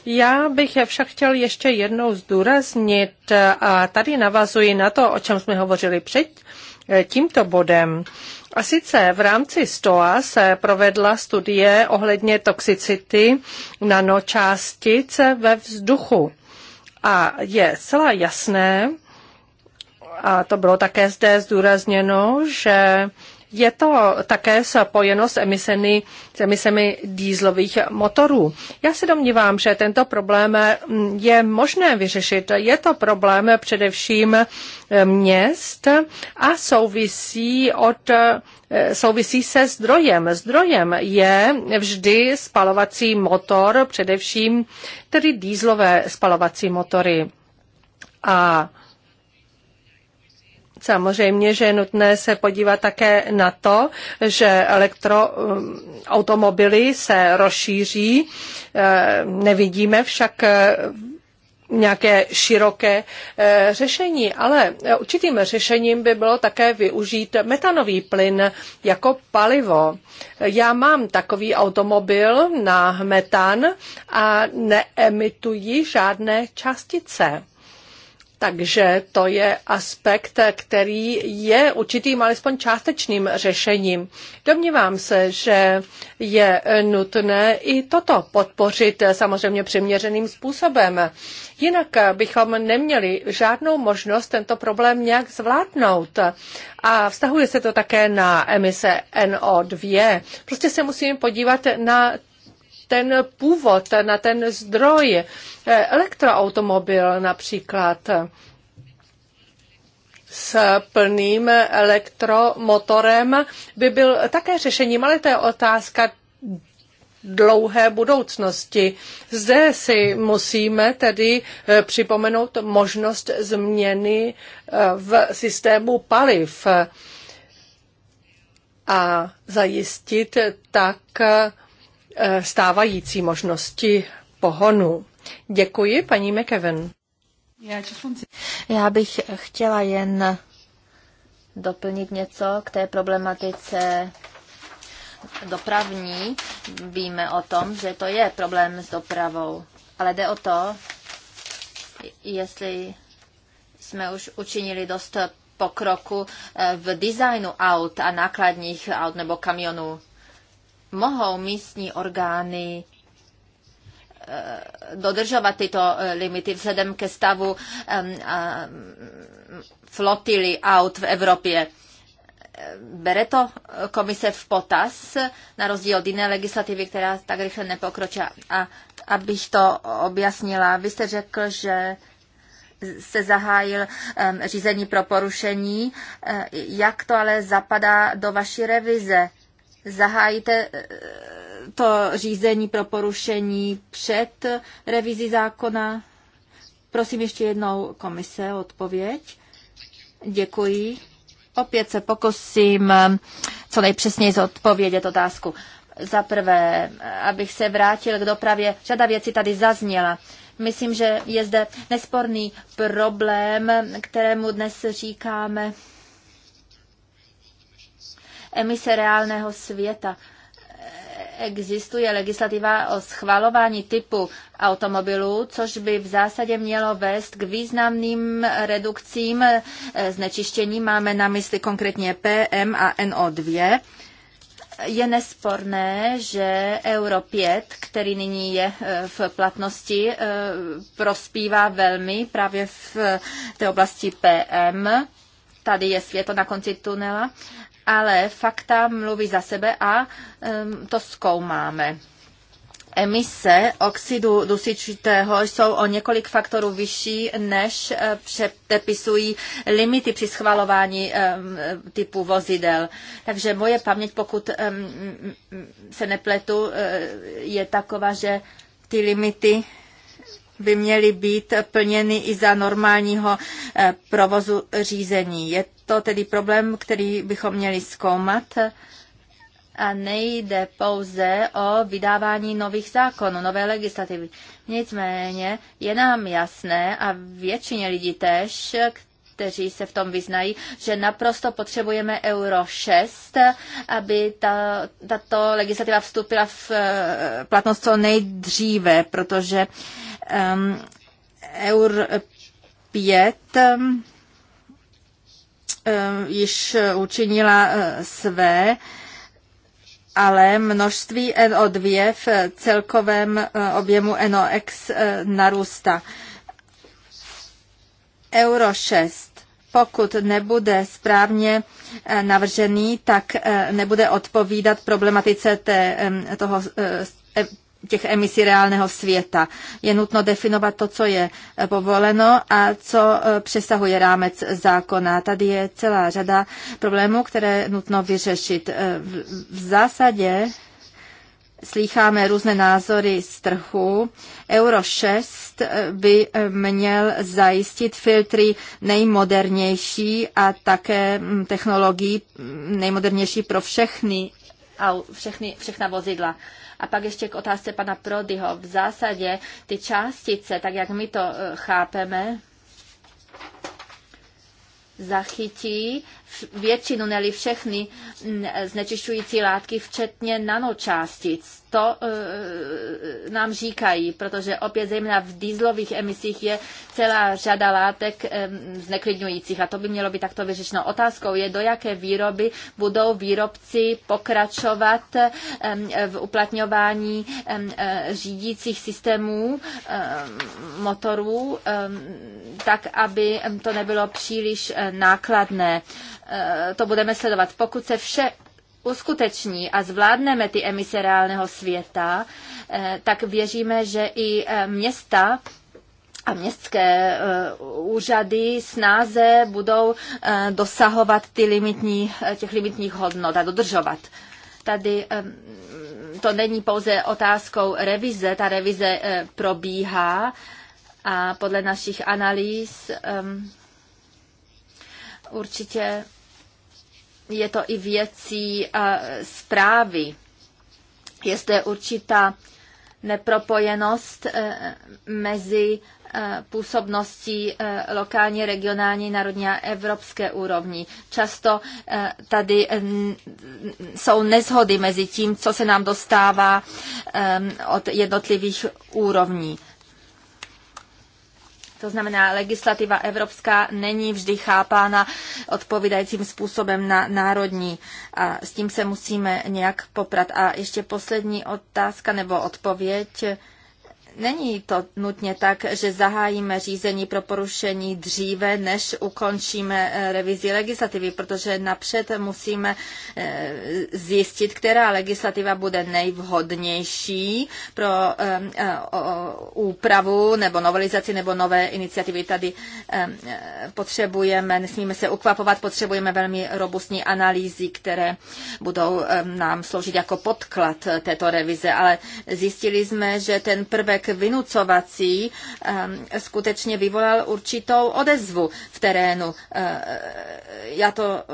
Já bych však chtěl ještě jednou zdůraznit, eh, a tady navazuji na to, o čem jsme hovořili před eh, tímto bodem, a sice v rámci STOA se provedla studie ohledně toxicity nanočástic ve vzduchu. A je zcela jasné, a to bylo také zde zdůrazněno, že je to také spojeno s emisemi, s emisemi dýzlových motorů. Já se domnívám, že tento problém je možné vyřešit. Je to problém především měst a souvisí, od, souvisí se zdrojem. Zdrojem je vždy spalovací motor, především tedy dýzlové spalovací motory. A Samozřejmě, že je nutné se podívat také na to, že elektroautomobily um, se rozšíří. E, nevidíme však e, nějaké široké e, řešení, ale určitým řešením by bylo také využít metanový plyn jako palivo. Já mám takový automobil na metan a neemituji žádné částice. Takže to je aspekt, který je určitým alespoň částečným řešením. Domnívám se, že je nutné i toto podpořit samozřejmě přiměřeným způsobem. Jinak bychom neměli žádnou možnost tento problém nějak zvládnout. A vztahuje se to také na emise NO2. Prostě se musíme podívat na ten původ, na ten zdroj. Eh, elektroautomobil například s plným elektromotorem by byl také řešením, ale to je otázka dlouhé budoucnosti. Zde si musíme tedy eh, připomenout možnost změny eh, v systému paliv a zajistit tak Eh, stávající možnosti pohonu. Děkuji, paní McEwen. Já bych chtěla jen doplnit něco k té problematice dopravní. Víme o tom, že to je problém s dopravou, ale jde o to, jestli jsme už učinili dost pokroku eh, v designu aut a nákladních aut nebo kamionů mohou místní orgány eh, dodržovat tyto eh, limity vzhledem ke stavu flotily aut v Evropě. Bere to komise v potaz, na rozdíl od jiné legislativy, která tak rychle nepokročila. A abych to objasnila, vy jste řekl, že se zahájil řízení pro porušení. Eh, jak to ale zapadá do vaší revize? zahájíte eh, to řízení pro porušení před revizí zákona? Prosím ještě jednou komise o odpověď. Děkuji. Opět se pokusím eh, co nejpřesněji zodpovědět otázku. Za prvé, eh, abych se vrátil k dopravě, řada věcí tady zazněla. Myslím, že je zde nesporný problém, kterému dnes říkáme emise reálného světa. Existuje legislativa o schvalování typu automobilů, což by v zásadě mělo vést k významným redukcím e, znečištění. Máme na mysli konkrétně PM a NO2. Je nesporné, že Euro 5, který nyní je e, v platnosti, e, prospívá velmi právě v té oblasti PM. Tady je světlo na konci tunela ale fakta mluví za sebe a to zkoumáme. Emise oxidu dusičitého jsou o několik faktorů vyšší, než eh, předepisují limity při schvalování typu vozidel. Takže moje paměť, pokud se nepletu, eh, je taková, že ty limity by měly být plněny i za normálního eh, provozu řízení. Je to tedy problém, který bychom měli zkoumat. A nejde pouze o vydávání nových zákonů, nové legislativy. Nicméně je nám jasné a většině lidí tež, kteří se v tom vyznají, že naprosto potřebujeme Euro 6, aby ta, tato legislativa vstoupila v eh, platnost co nejdříve, protože um, Euro 5 um, ehm, Eh, již eh, učinila eh, své, ale množství NO2 v celkovém objemu NOx narůstá. Euro 6 pokud nebude správně navržený, tak nebude odpovídat problematice té, toho těch emisí reálného světa. Je nutno definovat to, co je povoleno a co e, přesahuje rámec zákona. Tady je celá řada problémů, které nutno vyřešit. E, v zásadě slýcháme různé názory z trhu. Euro 6 e, by měl zajistit filtry nejmodernější a také mm, technologií mm, nejmodernější pro všechny, všechny, všechna vozidla. A pak ještě k otázce pana Prodyho. V zásadě ty částice, tak jak my to e, chápeme, zachytí většinu, neli všechny mm, znečišťující látky, včetně nanočástic. To e, nám říkají, protože opět zejména v dýzlových emisích je celá řada látek e, zneklidňujících a to by mělo být takto vyřešeno. Otázkou je, do jaké výroby budou výrobci pokračovat e, v uplatňování e, e řídících systémů e, motorů, e, tak aby to nebylo příliš e, nákladné Eh, to budeme sledovat. Pokud se vše uskuteční a zvládneme ty emise reálného světa, eh, tak věříme, že i eh, města a městské úřady snáze budou dosahovat ty limitní, těch limitních hodnot a dodržovat. Tady to není pouze otázkou revize, ta revize probíhá a podle našich analýz určitě je to i věcí eh, zprávy. Je zde určitá nepropojenost eh, mezi eh, působností lokální, regionální, národní a evropské úrovni. Často tady jsou nezhody mezi tím, co se nám dostává od jednotlivých úrovní. To znamená, legislativa evropská není vždy chápána odpovídajícím způsobem na národní. A s tím se musíme nějak poprat. A ještě poslední otázka nebo odpověď Není to nutně tak, že zahájíme řízení pro porušení dříve, než ukončíme eh, revizi legislativy, protože napřed musíme eh, zjistit, která legislativa bude nejvhodnější pro eh, úpravu nebo novelizaci nebo nové iniciativy. Tady potřebujeme, nesmíme se ukvapovat, potřebujeme velmi robustní analýzy, které budou nám sloužit jako podklad této revize, ale zjistili jsme, že ten prvek tak vynucovací ehm, skutečně vyvolal určitou odezvu v terénu. Eh, já to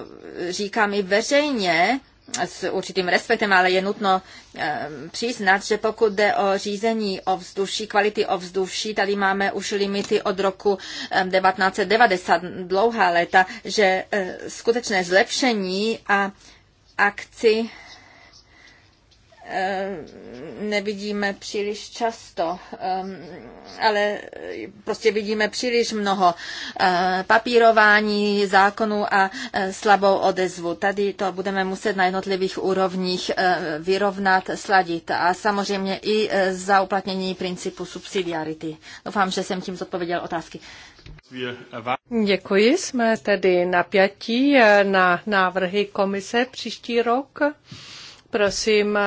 eh, říkám i veřejně, s určitým respektem, ale je nutno ehm, přiznat, že pokud jde o řízení ovzduší, kvality ovzduší, tady máme už limity od roku 1990, ehm, dlouhá léta, že eh, skutečné zlepšení a akci Eh, nevidíme příliš často, eh, ale prostě vidíme příliš mnoho eh, papírování zákonů a slabou odezvu. Tady to budeme muset na jednotlivých úrovních vyrovnat, sladit a samozřejmě i za uplatnění principu subsidiarity. Doufám, že jsem tím zodpověděl otázky. Děkuji, jsme tedy napjatí na návrhy komise příští rok. Prosím,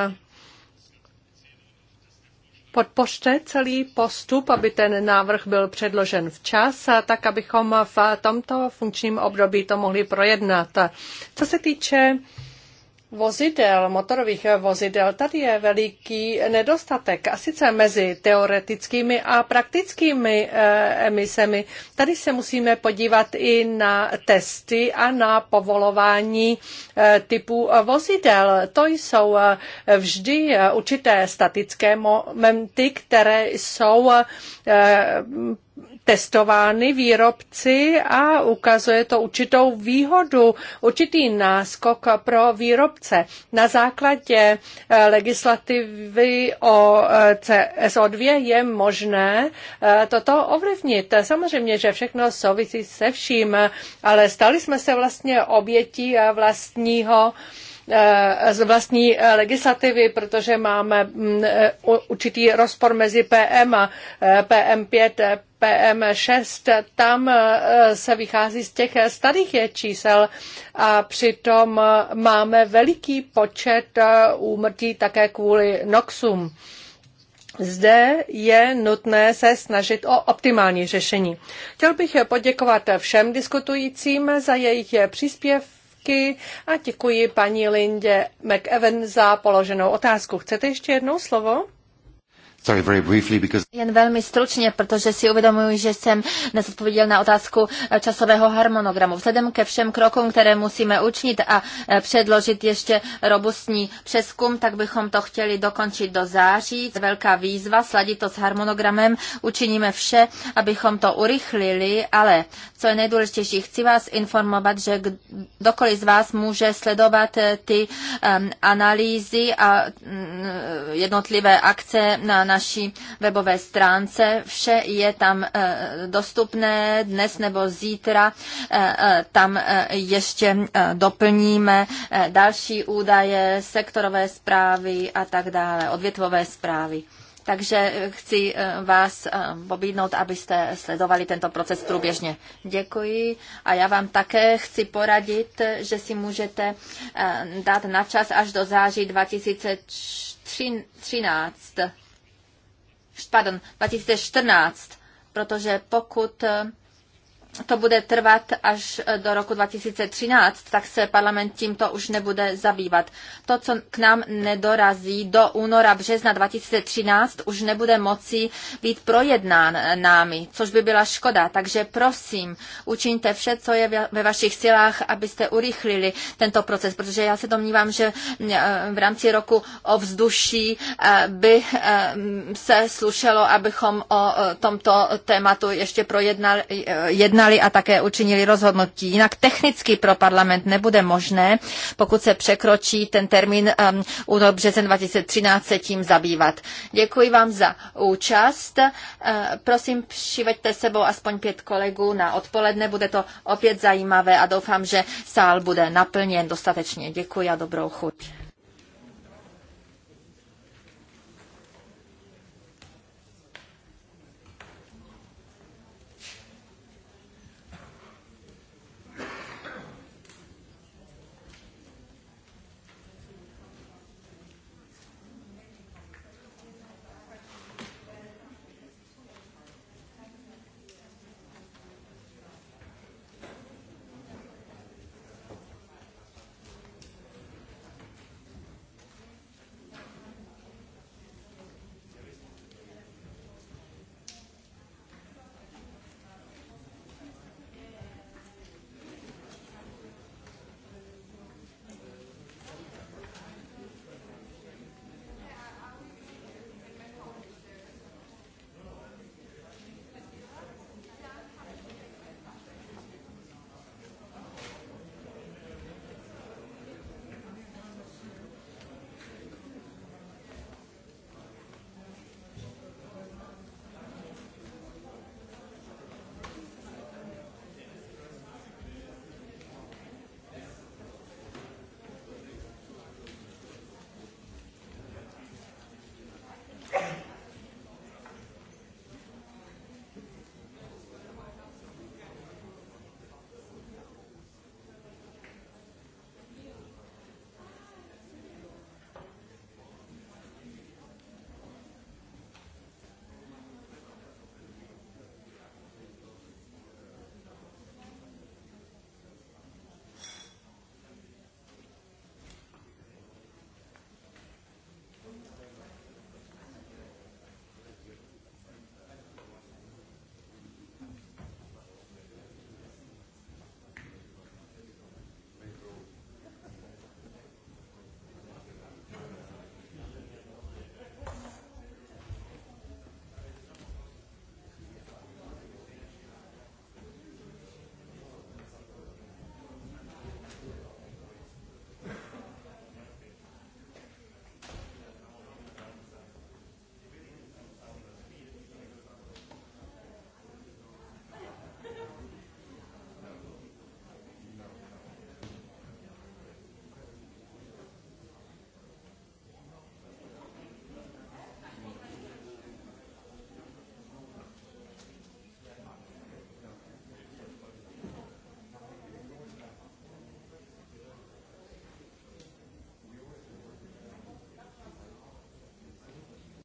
Podpořte celý postup, aby ten návrh byl předložen včas, tak abychom v tomto funkčním období to mohli projednat. Co se týče vozidel, motorových vozidel, tady je veliký nedostatek. A sice mezi teoretickými a praktickými eh, emisemi. Tady se musíme podívat i na testy a na povolování eh, typu vozidel. To jsou eh, vždy určité statické momenty, které jsou testovány výrobci a ukazuje to určitou výhodu, určitý náskok pro výrobce. Na základě eh, legislativy o eh, CSO2 je možné eh, toto ovlivnit. Samozřejmě, že všechno souvisí se vším, ale stali jsme se vlastně obětí vlastního Eh, z vlastní eh, legislativy, protože máme mm, eh, určitý rozpor mezi PM a PM5, PM6, tam se vychází z těch starých čísel a přitom máme veliký počet úmrtí také kvůli NOXům. Zde je nutné se snažit o optimální řešení. Chtěl bych poděkovat všem diskutujícím za jejich příspěvky otázky a děkuji paní Lindě McEwen za položenou otázku. Chcete ještě jednou slovo? Jen velmi stručně, protože si uvědomuji, že jsem nezodpověděl na otázku eh, časového harmonogramu. Vzhledem ke všem krokům, které musíme učinit a eh, předložit ještě robustní přeskum, tak bychom to chtěli dokončit do září. Velká výzva, sladit to s harmonogramem, učiníme vše, abychom to urychlili, ale co je nejdůležitější, chci vás informovat, že kdokoliv z vás může sledovat eh, ty um, analýzy a um, jednotlivé akce na, na naší webové stránce. Vše je tam eh, dostupné dnes nebo zítra. Eh, eh, tam ještě doplníme další údaje, sektorové zprávy a tak dále, odvětvové zprávy. Takže chci vás pobídnout, abyste sledovali tento proces průběžně. Děkuji a já vám také chci poradit, že si můžete dát na čas až do září 2013 pardon, 2014, protože pokud eh, to bude trvat až do roku 2013, tak se parlament tímto už nebude zabývat. To, co k nám nedorazí do února, března 2013, už nebude moci být projednán námi, což by byla škoda. Takže prosím, učiňte vše, co je ve vašich silách, abyste urychlili tento proces, protože já se domnívám, že eh, v rámci roku o vzduší eh, by eh, se slušelo, abychom o tomto tématu ještě projednali jednali jednali a také učinili rozhodnutí. Jinak technicky pro parlament nebude možné, pokud se překročí ten termín um, únor březen 2013 se tím zabývat. Děkuji vám za účast. Uh, prosím, přiveďte sebou aspoň pět kolegů na odpoledne. Bude to opět zajímavé a doufám, že sál bude naplněn dostatečně. Děkuji a dobrou chuť.